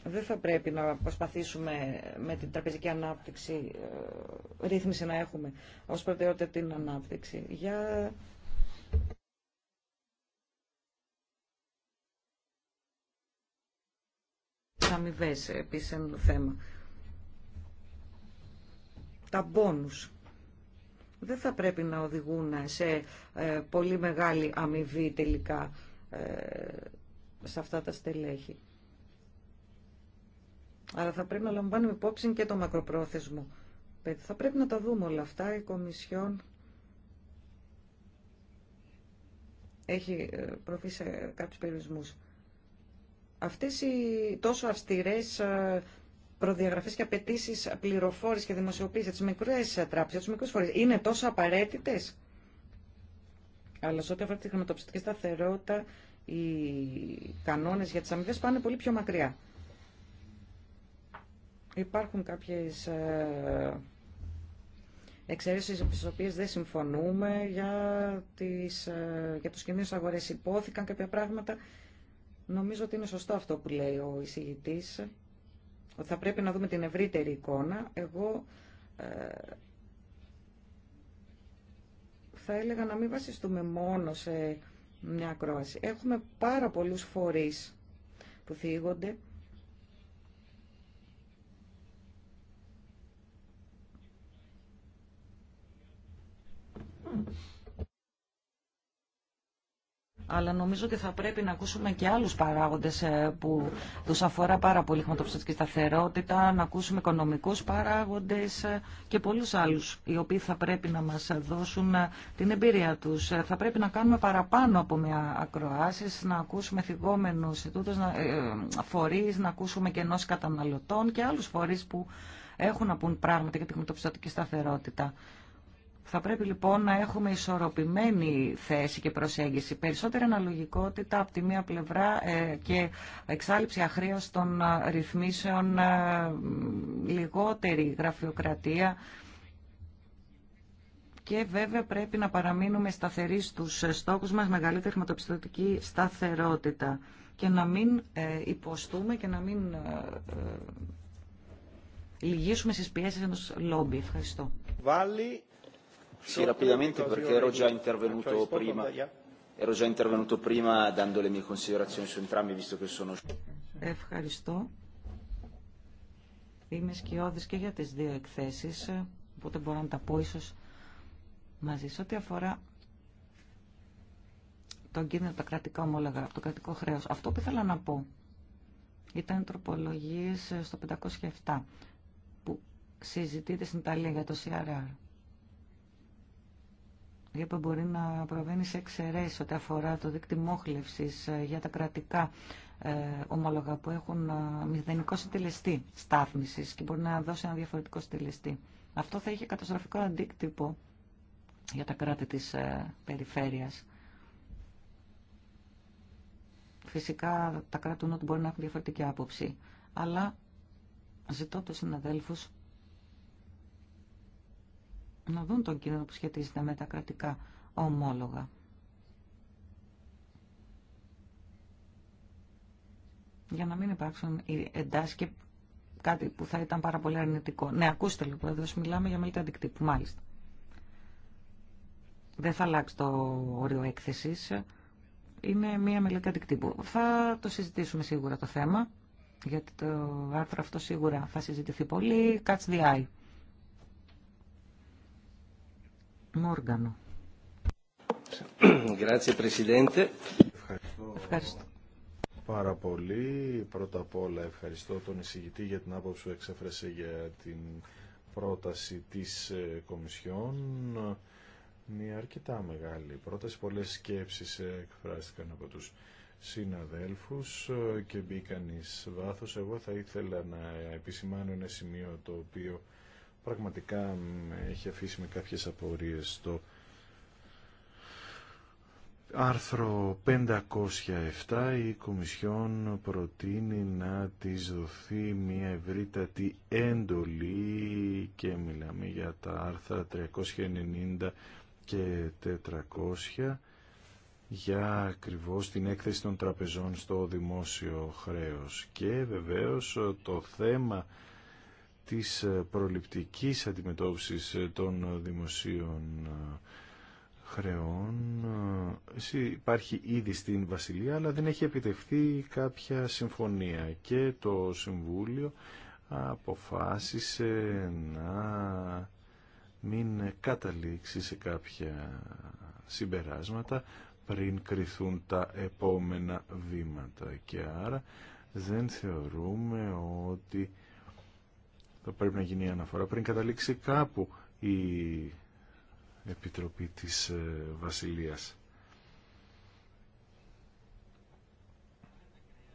δεν θα πρέπει να προσπαθήσουμε με την τραπεζική ανάπτυξη, ε, ρύθμιση να έχουμε ως προτεραιότητα την ανάπτυξη. Για... Αμοιβές, επίσης, ένα θέμα τα μπόνους δεν θα πρέπει να οδηγούν σε ε, πολύ μεγάλη αμοιβή τελικά ε, σε αυτά τα στελέχη. Αλλά θα πρέπει να λαμβάνουμε υπόψη και το μακροπρόθεσμο. Θα πρέπει να τα δούμε όλα αυτά. Η Κομισιόν έχει ε, προβεί σε κάποιους περιορισμούς. Αυτές οι τόσο αυστηρές προδιαγραφές και απαιτήσει πληροφόρηση και δημοσιοποίηση μικρέ τράπεζε, τράπεζες, τι μικρέ φορέ. είναι τόσο απαραίτητε, Αλλά σε ό,τι αφορά τη χρηματοπιστική σταθερότητα, οι κανόνε για τι αμοιβέ πάνε πολύ πιο μακριά. Υπάρχουν κάποιε εξαιρέσει με τις οποίες δεν συμφωνούμε για, τις, ε, για τους αγορές. Υπόθηκαν κάποια πράγματα. Νομίζω ότι είναι σωστό αυτό που λέει ο εισηγητή ότι θα πρέπει να δούμε την ευρύτερη εικόνα. Εγώ ε, θα έλεγα να μην βασιστούμε μόνο σε μια ακρόαση. Έχουμε πάρα πολλούς φορείς που θίγονται αλλά νομίζω ότι θα πρέπει να ακούσουμε και άλλους παράγοντες ε, που τους αφορά πάρα πολύ χρηματοπιστωτική σταθερότητα, να ακούσουμε οικονομικούς παράγοντες ε, και πολλούς άλλους, οι οποίοι θα πρέπει να μας δώσουν ε, την εμπειρία τους. Θα πρέπει να κάνουμε παραπάνω από μια ακροάσεις, να ακούσουμε θυγόμενους φορεί, φορείς, να ακούσουμε και ενός καταναλωτών και άλλους φορείς που έχουν να πούν πράγματα για τη χρηματοπιστωτική σταθερότητα. Θα πρέπει λοιπόν να έχουμε ισορροπημένη θέση και προσέγγιση, περισσότερη αναλογικότητα από τη μία πλευρά ε, και εξάλληψη αχρέως των ε, ρυθμίσεων, ε, λιγότερη γραφειοκρατία και βέβαια πρέπει να παραμείνουμε σταθεροί στους στόχους μας, μεγαλύτερη χρηματοπιστωτική σταθερότητα και να μην υποστούμε και να μην λυγίσουμε στις πιέσεις ενός λόμπι. Ευχαριστώ. Βάλει Sì, rapidamente perché ero già intervenuto prima. Ero già intervenuto prima dando le mie considerazioni su entrambi visto che sono Ευχαριστώ. Είμαι σκιώδη και για τι δύο εκθέσει, οπότε μπορώ να τα πω ίσω μαζί. Σε ό,τι αφορά τον κίνδυνο τα κρατικά ομόλογα, από το κρατικό χρέο. αυτό που ήθελα να πω ήταν οι τροπολογίες στο 507 που συζητείται στην Ιταλία για το CRR. Η μπορεί να προβαίνει σε εξαιρέσει ό,τι αφορά το δίκτυο μόχλευση ε, για τα κρατικά ε, ομόλογα που έχουν ε, μηδενικό συντελεστή στάθμισης και μπορεί να δώσει ένα διαφορετικό συντελεστή. Αυτό θα είχε καταστροφικό αντίκτυπο για τα κράτη της περιφέρειας. Φυσικά τα κράτη του Νότου μπορεί να έχουν διαφορετική άποψη, αλλά ζητώ τους συναδέλφους να δουν τον κίνδυνο που σχετίζεται με τα κρατικά ομόλογα. Για να μην υπάρξουν οι και κάτι που θα ήταν πάρα πολύ αρνητικό. Ναι, ακούστε λοιπόν, εδώ μιλάμε για μελέτη αντικτύπου, μάλιστα. Δεν θα αλλάξει το όριο έκθεση. Είναι μία μελέτη αντικτύπου. Θα το συζητήσουμε σίγουρα το θέμα, γιατί το άρθρο αυτό σίγουρα θα συζητηθεί πολύ. Catch the eye. Ευχαριστώ πάρα πολύ. Πρώτα απ' όλα ευχαριστώ τον εισηγητή για την άποψη που εξέφρασε για την πρόταση της ε, Κομισιόν. Μια αρκετά μεγάλη πρόταση. Πολλές σκέψεις εκφράστηκαν από τους συναδέλφους ε, και μπήκαν εις βάθος. Εγώ θα ήθελα να επισημάνω ένα σημείο το οποίο πραγματικά έχει αφήσει με κάποιες απορίες το άρθρο 507 η Κομισιόν προτείνει να της δοθεί μια ευρύτατη έντολη και μιλάμε για τα άρθρα 390 και 400 για ακριβώς την έκθεση των τραπεζών στο δημόσιο χρέος. Και βεβαίως το θέμα της ε, προληπτικής αντιμετώπισης ε, των δημοσίων ε, χρεών υπάρχει ήδη στην Βασιλεία αλλά δεν έχει επιτευχθεί κάποια συμφωνία και το Συμβούλιο αποφάσισε να μην καταλήξει σε κάποια συμπεράσματα πριν κριθούν τα επόμενα βήματα και άρα δεν θεωρούμε ότι θα πρέπει να γίνει αναφορά πριν καταλήξει κάπου η Επιτροπή της ε, Βασιλείας.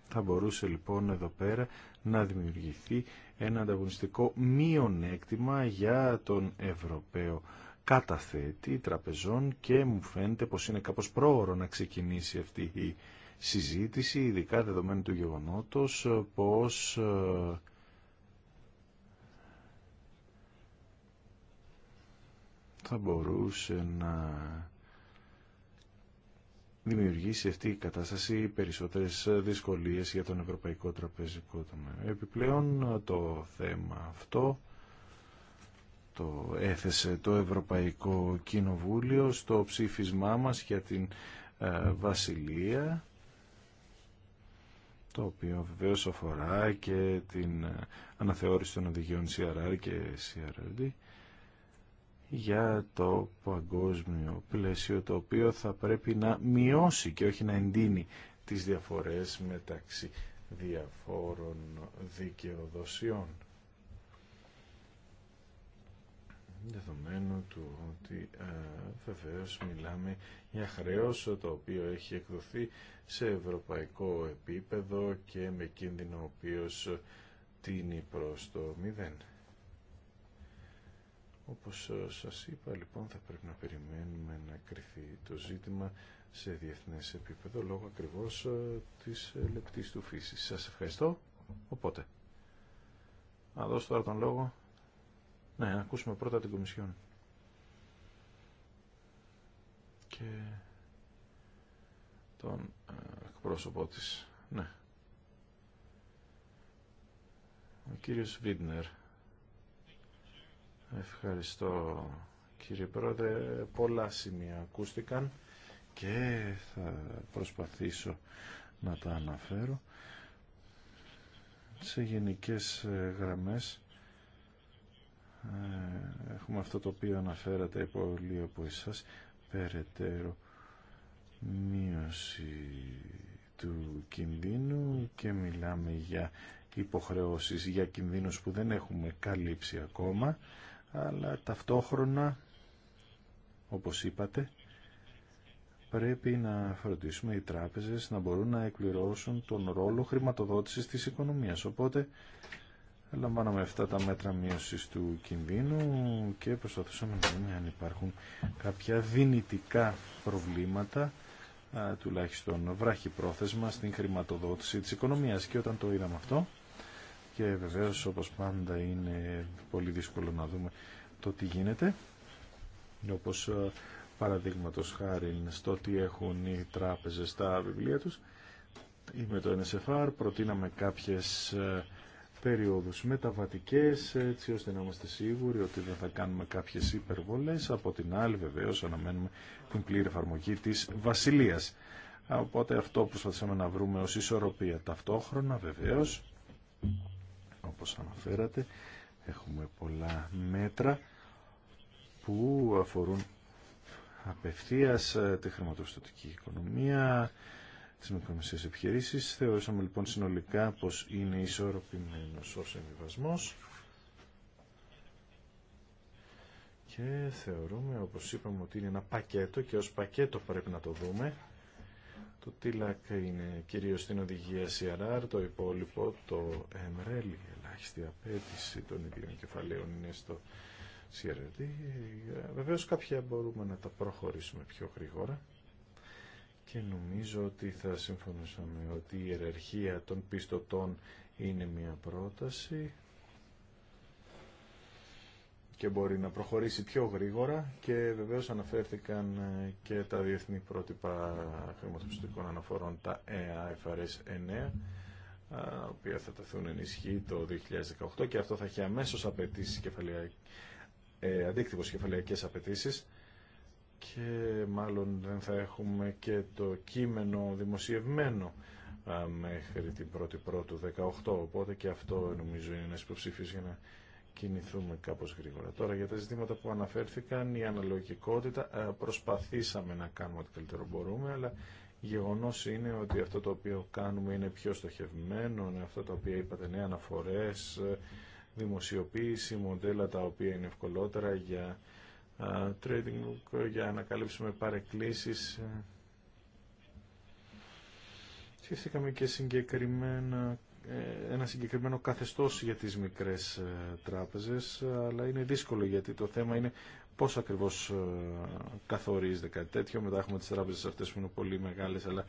Θα μπορούσε λοιπόν εδώ πέρα να δημιουργηθεί ένα ανταγωνιστικό μειονέκτημα για τον Ευρωπαίο καταθέτη τραπεζών και μου φαίνεται πως είναι κάπως πρόωρο να ξεκινήσει αυτή η συζήτηση, ειδικά δεδομένου του γεγονότος ε, πως ε, θα μπορούσε να δημιουργήσει αυτή η κατάσταση περισσότερες δυσκολίες για τον Ευρωπαϊκό Τραπεζικό Τομέα. Επιπλέον το θέμα αυτό το έθεσε το Ευρωπαϊκό Κοινοβούλιο στο ψήφισμά μας για την ε, Βασιλεία το οποίο βεβαίως αφορά και την ε, αναθεώρηση των οδηγιών CRR και CRD για το παγκόσμιο πλαίσιο το οποίο θα πρέπει να μειώσει και όχι να εντείνει τις διαφορές μεταξύ διαφόρων δικαιοδοσιών. Δεδομένου του ότι α, βεβαίως μιλάμε για χρέος το οποίο έχει εκδοθεί σε ευρωπαϊκό επίπεδο και με κίνδυνο ο οποίος τίνει προς το μηδέν. Όπως ε, σας είπα λοιπόν θα πρέπει να περιμένουμε να κρυθεί το ζήτημα σε διεθνές επίπεδο λόγω ακριβώς ε, της ε, λεπτής του φύσης. Σας ευχαριστώ. Οπότε. Να δώσω τώρα τον λόγο. Ναι, να ακούσουμε πρώτα την Κομισιόν. Και τον εκπρόσωπό της. Ναι. Ο κύριος Βίτνερ. Ευχαριστώ κύριε Πρόεδρε. Πολλά σημεία ακούστηκαν και θα προσπαθήσω να τα αναφέρω. Σε γενικές ε, γραμμές ε, έχουμε αυτό το οποίο αναφέρατε πολύ από εσάς περαιτέρω μείωση του κινδύνου και μιλάμε για υποχρεώσεις για κινδύνους που δεν έχουμε καλύψει ακόμα αλλά ταυτόχρονα, όπως είπατε, πρέπει να φροντίσουμε οι τράπεζες να μπορούν να εκπληρώσουν τον ρόλο χρηματοδότησης της οικονομίας. Οπότε, λαμβάναμε αυτά τα μέτρα μείωσης του κινδύνου και προσπαθούσαμε να δούμε αν υπάρχουν κάποια δυνητικά προβλήματα τουλάχιστον βράχη πρόθεσμα στην χρηματοδότηση της οικονομίας και όταν το είδαμε αυτό και βεβαίως όπως πάντα είναι πολύ δύσκολο να δούμε το τι γίνεται όπως ε, παραδείγματος χάρη στο τι έχουν οι τράπεζες στα βιβλία τους ή με το NSFR προτείναμε κάποιες ε, περίοδους μεταβατικές έτσι ώστε να είμαστε σίγουροι ότι δεν θα κάνουμε κάποιες υπερβολές από την άλλη βεβαίως αναμένουμε την πλήρη εφαρμογή της Βασιλείας οπότε αυτό προσπαθήσαμε να βρούμε ως ισορροπία ταυτόχρονα βεβαίως όπως αναφέρατε. Έχουμε πολλά μέτρα που αφορούν απευθείας ε, τη χρηματοπιστωτική οικονομία, τις μικρομεσαίες επιχειρήσεις. Θεωρήσαμε λοιπόν συνολικά πως είναι ισορροπημένος ο συμβιβασμός και θεωρούμε, όπως είπαμε, ότι είναι ένα πακέτο και ως πακέτο πρέπει να το δούμε. Το TILAC είναι κυρίως στην οδηγία CRR, το υπόλοιπο το MRL, η ελάχιστη απέτηση των ιδίων κεφαλαίων είναι στο CRD. Βεβαίως κάποια μπορούμε να τα προχωρήσουμε πιο γρήγορα και νομίζω ότι θα συμφωνήσαμε ότι η ιεραρχία των πιστωτών είναι μια πρόταση και μπορεί να προχωρήσει πιο γρήγορα και βεβαίως αναφέρθηκαν ε, και τα διεθνή πρότυπα χρηματοπιστωτικών αναφορών, τα e ΕΑΕΦΡΕΣ 9, οποία θα τεθούν εν ισχύ το 2018 και αυτό θα έχει αμέσως απαιτήσει ε, αντίκτυπο ε, απαιτήσει, απαιτήσεις και μάλλον δεν θα έχουμε και το κείμενο δημοσιευμένο ε, μέχρι την 1η Πρώτου 2018 οπότε και αυτό νομίζω είναι ένας υποψηφίο για να κινηθούμε κάπως γρήγορα. Τώρα για τα ζητήματα που αναφέρθηκαν, η αναλογικότητα, ε, προσπαθήσαμε να κάνουμε ό,τι καλύτερο μπορούμε, αλλά γεγονός είναι ότι αυτό το οποίο κάνουμε είναι πιο στοχευμένο, είναι αυτό το οποίο είπατε, νέα αναφορές, ε, δημοσιοποίηση, μοντέλα τα οποία είναι ευκολότερα για uh, trading, για να καλύψουμε παρεκκλήσεις. Σκεφτήκαμε και συγκεκριμένα ε, ένα συγκεκριμένο καθεστώς για τις μικρές ε, τράπεζες, αλλά είναι δύσκολο γιατί το θέμα είναι πώς ακριβώς ε, καθορίζεται κάτι τέτοιο. Μετά έχουμε τις τράπεζες αυτές που είναι πολύ μεγάλες, αλλά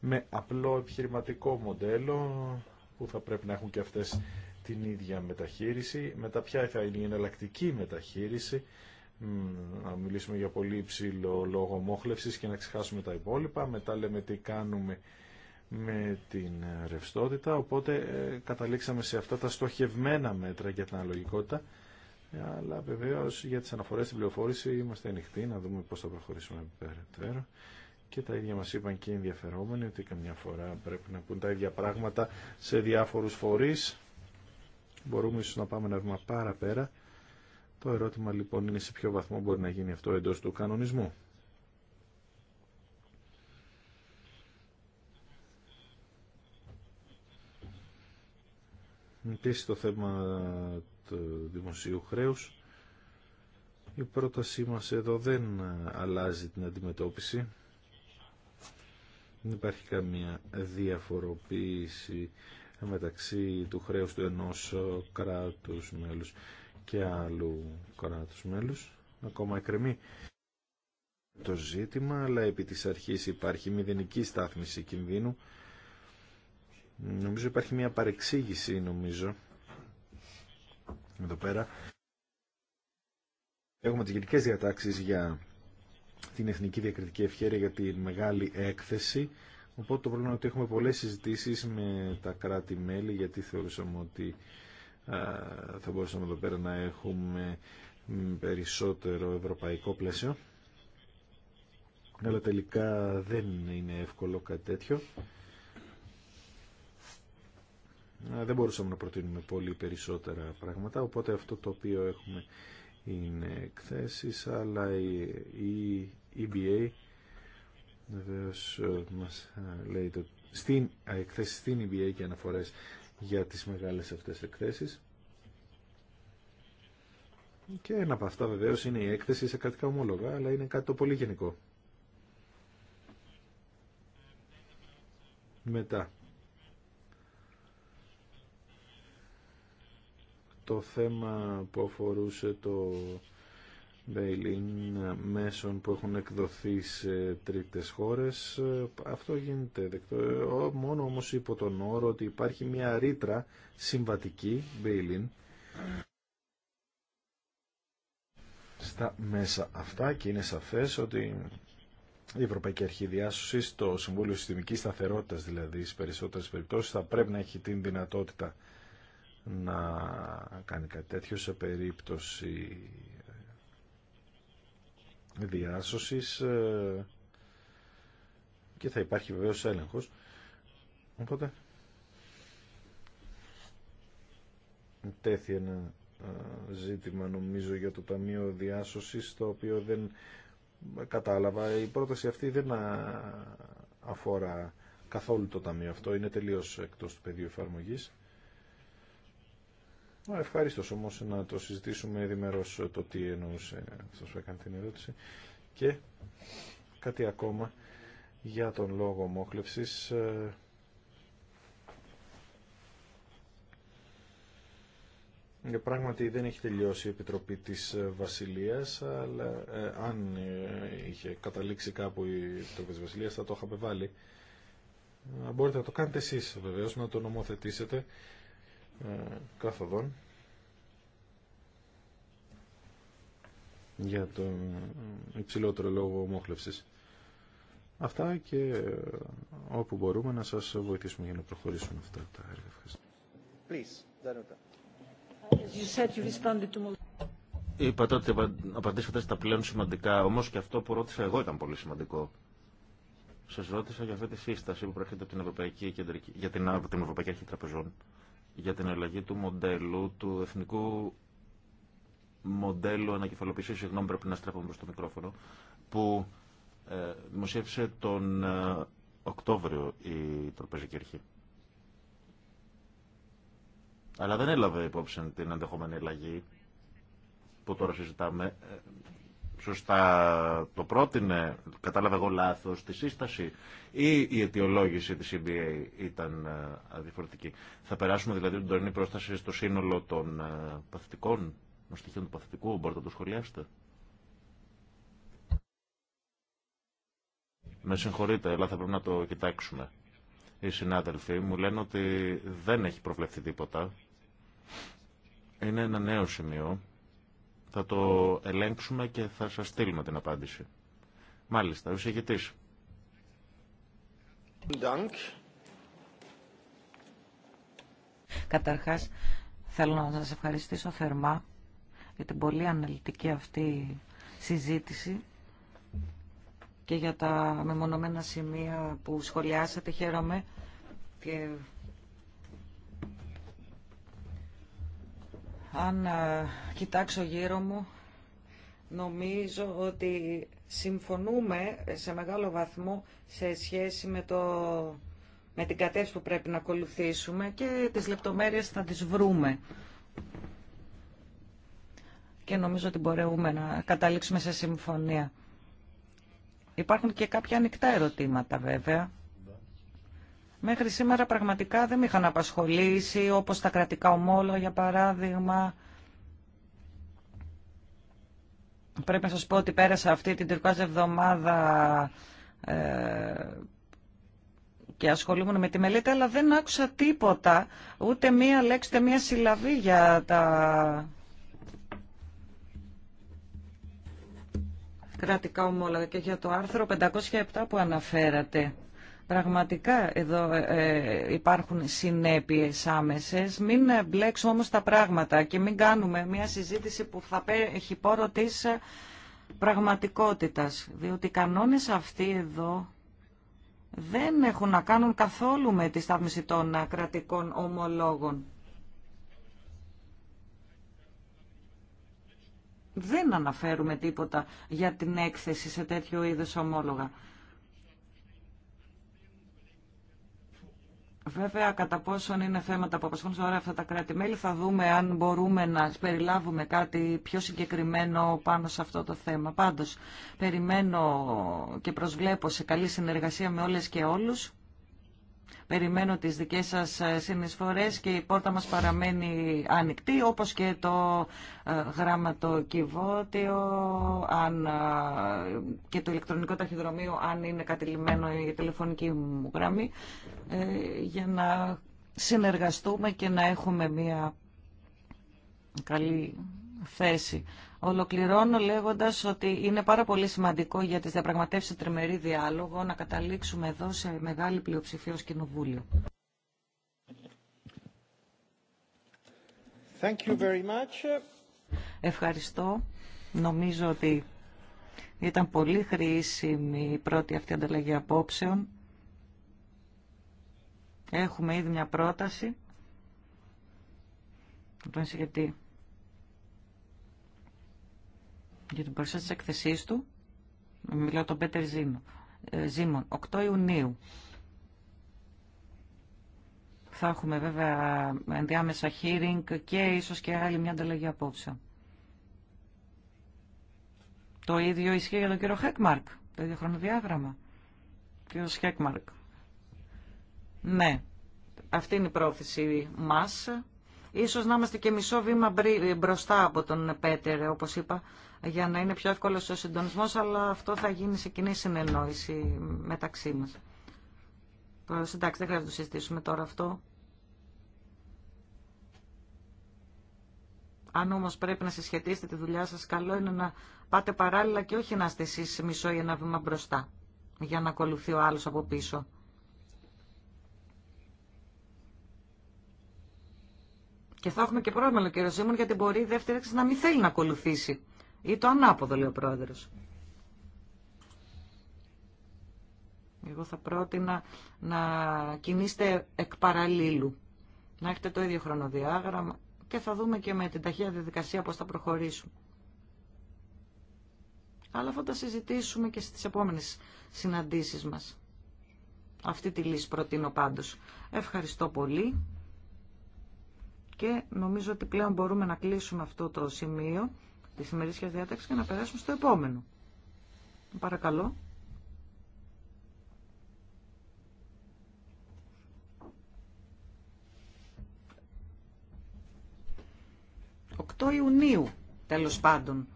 με απλό επιχειρηματικό μοντέλο που θα πρέπει να έχουν και αυτές την ίδια μεταχείριση. Μετά ποια θα είναι η εναλλακτική μεταχείριση, να μιλήσουμε για πολύ υψηλό λόγο μόχλευσης και να ξεχάσουμε τα υπόλοιπα. Μετά λέμε τι κάνουμε με την ρευστότητα, οπότε ε, καταλήξαμε σε αυτά τα στοχευμένα μέτρα για την αναλογικότητα, ε, αλλά βεβαίω για τι αναφορέ στην πληροφόρηση είμαστε ανοιχτοί να δούμε πώ θα προχωρήσουμε περαιτέρω. Και τα ίδια μα είπαν και οι ενδιαφερόμενοι ότι καμιά φορά πρέπει να πούν τα ίδια πράγματα σε διάφορου φορεί. Μπορούμε ίσω να πάμε ένα βήμα πάρα πέρα. Το ερώτημα λοιπόν είναι σε ποιο βαθμό μπορεί να γίνει αυτό εντό του κανονισμού. Επίση το θέμα του δημοσίου χρέους. Η πρότασή μα εδώ δεν αλλάζει την αντιμετώπιση. Δεν υπάρχει καμία διαφοροποίηση μεταξύ του χρέους του ενός κράτους μέλους και άλλου κράτους μέλους. Ακόμα εκκρεμεί το ζήτημα, αλλά επί της αρχής υπάρχει μηδενική στάθμιση κινδύνου Νομίζω υπάρχει μια παρεξήγηση, νομίζω, εδώ πέρα. Έχουμε τις γενικές διατάξεις για την εθνική διακριτική ευχαίρεια για τη μεγάλη έκθεση. Οπότε το πρόβλημα είναι ότι έχουμε πολλές συζητήσεις με τα κράτη-μέλη, γιατί θεωρούσαμε ότι θα μπορούσαμε εδώ πέρα να έχουμε περισσότερο ευρωπαϊκό πλαίσιο. Αλλά τελικά δεν είναι εύκολο κάτι τέτοιο δεν μπορούσαμε να προτείνουμε πολύ περισσότερα πράγματα, οπότε αυτό το οποίο έχουμε είναι εκθέσεις, αλλά η EBA βεβαίω ε, μας ε, λέει το, στην, εκθέσεις στην EBA και αναφορές για τις μεγάλες αυτές εκθέσεις. Και ένα από αυτά βεβαίως είναι η έκθεση σε κρατικά ομόλογα, αλλά είναι κάτι το πολύ γενικό. Μετά, το θέμα που αφορούσε το bail-in μέσων που έχουν εκδοθεί σε τρίτες χώρες αυτό γίνεται δεκτό μόνο όμως υπό τον όρο ότι υπάρχει μια ρήτρα συμβατική bail-in στα μέσα αυτά και είναι σαφές ότι η Ευρωπαϊκή Αρχή Διάσωσης, το Συμβούλιο Συστημικής Σταθερότητας δηλαδή στις περισσότερες περιπτώσεις θα πρέπει να έχει την δυνατότητα να κάνει κάτι τέτοιο σε περίπτωση διάσωσης ε, και θα υπάρχει βεβαίως έλεγχος οπότε τέθη ένα ε, ζήτημα νομίζω για το Ταμείο Διάσωσης το οποίο δεν κατάλαβα η πρόταση αυτή δεν αφορά καθόλου το Ταμείο αυτό είναι τελείως εκτός του πεδίου εφαρμογής Ευχαριστώ όμω να το συζητήσουμε ενημερώς το τι εννοούσε αυτό που έκανε την ερώτηση και κάτι ακόμα για τον λόγο μόχλευση. Ε, ε, πράγματι δεν έχει τελειώσει η Επιτροπή της Βασιλείας, αλλά ε, αν είχε καταλήξει κάπου η Επιτροπή της Βασιλείας θα το είχαμε βάλει. Μπορείτε να το κάνετε εσείς βεβαίως, να το νομοθετήσετε ε, καθοδόν για τον υψηλότερο λόγο μόχλευσης. Αυτά και ε, όπου μπορούμε να σας βοηθήσουμε για να προχωρήσουμε αυτά τα έργα. Ευχαριστώ. Είπατε ότι απαντήσατε στα πλέον σημαντικά, όμως και αυτό που ρώτησα εγώ ήταν πολύ σημαντικό. Σας ρώτησα για αυτή τη σύσταση που προέρχεται από την Ευρωπαϊκή, Κεντρική, για την, από την Ευρωπαϊκή Αρχή Τραπεζών για την αλλαγή του μοντέλου, του εθνικού μοντέλου ανακεφαλοποίησης, συγγνώμη πρέπει να στρέφω προς το μικρόφωνο, που ε, δημοσίευσε τον ε, Οκτώβριο η Τροπεζική Αρχή. Αλλά δεν έλαβε υπόψη την ενδεχόμενη αλλαγή που τώρα συζητάμε. Ε, σωστά το πρότεινε, κατάλαβα εγώ λάθος, τη σύσταση ή η αιτιολόγηση της EBA ήταν ε, διαφορετική. Θα περάσουμε δηλαδή την τωρινή πρόσταση στο σύνολο των ε, παθητικών, των στοιχείων του παθητικού, μπορείτε να το σχολιάσετε. Με συγχωρείτε, αλλά θα πρέπει να το κοιτάξουμε. Οι συνάδελφοι μου λένε ότι δεν έχει προβλεφθεί τίποτα. Είναι ένα νέο σημείο θα το ελέγξουμε και θα σας στείλουμε την απάντηση. Μάλιστα, ο εισηγητής. Καταρχάς, θέλω να σας ευχαριστήσω θερμά για την πολύ αναλυτική αυτή συζήτηση και για τα μεμονωμένα σημεία που σχολιάσατε. Χαίρομαι και Αν κοιτάξω γύρω μου, νομίζω ότι συμφωνούμε σε μεγάλο βαθμό σε σχέση με, το, με την κατεύθυνση που πρέπει να ακολουθήσουμε και τις λεπτομέρειες θα τις βρούμε. Και νομίζω ότι μπορούμε να καταλήξουμε σε συμφωνία. Υπάρχουν και κάποια ανοιχτά ερωτήματα βέβαια Μέχρι σήμερα πραγματικά δεν με είχαν απασχολήσει, όπως τα κρατικά ομόλογα για παράδειγμα. Πρέπει να σας πω ότι πέρασα αυτή την τυρκουάζ εβδομάδα ε, και ασχολούμουν με τη μελέτη, αλλά δεν άκουσα τίποτα, ούτε μία λέξη, ούτε μία συλλαβή για τα κρατικά ομόλογα και για το άρθρο 507 που αναφέρατε. Πραγματικά εδώ ε, ε, υπάρχουν συνέπειες άμεσες. Μην μπλέξουμε όμως τα πράγματα και μην κάνουμε μια συζήτηση που θα έχει πόρο της πραγματικότητας. Διότι οι κανόνες αυτοί εδώ δεν έχουν να κάνουν καθόλου με τη στάθμιση των κρατικών ομολόγων. Δεν αναφέρουμε τίποτα για την έκθεση σε τέτοιο είδος ομόλογα. Βέβαια, κατά πόσον είναι θέματα που απασχολούν τώρα αυτά τα κράτη-μέλη, θα δούμε αν μπορούμε να περιλάβουμε κάτι πιο συγκεκριμένο πάνω σε αυτό το θέμα. Πάντως, περιμένω και προσβλέπω σε καλή συνεργασία με όλες και όλους Περιμένω τις δικές σας ε, συνεισφορές και η πόρτα μας παραμένει ανοιχτή, όπως και το ε, γράμματο κυβότιο αν, ε, και το ηλεκτρονικό ταχυδρομείο, αν είναι κατηλημένο η τηλεφωνική μου γραμμή, για να συνεργαστούμε και να έχουμε μια καλή θέση. Ολοκληρώνω λέγοντας ότι είναι πάρα πολύ σημαντικό για τις διαπραγματεύσεις τριμερή διάλογο να καταλήξουμε εδώ σε μεγάλη πλειοψηφία ως Κοινοβούλιο. Thank you very much. Ευχαριστώ. Νομίζω ότι ήταν πολύ χρήσιμη η πρώτη αυτή ανταλλαγή απόψεων. Έχουμε ήδη μια πρόταση. Τον συγκεκριτή για την παρουσία της εκθεσής του, μιλάω τον Πέτερ ε, Ζήμων, 8 Ιουνίου. Θα έχουμε βέβαια ενδιάμεσα hearing και ίσως και άλλη μια ανταλλαγή απόψε. Το ίδιο ισχύει για τον κύριο Χέκμαρκ, το ίδιο χρονοδιάγραμμα. Κύριο Χέκμαρκ. Ναι, αυτή είναι η πρόθεση μας. Ίσως να είμαστε και μισό βήμα μπροστά από τον Πέτερ, όπως είπα, για να είναι πιο εύκολο ο συντονισμό, αλλά αυτό θα γίνει σε κοινή συνεννόηση μεταξύ μας. Εντάξει, δεν χρειάζεται να το συζητήσουμε τώρα αυτό. Αν όμω πρέπει να συσχετίσετε τη δουλειά σα, καλό είναι να πάτε παράλληλα και όχι να είστε εσεί μισό ή ένα βήμα μπροστά, για να ακολουθεί ο άλλο από πίσω. Και θα έχουμε και πρόβλημα, κύριο Ζήμων, γιατί μπορεί η δεύτερη να μην θέλει να ακολουθήσει. Ή το ανάποδο, λέει ο πρόεδρος. Εγώ θα πρότεινα να κινήσετε εκ παραλίλου. Να έχετε το ίδιο χρονοδιάγραμμα και θα δούμε και με την ταχεία διαδικασία πώς θα προχωρήσουμε. Αλλά θα τα συζητήσουμε και στις επόμενες συναντήσεις μας. Αυτή τη λύση προτείνω πάντως. Ευχαριστώ πολύ και νομίζω ότι πλέον μπορούμε να κλείσουμε αυτό το σημείο τη σημερινή διάταξη και να περάσουμε στο επόμενο. Παρακαλώ. 8 Ιουνίου, τέλος πάντων.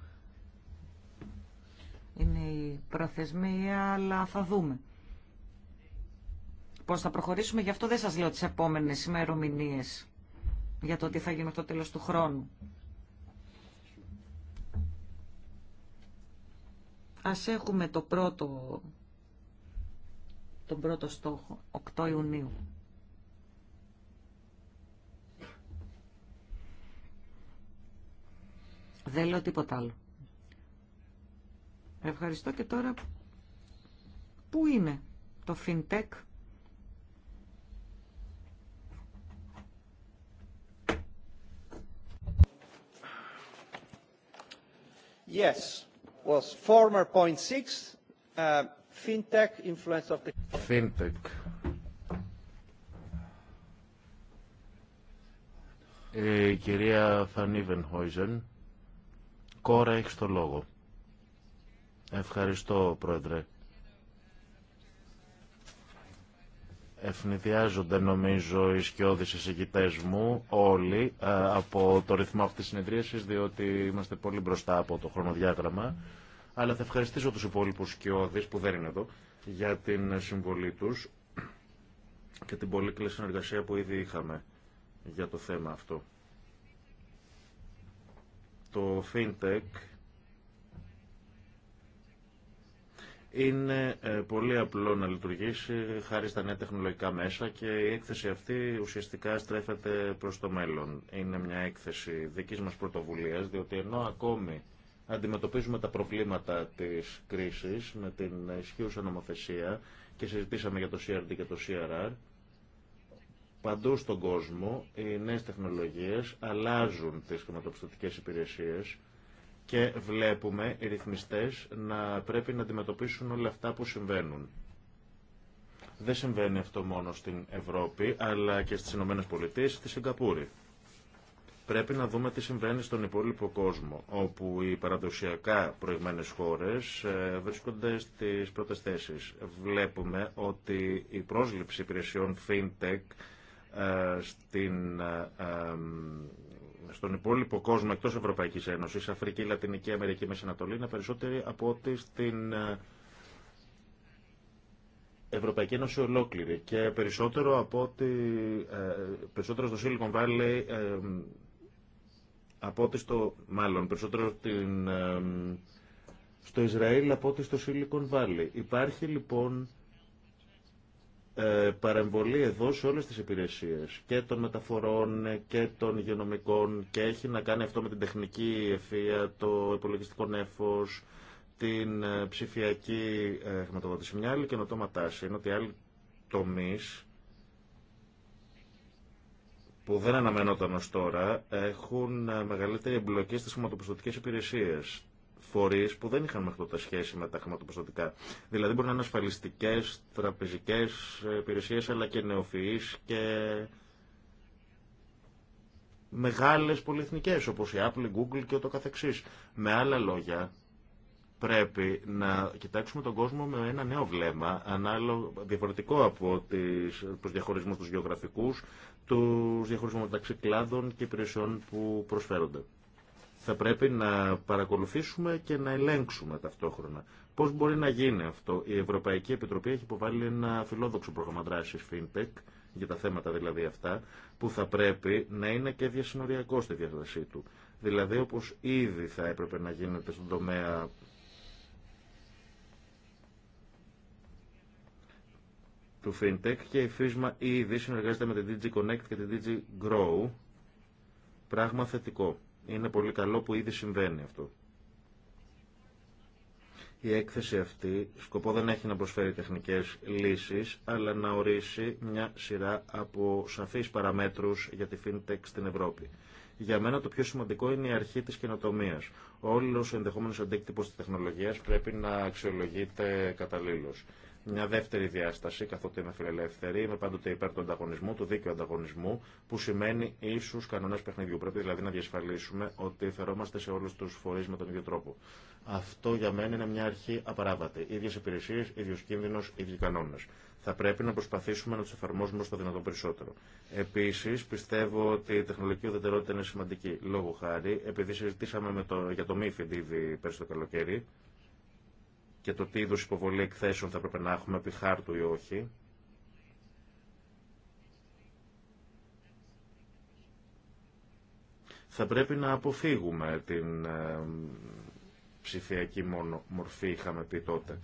Είναι η προθεσμία, αλλά θα δούμε. Πώς θα προχωρήσουμε, γι' αυτό δεν σας λέω τις επόμενες ημερομηνίες για το τι θα γίνει με το τέλος του χρόνου. Ας έχουμε το πρώτο, τον πρώτο στόχο, 8 Ιουνίου. Δεν λέω τίποτα άλλο. Ευχαριστώ και τώρα πού είναι το FinTech. Yes was former point six, uh, fintech influence of the... Fintech. Ε, κυρία Φανίβεν Χόιζεν, κόρα έχει το λόγο. Ευχαριστώ, Πρόεδρε. ευνηδιάζονται νομίζω οι σκιώδεις εισηγητές μου όλοι ε, από το ρυθμό αυτής της συνεδρίασης διότι είμαστε πολύ μπροστά από το χρονοδιάγραμμα αλλά θα ευχαριστήσω τους υπόλοιπους σκιώδεις που δεν είναι εδώ για την συμβολή τους και την πολύ καλή συνεργασία που ήδη είχαμε για το θέμα αυτό. Το FinTech είναι ε, πολύ απλό να λειτουργήσει χάρη στα νέα τεχνολογικά μέσα και η έκθεση αυτή ουσιαστικά στρέφεται προς το μέλλον. Είναι μια έκθεση δικής μας πρωτοβουλίας, διότι ενώ ακόμη αντιμετωπίζουμε τα προβλήματα της κρίσης με την ισχύουσα νομοθεσία και συζητήσαμε για το CRD και το CRR, παντού στον κόσμο οι νέες τεχνολογίες αλλάζουν τις χρηματοπιστωτικές υπηρεσίες και βλέπουμε οι ρυθμιστές να πρέπει να αντιμετωπίσουν όλα αυτά που συμβαίνουν. Δεν συμβαίνει αυτό μόνο στην Ευρώπη, αλλά και στις Ηνωμένες Πολιτείες, στη Σιγκαπούρη. Πρέπει να δούμε τι συμβαίνει στον υπόλοιπο κόσμο, όπου οι παραδοσιακά προηγμένες χώρες ε, βρίσκονται στις πρώτες θέσεις. Βλέπουμε ότι η πρόσληψη υπηρεσιών FinTech ε, στην ε, στον υπόλοιπο κόσμο εκτός Ευρωπαϊκής Ένωσης, Αφρική, Λατινική, Αμερική, Μέση Ανατολή, είναι περισσότεροι από ό,τι στην ε, Ευρωπαϊκή Ένωση ολόκληρη και περισσότερο από ότι, ε, περισσότερο στο Silicon Valley ε, από ό,τι στο, μάλλον, περισσότερο στο Ισραήλ από ό,τι στο Silicon Valley. Υπάρχει λοιπόν ε, παρεμβολή εδώ σε όλες τις υπηρεσίες και των μεταφορών και των υγειονομικών και έχει να κάνει αυτό με την τεχνική ευθεία, το υπολογιστικό νέφος, την ε, ψηφιακή ε, χρηματοδότηση. Μια άλλη καινοτόμα τάση είναι ότι άλλοι τομείς που δεν αναμενόταν ως τώρα έχουν μεγαλύτερη εμπλοκή στις χρηματοπιστωτικές υπηρεσίες φορεί που δεν είχαν μέχρι τότε σχέση με τα χρηματοπιστωτικά. Δηλαδή μπορεί να είναι ασφαλιστικέ, τραπεζικέ υπηρεσίε, αλλά και νεοφυεί και μεγάλε πολυεθνικέ όπω η Apple, η Google και ούτω καθεξή. Με άλλα λόγια, πρέπει να κοιτάξουμε τον κόσμο με ένα νέο βλέμμα, ανάλογο, διαφορετικό από τις, τους διαχωρισμούς τους γεωγραφικούς, τους μεταξύ κλάδων και υπηρεσιών που προσφέρονται θα πρέπει να παρακολουθήσουμε και να ελέγξουμε ταυτόχρονα. Πώς μπορεί να γίνει αυτό. Η Ευρωπαϊκή Επιτροπή έχει υποβάλει ένα φιλόδοξο πρόγραμμα δράσης FinTech, για τα θέματα δηλαδή αυτά, που θα πρέπει να είναι και διασυνοριακό στη διαδρασή του. Δηλαδή όπως ήδη θα έπρεπε να γίνεται στον τομέα του FinTech και η φύσμα ήδη συνεργάζεται με την DG Connect και την DG Grow. Πράγμα θετικό. Είναι πολύ καλό που ήδη συμβαίνει αυτό. Η έκθεση αυτή σκοπό δεν έχει να προσφέρει τεχνικές λύσεις, αλλά να ορίσει μια σειρά από σαφείς παραμέτρους για τη FinTech στην Ευρώπη. Για μένα το πιο σημαντικό είναι η αρχή της καινοτομίας. Όλος ο ενδεχόμενος αντίκτυπος της τεχνολογίας πρέπει να αξιολογείται καταλήλως. Μια δεύτερη διάσταση, καθότι είμαι φιλελεύθερη, είμαι πάντοτε υπέρ του ανταγωνισμού, του δίκαιου ανταγωνισμού, που σημαίνει ίσου κανονέ παιχνιδιού. Πρέπει δηλαδή να διασφαλίσουμε ότι φερόμαστε σε όλου του φορεί με τον ίδιο τρόπο. Αυτό για μένα είναι μια αρχή απαράβατη. ίδιε υπηρεσίε, ίδιο κίνδυνο, ίδιοι κανόνε. Θα πρέπει να προσπαθήσουμε να του εφαρμόσουμε στο δυνατόν περισσότερο. Επίση, πιστεύω ότι η τεχνολογική ουδετερότητα είναι σημαντική. Λόγω χάρη, επειδή συζητήσαμε με το, για το MIFID ήδη πέρσι το καλοκαίρι, και το τι είδου υποβολή εκθέσεων θα πρέπει να έχουμε επί χάρτου ή όχι. Θα πρέπει να αποφύγουμε την ε, ψηφιακή μορφή, είχαμε πει τότε.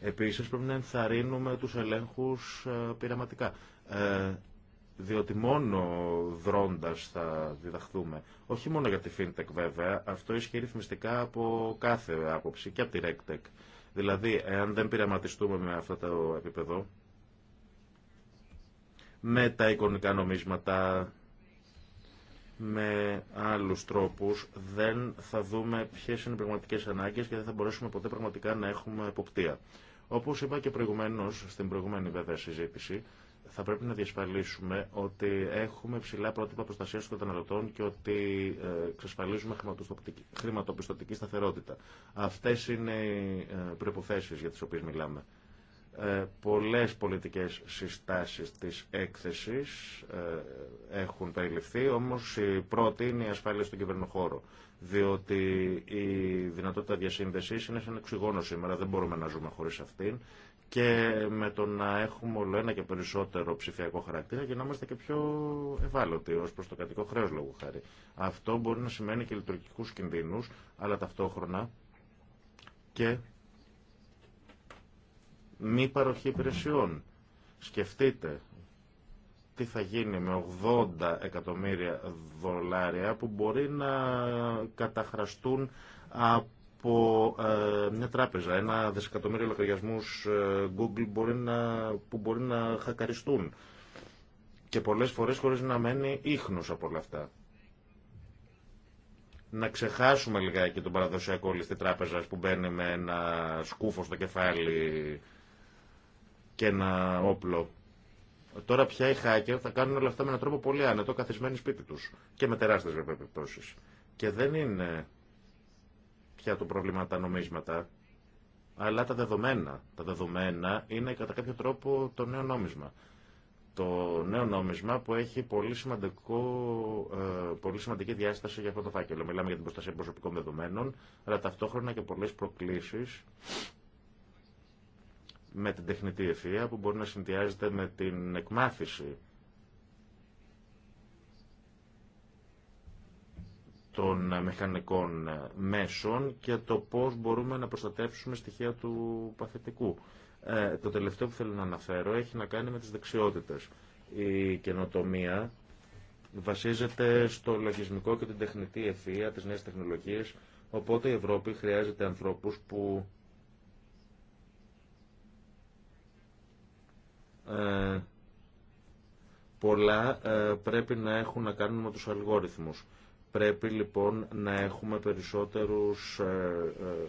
Επίσης πρέπει να ενθαρρύνουμε τους ελέγχους ε, πειραματικά. Ε, διότι μόνο δρώντας θα διδαχθούμε. Όχι μόνο για τη FinTech βέβαια, αυτό ισχύει ρυθμιστικά από κάθε άποψη και από τη RegTech. Δηλαδή, εάν δεν πειραματιστούμε με αυτό το επίπεδο, με τα εικονικά νομίσματα, με άλλους τρόπους, δεν θα δούμε ποιες είναι οι πραγματικές ανάγκες και δεν θα μπορέσουμε ποτέ πραγματικά να έχουμε εποπτεία. Όπως είπα και προηγουμένως, στην προηγούμενη βέβαια συζήτηση, θα πρέπει να διασφαλίσουμε ότι έχουμε ψηλά πρότυπα προστασία των καταναλωτών και ότι ε, εξασφαλίζουμε χρηματοπιστωτική σταθερότητα. Αυτέ είναι οι ε, προποθέσει για τι οποίε μιλάμε. Ε, πολλές πολιτικές συστάσεις της έκθεσης έχουν περιληφθεί, όμως η πρώτη είναι η ασφάλεια στον κυβερνοχώρο, διότι η δυνατότητα διασύνδεσης είναι σαν οξυγόνο σήμερα, δεν μπορούμε να ζούμε χωρίς αυτήν και με το να έχουμε όλο ένα και περισσότερο ψηφιακό χαρακτήρα και να είμαστε και πιο ευάλωτοι ω προ το κρατικό χρέο λόγου χάρη. Αυτό μπορεί να σημαίνει και λειτουργικού κινδύνου, αλλά ταυτόχρονα και μη παροχή υπηρεσιών. Σκεφτείτε τι θα γίνει με 80 εκατομμύρια δολάρια που μπορεί να καταχραστούν από από ε, μια τράπεζα, ένα δισεκατομμύριο λογαριασμού ε, Google μπορεί να, που μπορεί να χακαριστούν. Και πολλέ φορέ χωρί να μένει ίχνος από όλα αυτά. Να ξεχάσουμε λιγάκι τον παραδοσιακό ληστή τράπεζα που μπαίνει με ένα σκούφο στο κεφάλι και ένα όπλο. Τώρα πια οι hacker θα κάνουν όλα αυτά με έναν τρόπο πολύ άνετο, καθισμένοι σπίτι του Και με τεράστιες επιπτώσεις. Και δεν είναι πια το πρόβλημα τα νομίσματα, αλλά τα δεδομένα. Τα δεδομένα είναι κατά κάποιο τρόπο το νέο νόμισμα. Το νέο νόμισμα που έχει πολύ, σημαντικό, ε, πολύ σημαντική διάσταση για αυτό το φάκελο. Μιλάμε για την προστασία προσωπικών δεδομένων, αλλά ταυτόχρονα και πολλές προκλήσεις με την τεχνητή ευθεία που μπορεί να συνδυάζεται με την εκμάθηση των μηχανικών μέσων και το πώς μπορούμε να προστατεύσουμε στοιχεία του παθητικού. Ε, το τελευταίο που θέλω να αναφέρω έχει να κάνει με τις δεξιότητες. Η καινοτομία βασίζεται στο λογισμικό και την τεχνητή ευθεία, της νέες τεχνολογίες, οπότε η Ευρώπη χρειάζεται ανθρώπους που ε, πολλά ε, πρέπει να έχουν να κάνουν με τους αλγόριθμους. Πρέπει λοιπόν να έχουμε περισσότερους ε,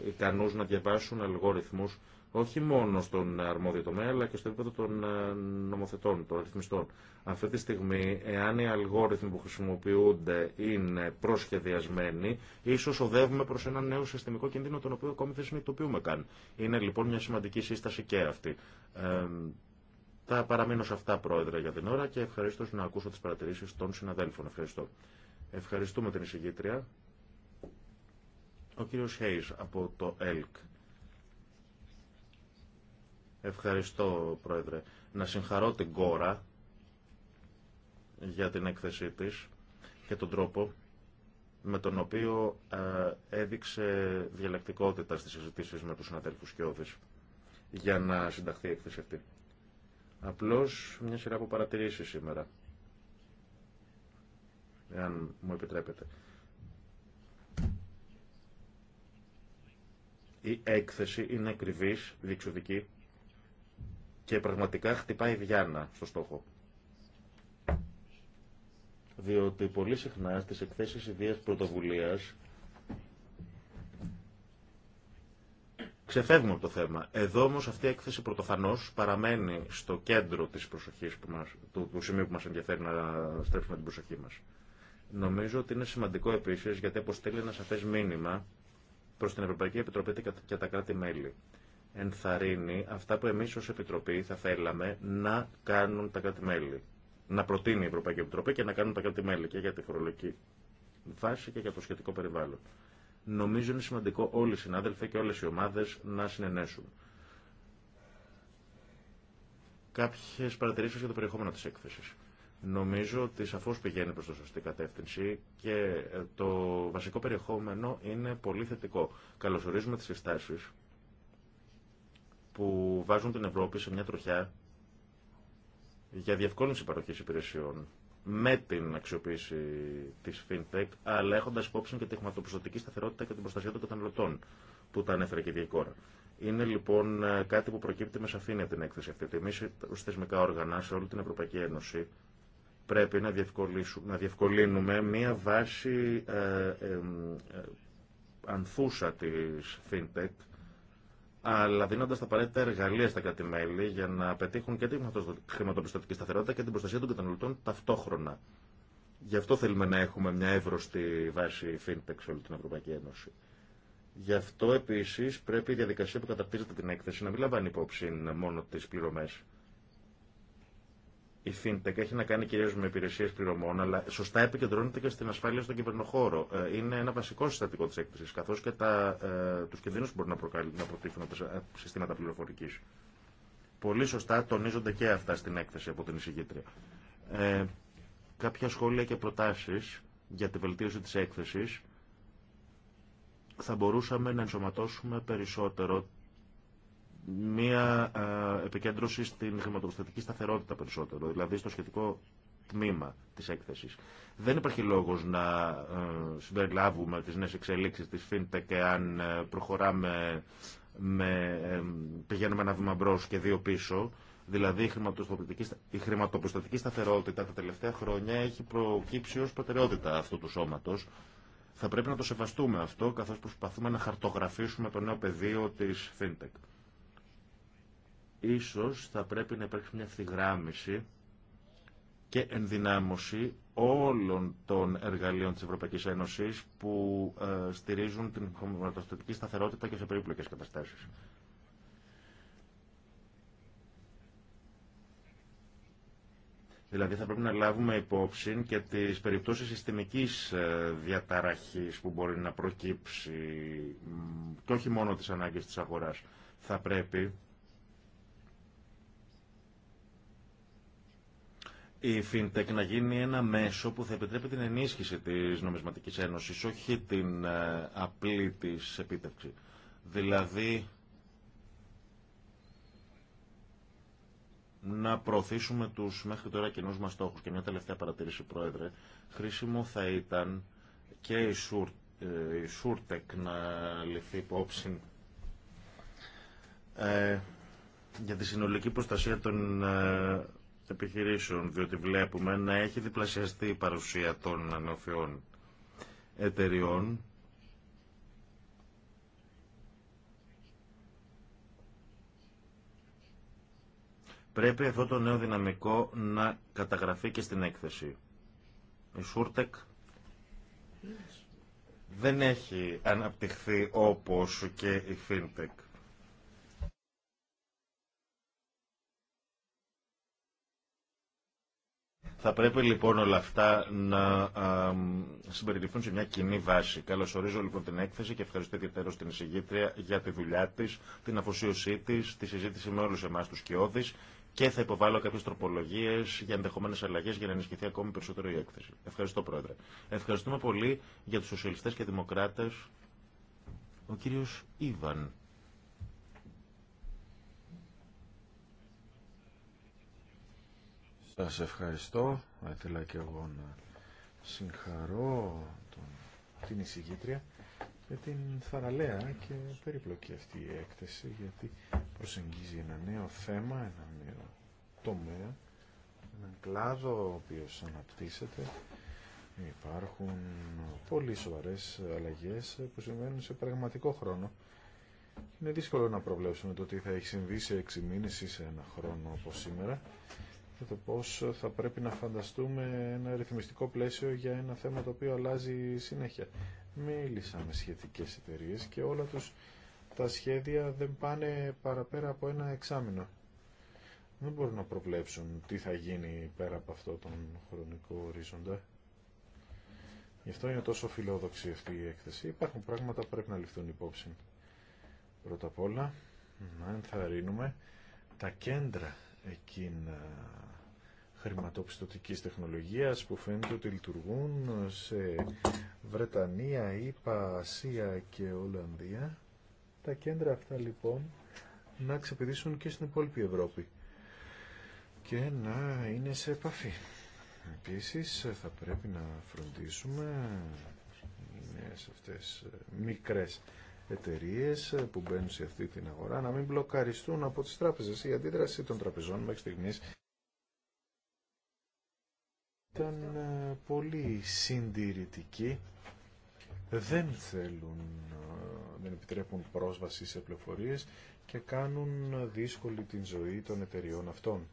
ε, ικανούς να διαβάσουν αλγόριθμους όχι μόνο στον αρμόδιο τομέα, αλλά και στο επίπεδο των ε, νομοθετών, των ρυθμιστών. Αυτή τη στιγμή, εάν οι αλγόριθμοι που χρησιμοποιούνται είναι προσχεδιασμένοι, ίσως οδεύουμε προς ένα νέο συστημικό κίνδυνο, τον οποίο ακόμη δεν συνειδητοποιούμε καν. Είναι λοιπόν μια σημαντική σύσταση και αυτή. Ε, θα παραμείνω σε αυτά, Πρόεδρε, για την ώρα και ευχαρίστω να ακούσω τι παρατηρήσει των συναδέλφων. Ευχαριστώ. Ευχαριστούμε την εισηγήτρια. Ο κύριος Χέις από το ΕΛΚ. Ευχαριστώ, Πρόεδρε. Να συγχαρώ την Κόρα για την έκθεσή της και τον τρόπο με τον οποίο ε, έδειξε διαλεκτικότητα στις συζητήσεις με τους συναδέλφους Κιώδης για να συνταχθεί η έκθεση αυτή. Απλώς μια σειρά από παρατηρήσεις σήμερα εάν μου επιτρέπετε. Η έκθεση είναι ακριβής, διεξοδική και πραγματικά χτυπάει διάνα στο στόχο. Διότι πολύ συχνά στις εκθέσεις ιδίας πρωτοβουλίας ξεφεύγουμε από το θέμα. Εδώ όμω αυτή η έκθεση πρωτοφανώ παραμένει στο κέντρο της προσοχής του, του σημείου που μας ενδιαφέρει να στρέψουμε την προσοχή μας. Νομίζω ότι είναι σημαντικό επίση γιατί αποστέλει ένα σαφέ μήνυμα προ την Ευρωπαϊκή Επιτροπή και τα κράτη-μέλη. Ενθαρρύνει αυτά που εμεί ω Επιτροπή θα θέλαμε να κάνουν τα κράτη-μέλη. Να προτείνει η Ευρωπαϊκή Επιτροπή και να κάνουν τα κράτη-μέλη και για τη φορολογική βάση και για το σχετικό περιβάλλον. Νομίζω είναι σημαντικό όλοι οι συνάδελφοι και όλε οι ομάδε να συνενέσουν. κάποιε παρατηρήσει για το περιεχόμενο τη έκθεση. Νομίζω ότι σαφώς πηγαίνει προς τη σωστή κατεύθυνση και ε, το βασικό περιεχόμενο είναι πολύ θετικό. Καλωσορίζουμε τις συστάσεις που βάζουν την Ευρώπη σε μια τροχιά για διευκόλυνση παροχής υπηρεσιών με την αξιοποίηση της FinTech, αλλά έχοντας υπόψη και τη χρηματοπιστωτική σταθερότητα και την προστασία των καταναλωτών, που τα ανέφερε και η Διακόρα. Είναι λοιπόν ε, κάτι που προκύπτει με σαφήνεια την έκθεση αυτή. Εμεί ω θεσμικά όργανα σε όλη την Ευρωπαϊκή Ένωση πρέπει να, να διευκολύνουμε μία βάση ε, ε, ανθούσα της FinTech, αλλά δίνοντα τα απαραίτητα εργαλεία στα κρατη για να πετύχουν και τη χρηματοπιστωτική σταθερότητα και την προστασία των καταναλωτών ταυτόχρονα. Γι' αυτό θέλουμε να έχουμε μια εύρωστη βάση FinTech σε όλη την Ευρωπαϊκή Ένωση. Γι' αυτό επίση πρέπει η διαδικασία που καταρτίζεται την έκθεση να μην λαμβάνει υπόψη μόνο τι πληρωμέ η FinTech έχει να κάνει κυρίω με υπηρεσίε πληρωμών, αλλά σωστά επικεντρώνεται και στην ασφάλεια στον κυβερνοχώρο. Ε, είναι ένα βασικό συστατικό τη έκθεση, καθώ και ε, του κινδύνου που μπορεί να, προκαλεί, να αποτύχουν από τα συστήματα πληροφορική. Πολύ σωστά τονίζονται και αυτά στην έκθεση από την εισηγήτρια. Ε, κάποια σχόλια και προτάσει για τη βελτίωση τη έκθεση θα μπορούσαμε να ενσωματώσουμε περισσότερο μία ε, επικέντρωση στην χρηματοπιστωτική σταθερότητα περισσότερο, δηλαδή στο σχετικό τμήμα της έκθεσης. Δεν υπάρχει λόγος να ε, συμπεριλάβουμε τις νέες εξελίξεις της FinTech και αν ε, προχωράμε με, πηγαίνουμε ένα βήμα μπρος και δύο πίσω. Δηλαδή η χρηματοπιστωτική, σταθερότητα τα τελευταία χρόνια έχει προκύψει ως προτεραιότητα αυτού του σώματος. Θα πρέπει να το σεβαστούμε αυτό καθώς προσπαθούμε να χαρτογραφήσουμε το νέο πεδίο της FinTech. Ίσως θα πρέπει να υπάρξει μια ευθυγράμμιση και ενδυνάμωση όλων των εργαλείων της Ευρωπαϊκής Ένωσης που ε, στηρίζουν την χρηματοστατική σταθερότητα και σε περίπλοκες καταστάσεις. Δηλαδή θα πρέπει να λάβουμε υπόψη και τις περιπτώσεις συστημικής ε, διαταραχής που μπορεί να προκύψει και όχι μόνο τις ανάγκες της αγοράς. Θα πρέπει η FinTech να γίνει ένα μέσο που θα επιτρέπει την ενίσχυση της νομισματικής ένωσης, όχι την ε, απλή της επίτευξη. Δηλαδή, να προωθήσουμε τους μέχρι τώρα κοινούς μας στόχους. Και μια τελευταία παρατήρηση, Πρόεδρε, χρήσιμο θα ήταν και η ε, Σούρτεκ να ληφθεί υπόψη ε, για τη συνολική προστασία των ε, επιχειρήσεων, διότι βλέπουμε να έχει διπλασιαστεί η παρουσία των ανώφιων εταιριών Πρέπει αυτό το νέο δυναμικό να καταγραφεί και στην έκθεση. Η Σούρτεκ δεν έχει αναπτυχθεί όπως και η Φίντεκ. Θα πρέπει λοιπόν όλα αυτά να συμπεριληφθούν σε μια κοινή βάση. Καλωσορίζω λοιπόν την έκθεση και ευχαριστώ ιδιαίτερα την εισηγήτρια για τη δουλειά τη, την αφοσίωσή τη, τη συζήτηση με όλου εμά του κοιόδη και θα υποβάλω κάποιε τροπολογίε για ενδεχομένε αλλαγέ για να ενισχυθεί ακόμη περισσότερο η έκθεση. Ευχαριστώ, Πρόεδρε. Ευχαριστούμε πολύ για του σοσιαλιστέ και δημοκράτε, ο κύριος Ιβαν. Σας ευχαριστώ. Θα ήθελα και εγώ να συγχαρώ τον, την εισηγήτρια για την θαραλέα και περίπλοκη αυτή η έκθεση γιατί προσεγγίζει ένα νέο θέμα, ένα νέο τομέα, έναν κλάδο ο οποίος αναπτύσσεται. Υπάρχουν πολύ σοβαρές αλλαγές που συμβαίνουν σε πραγματικό χρόνο. Είναι δύσκολο να προβλέψουμε το τι θα έχει συμβεί σε 6 μήνες ή σε ένα χρόνο όπως σήμερα το πώς θα πρέπει να φανταστούμε ένα ρυθμιστικό πλαίσιο για ένα θέμα το οποίο αλλάζει συνέχεια. Μίλησα με σχετικές εταιρείε και όλα τους τα σχέδια δεν πάνε παραπέρα από ένα εξάμεινο. Δεν μπορούν να προβλέψουν τι θα γίνει πέρα από αυτό τον χρονικό ορίζοντα. Γι' αυτό είναι τόσο φιλόδοξη αυτή η έκθεση. Υπάρχουν πράγματα που πρέπει να ληφθούν υπόψη. Πρώτα απ' όλα, να ενθαρρύνουμε τα κέντρα εκείνα χρηματοπιστωτικής τεχνολογίας που φαίνεται ότι λειτουργούν σε Βρετανία, ΗΠΑ, Ασία και Ολλανδία. Τα κέντρα αυτά λοιπόν να ξεπηδήσουν και στην υπόλοιπη Ευρώπη και να είναι σε επαφή. Επίσης θα πρέπει να φροντίσουμε σε αυτές ε, μικρές εταιρείες ε, που μπαίνουν σε αυτή την αγορά να μην μπλοκαριστούν από τις τράπεζες. Η αντίδραση των τραπεζών μέχρι στιγμής ήταν ε, πολύ συντηρητική. Δεν θέλουν, ε, δεν επιτρέπουν πρόσβαση σε πληροφορίες και κάνουν δύσκολη την ζωή των εταιριών αυτών.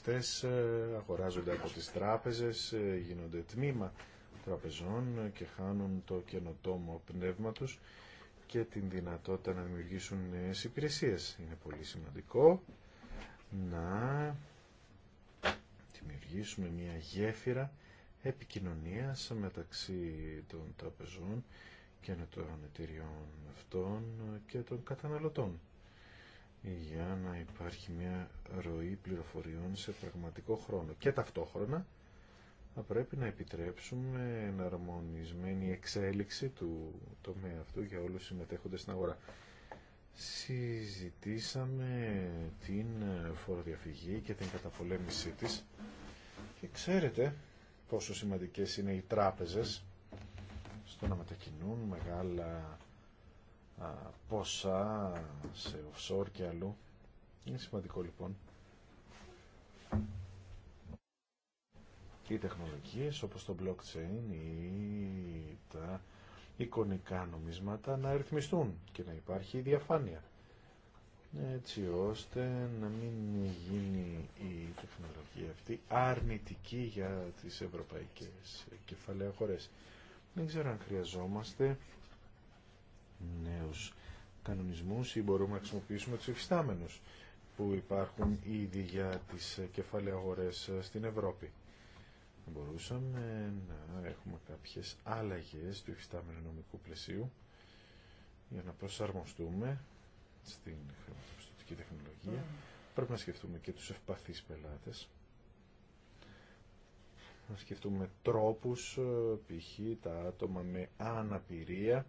αυτές ε, αγοράζονται από τις τράπεζες, ε, γίνονται τμήμα τραπεζών και χάνουν το καινοτόμο πνεύμα τους και την δυνατότητα να δημιουργήσουν νέες Είναι πολύ σημαντικό να δημιουργήσουμε μια γέφυρα επικοινωνίας μεταξύ των τραπεζών και των εταιριών αυτών και των καταναλωτών για να υπάρχει μια ροή πληροφοριών σε πραγματικό χρόνο. Και ταυτόχρονα θα πρέπει να επιτρέψουμε εναρμονισμένη εξέλιξη του τομέα αυτού για όλους συμμετέχοντες στην αγορά. Συζητήσαμε την φοροδιαφυγή και την καταπολέμησή της και ξέρετε πόσο σημαντικές είναι οι τράπεζες στο να μετακινούν μεγάλα ποσά σε offshore και αλλού. Είναι σημαντικό λοιπόν. Οι τεχνολογίες όπως το blockchain ή τα εικονικά νομίσματα να ρυθμιστούν και να υπάρχει διαφάνεια έτσι ώστε να μην γίνει η τεχνολογία αυτή αρνητική για τις ευρωπαϊκές κεφαλαία χώρες. Δεν ξέρω αν χρειαζόμαστε νέους κανονισμούς ή μπορούμε να χρησιμοποιήσουμε τους υφιστάμενους που υπάρχουν ήδη για τι κεφάλαια αγορές στην Ευρώπη. Μπορούσαμε να έχουμε κάποιες άλλαγες του υφιστάμενου νομικού πλαισίου για να προσαρμοστούμε στην χρηματοπιστωτική τεχνολογία. Πρέπει να σκεφτούμε και τους ευπαθείς πελάτες. Να σκεφτούμε τρόπους, ε, π.χ. τα άτομα με αναπηρία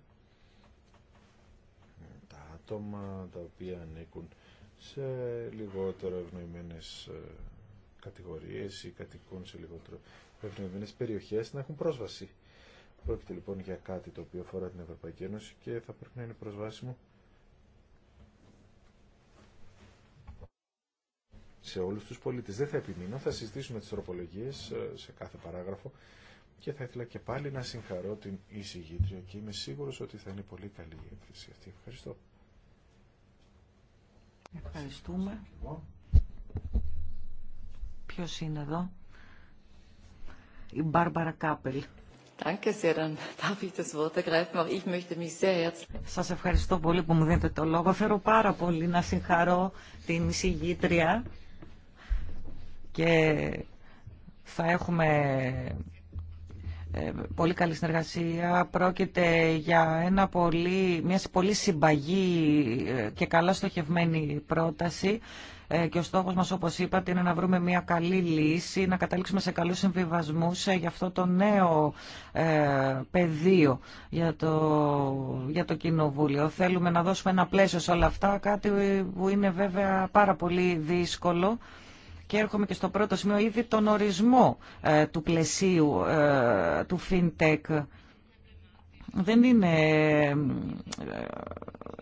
άτομα τα οποία ανήκουν σε λιγότερο ευνοημένες ε, κατηγορίες ή κατοικούν σε λιγότερο ευνοημένες περιοχές να έχουν πρόσβαση. Πρόκειται λοιπόν για κάτι το οποίο αφορά την Ευρωπαϊκή Ένωση και θα πρέπει να είναι προσβάσιμο σε όλους τους πολίτες. Δεν θα επιμείνω, θα συζητήσουμε τις τροπολογίες ε, σε κάθε παράγραφο και θα ήθελα και πάλι να συγχαρώ την εισηγήτρια και είμαι σίγουρο ότι θα είναι πολύ καλή η έκθεση αυτή. Ευχαριστώ. Ευχαριστούμε. Ποιο είναι εδώ? Η Μπάρμπαρα Κάπελ. Σα ευχαριστώ πολύ που μου δίνετε το λόγο. Θέλω πάρα πολύ να συγχαρώ την εισηγήτρια και θα έχουμε ε, πολύ καλή συνεργασία. Πρόκειται για ένα πολύ, μια πολύ συμπαγή ε, και καλά στοχευμένη πρόταση ε, και ο στόχος μας, όπως είπατε, είναι να βρούμε μια καλή λύση, να καταλήξουμε σε καλούς συμβιβασμούς για αυτό το νέο πεδίο για το, για το Κοινοβούλιο. Θέλουμε να δώσουμε ένα πλαίσιο σε όλα αυτά, κάτι που είναι βέβαια πάρα πολύ δύσκολο. Και έρχομαι και στο πρώτο σημείο, ήδη τον ορισμό ε, του πλαισίου ε, του FinTech. Δεν είναι... Ε,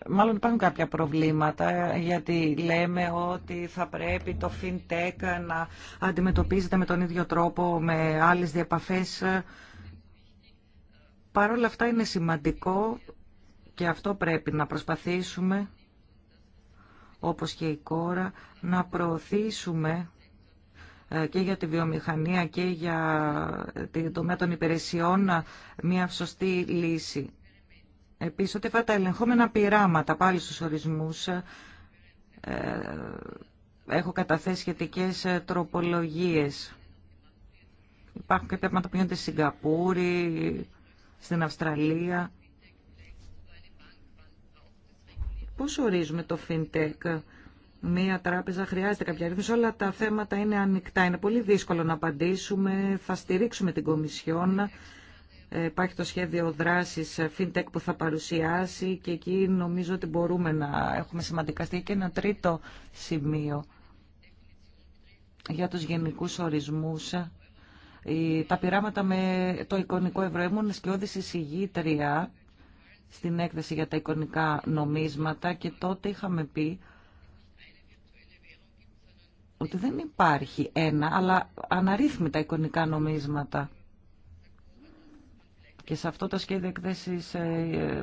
μάλλον υπάρχουν κάποια προβλήματα, γιατί λέμε ότι θα πρέπει το FinTech να αντιμετωπίζεται με τον ίδιο τρόπο, με άλλες διαπαφές. Παρ' όλα αυτά είναι σημαντικό και αυτό πρέπει να προσπαθήσουμε, όπως και η κόρα, να προωθήσουμε και για τη βιομηχανία και για την τομέα των υπηρεσιών μια σωστή λύση. Επίσης, ότι θα τα ελεγχόμενα πειράματα πάλι στους ορισμούς ε, έχω καταθέσει σχετικές ε, τροπολογίες. Υπάρχουν κάποια πειράματα που γίνονται στη Σιγκαπούρη, στην Αυστραλία. Πώς ορίζουμε το FinTech Μία τράπεζα χρειάζεται κάποια ρύθμιση. Όλα τα θέματα είναι ανοιχτά. Είναι πολύ δύσκολο να απαντήσουμε. Θα στηρίξουμε την Κομισιόν. Ε, υπάρχει το σχέδιο δράσης ε, FinTech που θα παρουσιάσει και εκεί νομίζω ότι μπορούμε να έχουμε σημαντικά στοιχεία. Και ένα τρίτο σημείο για τους γενικούς ορισμούς. Ε, τα πειράματα με το εικονικό ευρώ ήμουν σκιώδης εισηγήτρια στην έκθεση για τα εικονικά νομίσματα και τότε είχαμε πει ότι δεν υπάρχει ένα, αλλά αναρρύθμιτα εικονικά νομίσματα. Και σε αυτό το σχέδιο εκθέσει,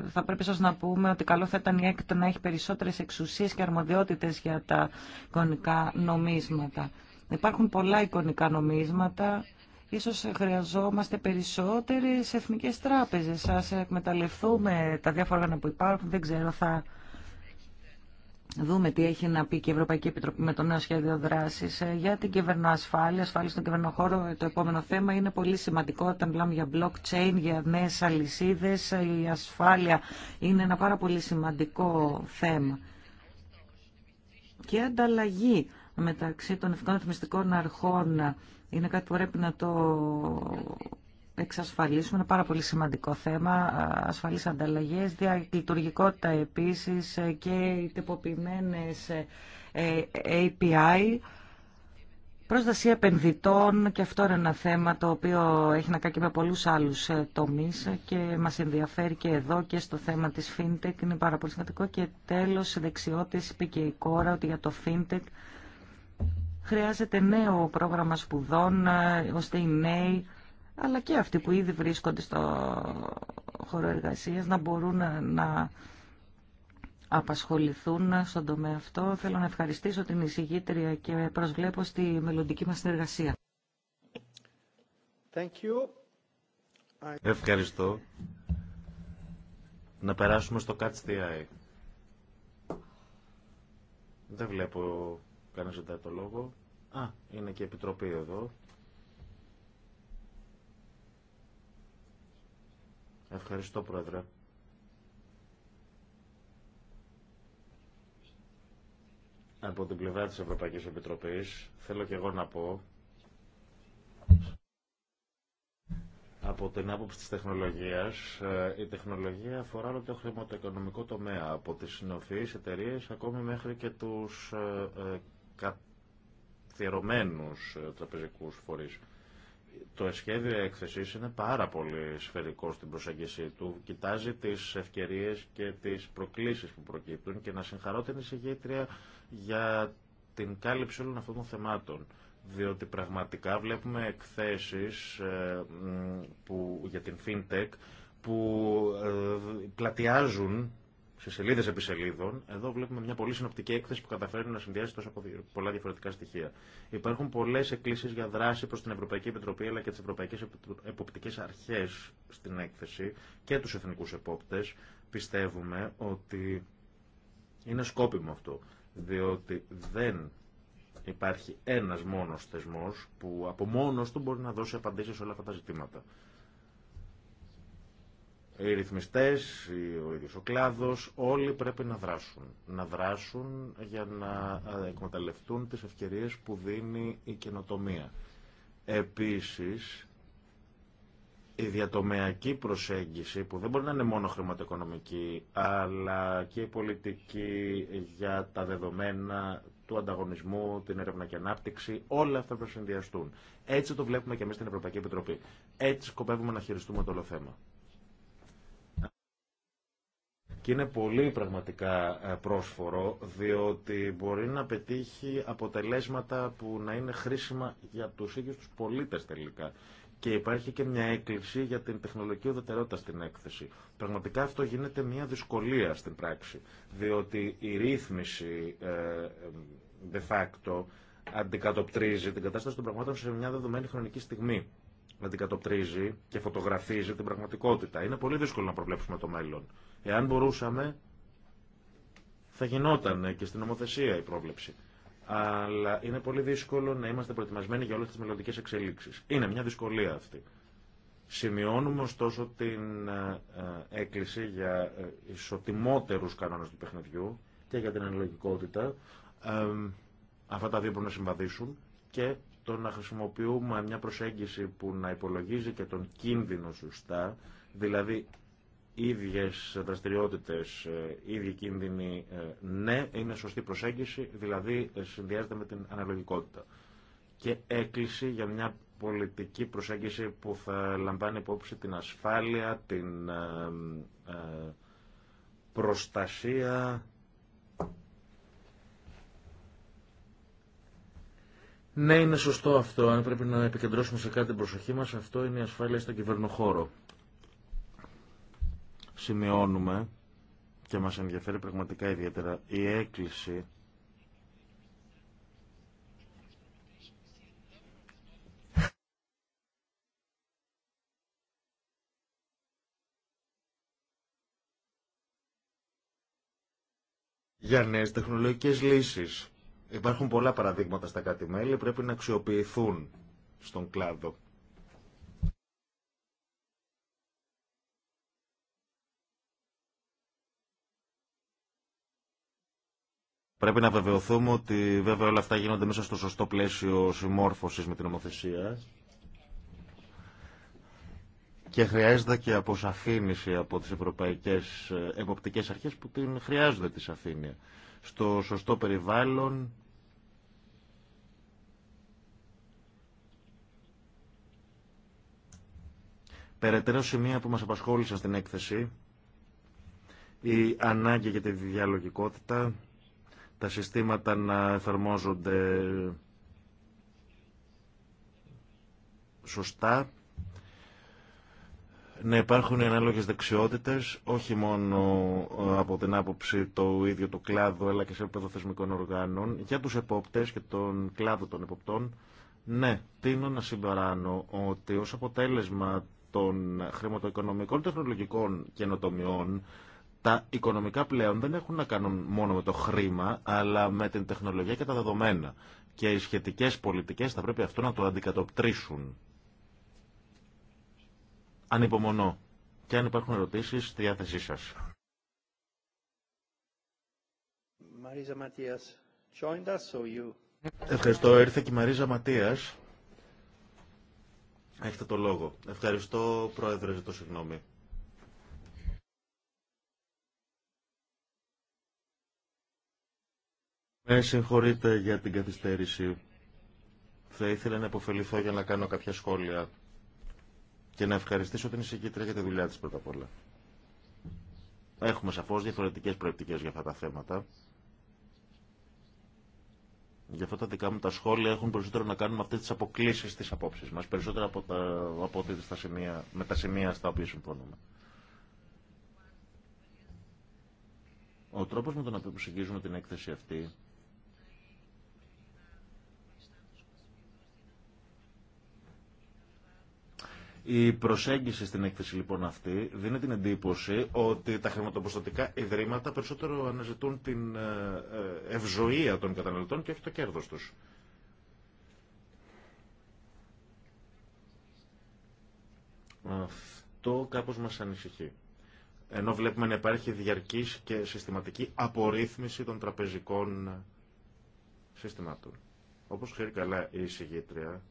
θα πρέπει σας να πούμε ότι καλό θα ήταν η ΕΚΤ να έχει περισσότερες εξουσίες και αρμοδιότητες για τα εικονικά νομίσματα. Υπάρχουν πολλά εικονικά νομίσματα. Ίσως χρειαζόμαστε περισσότερες εθνικές τράπεζες. Ας εκμεταλλευτούμε τα διάφορα που υπάρχουν. Δεν ξέρω, θα δούμε τι έχει να πει και η Ευρωπαϊκή Επιτροπή με το νέο σχέδιο δράση ε, για την κυβερνοασφάλεια, ασφάλεια στον κυβερνοχώρο. Το επόμενο θέμα είναι πολύ σημαντικό όταν μιλάμε για blockchain, για νέε αλυσίδε. Η ασφάλεια είναι ένα πάρα πολύ σημαντικό θέμα. Και ανταλλαγή μεταξύ των ευκαιρών αρχών είναι κάτι που πρέπει να το εξασφαλίσουμε ένα πάρα πολύ σημαντικό θέμα, ασφαλείς ανταλλαγές, διαλειτουργικότητα επίσης ε, και οι τυποποιημένες ε, ε, API, Πρόσβαση επενδυτών και αυτό είναι ένα θέμα το οποίο έχει να κάνει και με πολλούς άλλους τομείς και μας ενδιαφέρει και εδώ και στο θέμα της FinTech είναι πάρα πολύ σημαντικό και τέλος δεξιότητες είπε και η κόρα ότι για το FinTech χρειάζεται νέο πρόγραμμα σπουδών ώστε οι νέοι αλλά και αυτοί που ήδη βρίσκονται στο χώρο εργασίας να μπορούν να απασχοληθούν στον τομέα αυτό. Θέλω να ευχαριστήσω την εισηγήτρια και προσβλέπω στη μελλοντική μας συνεργασία. Ευχαριστώ. Να περάσουμε στο Catch the Δεν βλέπω κανένα ζητάει το λόγο. Α, είναι και η Επιτροπή εδώ. Ευχαριστώ, Πρόεδρε. Από την πλευρά της Ευρωπαϊκής Επιτροπής θέλω και εγώ να πω από την άποψη της τεχνολογίας, ε, η τεχνολογία αφορά όλο το χρηματοοικονομικό τομέα, από τις συνοφείς εταιρείε ακόμη μέχρι και τους ε, ε, καθιερωμένους τραπεζικούς φορείς το σχέδιο έκθεση είναι πάρα πολύ σφαιρικό στην προσέγγιση του. Κοιτάζει τις ευκαιρίες και τις προκλήσεις που προκύπτουν και να συγχαρώ την εισηγήτρια για την κάλυψη όλων αυτών των θεμάτων. Διότι πραγματικά βλέπουμε εκθέσεις ε, που, για την FinTech που ε, πλατιάζουν σε σελίδε επί σελίδων, εδώ βλέπουμε μια πολύ συνοπτική έκθεση που καταφέρνει να συνδυάσει τόσο πολλά διαφορετικά στοιχεία. Υπάρχουν πολλέ εκκλήσει για δράση προ την Ευρωπαϊκή Επιτροπή αλλά και τι Ευρωπαϊκέ Εποπτικέ Αρχέ στην έκθεση και του εθνικού επόπτε. Πιστεύουμε ότι είναι σκόπιμο αυτό, διότι δεν υπάρχει ένας μόνος θεσμός που από μόνος του μπορεί να δώσει απαντήσεις σε όλα αυτά τα ζητήματα. Οι ρυθμιστές, ο ίδιος ο κλάδος, όλοι πρέπει να δράσουν. Να δράσουν για να ε, εκμεταλλευτούν τις ευκαιρίες που δίνει η καινοτομία. Επίσης, η διατομεακή προσέγγιση που δεν μπορεί να είναι μόνο χρηματοοικονομική αλλά και η πολιτική για τα δεδομένα του ανταγωνισμού, την έρευνα και ανάπτυξη, όλα αυτά πρέπει να συνδυαστούν. Έτσι το βλέπουμε και εμείς στην Ευρωπαϊκή Επιτροπή. Έτσι σκοπεύουμε να χειριστούμε το όλο θέμα. Και είναι πολύ πραγματικά ε, πρόσφορο, διότι μπορεί να πετύχει αποτελέσματα που να είναι χρήσιμα για τους ίδιους τους πολίτες τελικά. Και υπάρχει και μια έκκληση για την τεχνολογική ουδετερότητα στην έκθεση. Πραγματικά αυτό γίνεται μια δυσκολία στην πράξη, διότι η ρύθμιση ε, ε, de facto αντικατοπτρίζει την κατάσταση των πραγμάτων σε μια δεδομένη χρονική στιγμή. Αντικατοπτρίζει και φωτογραφίζει την πραγματικότητα. Είναι πολύ δύσκολο να προβλέψουμε το μέλλον. Εάν μπορούσαμε, θα γινόταν και στην νομοθεσία η πρόβλεψη. Αλλά είναι πολύ δύσκολο να είμαστε προετοιμασμένοι για όλε τι μελλοντικέ εξελίξει. Είναι μια δυσκολία αυτή. Σημειώνουμε ωστόσο την ε, ε, έκκληση για ε, ισοτιμότερου κανόνε του παιχνιδιού και για την αναλογικότητα. Αυτά τα δύο μπορούν να συμβαδίσουν και το να χρησιμοποιούμε μια προσέγγιση που να υπολογίζει και τον κίνδυνο σωστά, δηλαδή ίδιες δραστηριότητες, ε, ίδιοι κίνδυνοι, ε, ναι, είναι σωστή προσέγγιση, δηλαδή ε, συνδυάζεται με την αναλογικότητα. Και έκκληση για μια πολιτική προσέγγιση που θα λαμβάνει υπόψη την ασφάλεια, την προστασία Ναι, είναι σωστό αυτό. Αν πρέπει να επικεντρώσουμε σε κάτι την προσοχή μας, αυτό είναι η ασφάλεια στον κυβερνοχώρο σημειώνουμε και μας ενδιαφέρει πραγματικά ιδιαίτερα η έκκληση για νέες τεχνολογικές λύσεις. Υπάρχουν πολλά παραδείγματα στα κάτι μέλη, πρέπει να αξιοποιηθούν στον κλάδο. Πρέπει να βεβαιωθούμε ότι βέβαια όλα αυτά γίνονται μέσα στο σωστό πλαίσιο συμμόρφωσης με την νομοθεσία και χρειάζεται και αποσαφήνιση από τις ευρωπαϊκές ε, εποπτικές αρχές που την χρειάζονται τη σαφήνεια. Στο σωστό περιβάλλον Περαιτέρω σημεία που μας απασχόλησαν στην έκθεση η ανάγκη για τη διαλογικότητα τα συστήματα να εφαρμόζονται σωστά, να υπάρχουν οι ανάλογες δεξιότητες, όχι μόνο ε, από την άποψη του ίδιου του κλάδου, αλλά και σε επίπεδο θεσμικών οργάνων, για τους επόπτες και τον κλάδο των εποπτών, ναι, τίνω να συμπαράνω ότι ως αποτέλεσμα των χρηματοοικονομικών τεχνολογικών καινοτομιών τα οικονομικά πλέον δεν έχουν να κάνουν μόνο με το χρήμα, αλλά με την τεχνολογία και τα δεδομένα. Και οι σχετικές πολιτικές θα πρέπει αυτό να το αντικατοπτρίσουν. Ανυπομονώ. Και αν υπάρχουν ερωτήσεις, στη διάθεσή σας. Ευχαριστώ. Ήρθε και η Μαρίζα Ματίας. Έχετε το λόγο. Ευχαριστώ, Πρόεδρε, το συγγνώμη. Με συγχωρείτε για την καθυστέρηση. Θα ήθελα να υποφεληθώ για να κάνω κάποια σχόλια και να ευχαριστήσω την εισηγήτρια για τη δουλειά της πρώτα απ' όλα. Έχουμε σαφώς διαφορετικές προεπτικές για αυτά τα θέματα. Γι' αυτό τα δικά μου τα σχόλια έχουν περισσότερο να κάνουν με αυτές τις αποκλήσεις της απόψης μας, περισσότερο από, τα, από σημεία, με τα σημεία στα οποία συμφωνούμε. Ο τρόπος με τον οποίο προσεγγίζουμε την έκθεση αυτή Η προσέγγιση στην έκθεση λοιπόν αυτή δίνει την εντύπωση ότι τα χρηματοποστατικά ιδρύματα περισσότερο αναζητούν την ε, ε, ευζοία των καταναλωτών και όχι το κέρδος τους. Αυτό κάπως μας ανησυχεί. Ενώ βλέπουμε να υπάρχει διαρκής και συστηματική απορρίθμιση των τραπεζικών ε, συστημάτων. Όπως χαίρει καλά η συγγήτρια,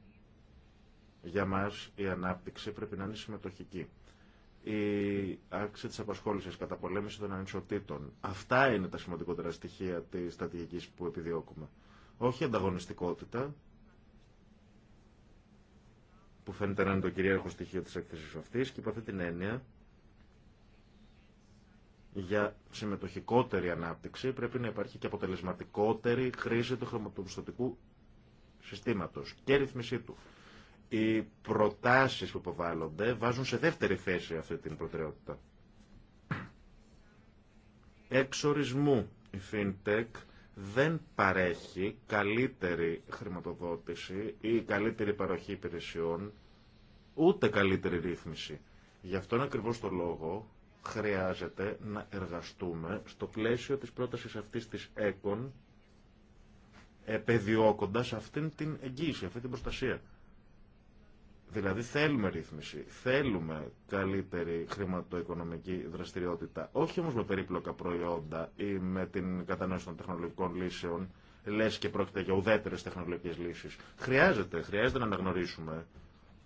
για μα η ανάπτυξη πρέπει να είναι συμμετοχική. Η τη της απασχόλησης, καταπολέμηση των ανισοτήτων. Αυτά είναι τα σημαντικότερα στοιχεία της στρατηγικής που επιδιώκουμε. Όχι ανταγωνιστικότητα, που φαίνεται να είναι το κυρίαρχο στοιχείο της εκθέση αυτής και υπό αυτή την έννοια για συμμετοχικότερη ανάπτυξη πρέπει να υπάρχει και αποτελεσματικότερη χρήση του χρηματοπιστωτικού συστήματος και ρυθμισή του οι προτάσεις που υποβάλλονται βάζουν σε δεύτερη θέση αυτή την προτεραιότητα. Εξορισμού η FinTech δεν παρέχει καλύτερη χρηματοδότηση ή καλύτερη παροχή υπηρεσιών, ούτε καλύτερη ρύθμιση. Γι' αυτόν ακριβώς το λόγο χρειάζεται να εργαστούμε στο πλαίσιο της πρότασης αυτής της ΕΚΟΝ, επεδιώκοντας αυτήν την εγγύηση, αυτή την προστασία. Δηλαδή θέλουμε ρύθμιση, θέλουμε καλύτερη χρηματοοικονομική δραστηριότητα, όχι όμως με περίπλοκα προϊόντα ή με την κατανόηση των τεχνολογικών λύσεων, λες και πρόκειται για ουδέτερες τεχνολογικές λύσεις. Χρειάζεται, χρειάζεται να αναγνωρίσουμε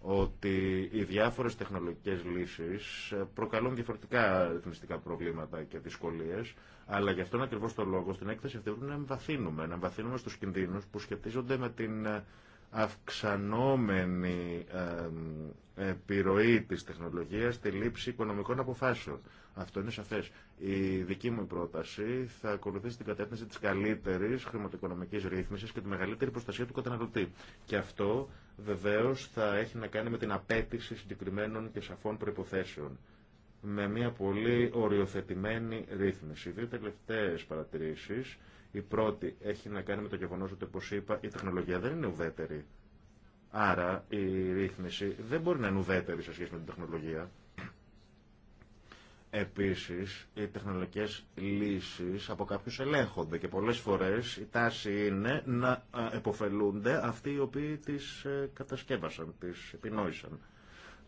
ότι οι διάφορες τεχνολογικές λύσεις προκαλούν διαφορετικά ρυθμιστικά προβλήματα και δυσκολίες, αλλά γι' αυτόν ακριβώς το λόγο στην έκθεση αυτή να εμβαθύνουμε, να εμβαθύνουμε στους κινδύνους που σχετίζονται με την αυξανόμενη επιρροή της τεχνολογίας στη λήψη οικονομικών αποφάσεων. Αυτό είναι σαφές. Η δική μου πρόταση θα ακολουθήσει την κατεύθυνση της καλύτερης χρηματοοικονομικής ρύθμισης και τη μεγαλύτερη προστασία του καταναλωτή. Και αυτό βεβαίως θα έχει να κάνει με την απέτηση συγκεκριμένων και σαφών προϋποθέσεων με μια πολύ οριοθετημένη ρύθμιση. Δύο τελευταίες παρατηρήσεις η πρώτη έχει να κάνει με το γεγονό ότι, όπω είπα, η τεχνολογία δεν είναι ουδέτερη. Άρα η ρύθμιση δεν μπορεί να είναι ουδέτερη σε σχέση με την τεχνολογία. Επίσης, οι τεχνολογικέ λύσεις από κάποιου ελέγχονται και πολλές φορές η τάση είναι να ε, εποφελούνται αυτοί οι οποίοι τις ε, κατασκεύασαν, τις επινόησαν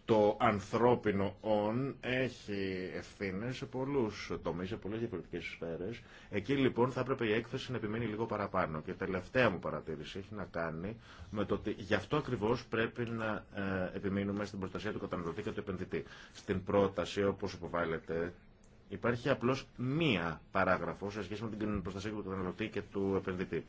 το ανθρώπινο «ον» έχει ευθύνε σε πολλού τομεί, σε πολλές διαφορετικές σφαίρες. Εκεί λοιπόν θα έπρεπε η έκθεση να επιμείνει λίγο παραπάνω. Και η τελευταία μου παρατήρηση έχει να κάνει με το ότι γι' αυτό ακριβώς πρέπει να ε, επιμείνουμε στην προστασία του καταναλωτή και του επενδυτή. Στην πρόταση, όπω υποβάλλεται, υπάρχει απλώς μία παράγραφο σε σχέση με την προστασία του καταναλωτή και του επενδυτή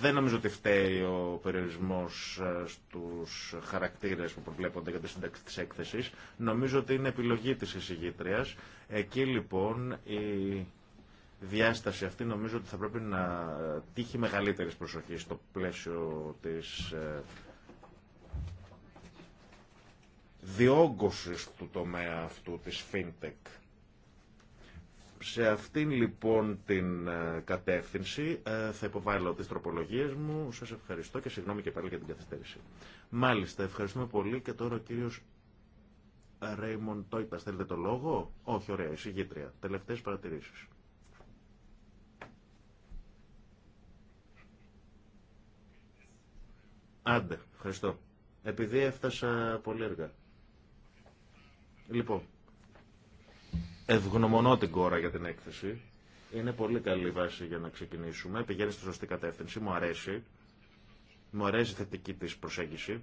δεν νομίζω ότι φταίει ο περιορισμό ε, στου χαρακτήρε που προβλέπονται για τη σύνταξη τη έκθεση. Νομίζω ότι είναι επιλογή τη εισηγήτρια. Εκεί λοιπόν η διάσταση αυτή νομίζω ότι θα πρέπει να τύχει μεγαλύτερη προσοχή στο πλαίσιο τη ε, διόγκωση του τομέα αυτού της fintech σε αυτήν λοιπόν την ε, κατεύθυνση ε, θα υποβάλω τις τροπολογίες μου. Σας ευχαριστώ και συγγνώμη και πάλι για την καθυστέρηση. Μάλιστα, ευχαριστούμε πολύ και τώρα ο κύριος Ρέιμον Τόιπας. Θέλετε το λόγο? Όχι, ωραία, εισηγήτρια. Τελευταίες παρατηρήσεις. Άντε, ευχαριστώ. Επειδή έφτασα πολύ αργά. Λοιπόν, Ευγνωμονώ την κόρα για την έκθεση. Είναι πολύ καλή βάση για να ξεκινήσουμε. Πηγαίνει στη σωστή κατεύθυνση. Μου αρέσει. Μου αρέσει η θετική της προσέγγιση.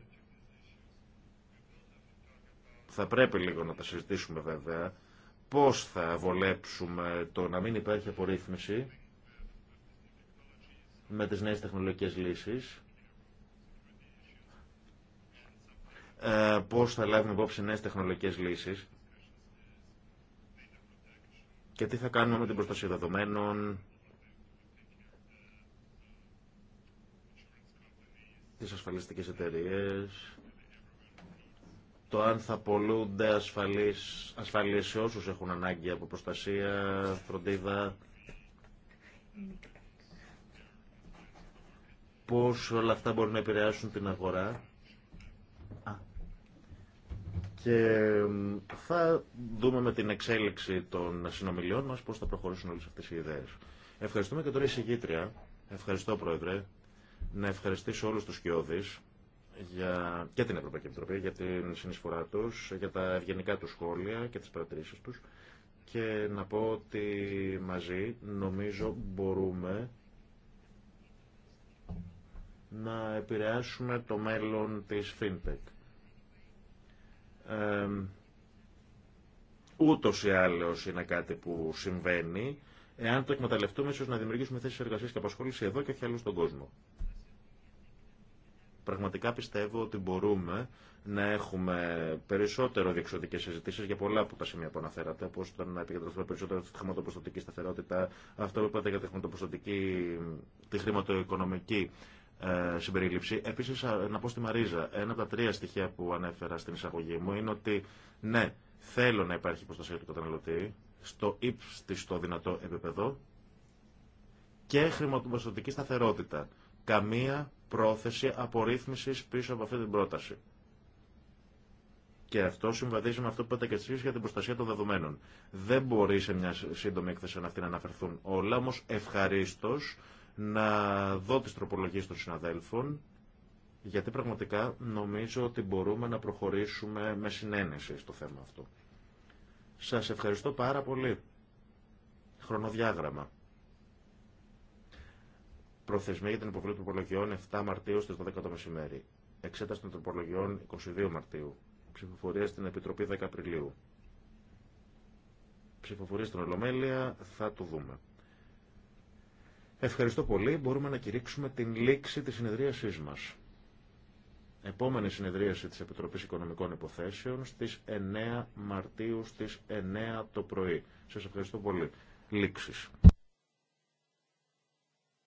Θα πρέπει λίγο να τα συζητήσουμε βέβαια. Πώς θα βολέψουμε το να μην υπάρχει απορρίθμιση με τις νέες τεχνολογικές λύσεις. Ε, πώς θα λάβουμε υπόψη νέες τεχνολογικές λύσεις και τι θα κάνουμε με την προστασία δεδομένων, τις ασφαλιστικές εταιρείες, το αν θα πολλούνται ασφαλείς, ασφαλείς σε όσους έχουν ανάγκη από προστασία, φροντίδα, πώς όλα αυτά μπορούν να επηρεάσουν την αγορά. Και θα δούμε με την εξέλιξη των συνομιλιών μας πώς θα προχωρήσουν όλες αυτές οι ιδέες. Ευχαριστούμε και τώρα η Ευχαριστώ Πρόεδρε. Να ευχαριστήσω όλους τους Κιώδης για... και την Ευρωπαϊκή Επιτροπή για την συνεισφορά τους, για τα ευγενικά τους σχόλια και τις παρατηρήσεις τους και να πω ότι μαζί νομίζω μπορούμε να επηρεάσουμε το μέλλον της FinTech ε, ούτως ή άλλως είναι κάτι που συμβαίνει. Εάν το εκμεταλλευτούμε, ίσως να δημιουργήσουμε θέσεις εργασίας και απασχόληση εδώ και όχι αλλού στον κόσμο. Πραγματικά πιστεύω ότι μπορούμε να έχουμε περισσότερο διεξοδικέ συζητήσει για πολλά από τα σημεία που αναφέρατε, όπω το να επικεντρωθούμε περισσότερο στη χρηματοπροστατική σταθερότητα, αυτό που είπατε για τη χρηματοπροστατική, τη χρηματοοικονομική ε, συμπερίληψη. Επίση, να πω στη Μαρίζα, ένα από τα τρία στοιχεία που ανέφερα στην εισαγωγή μου είναι ότι ναι, θέλω να υπάρχει προστασία του καταναλωτή στο ύψιστο δυνατό επίπεδο και χρηματοπιστωτική σταθερότητα. Καμία πρόθεση απορρίθμιση πίσω από αυτή την πρόταση. Και αυτό συμβαδίζει με αυτό που είπατε και εσεί για την προστασία των δεδομένων. Δεν μπορεί σε μια σύντομη έκθεση να αυτή να αναφερθούν όλα, όμω ευχαρίστω να δω τις τροπολογίες των συναδέλφων, γιατί πραγματικά νομίζω ότι μπορούμε να προχωρήσουμε με συνένεση στο θέμα αυτό. Σας ευχαριστώ πάρα πολύ. Χρονοδιάγραμμα. Προθεσμία για την υποβολή τροπολογιών 7 Μαρτίου στις 12 το μεσημέρι. Εξέταση των τροπολογιών 22 Μαρτίου. Ψηφοφορία στην Επιτροπή 10 Απριλίου. Ψηφοφορία στην Ολομέλεια θα το δούμε. Ευχαριστώ πολύ. Μπορούμε να κηρύξουμε την λήξη της συνεδρίασής μας. Επόμενη συνεδρίαση της Επιτροπής Οικονομικών Υποθέσεων στις 9 Μαρτίου στις 9 το πρωί. Σας ευχαριστώ πολύ. Λήξης.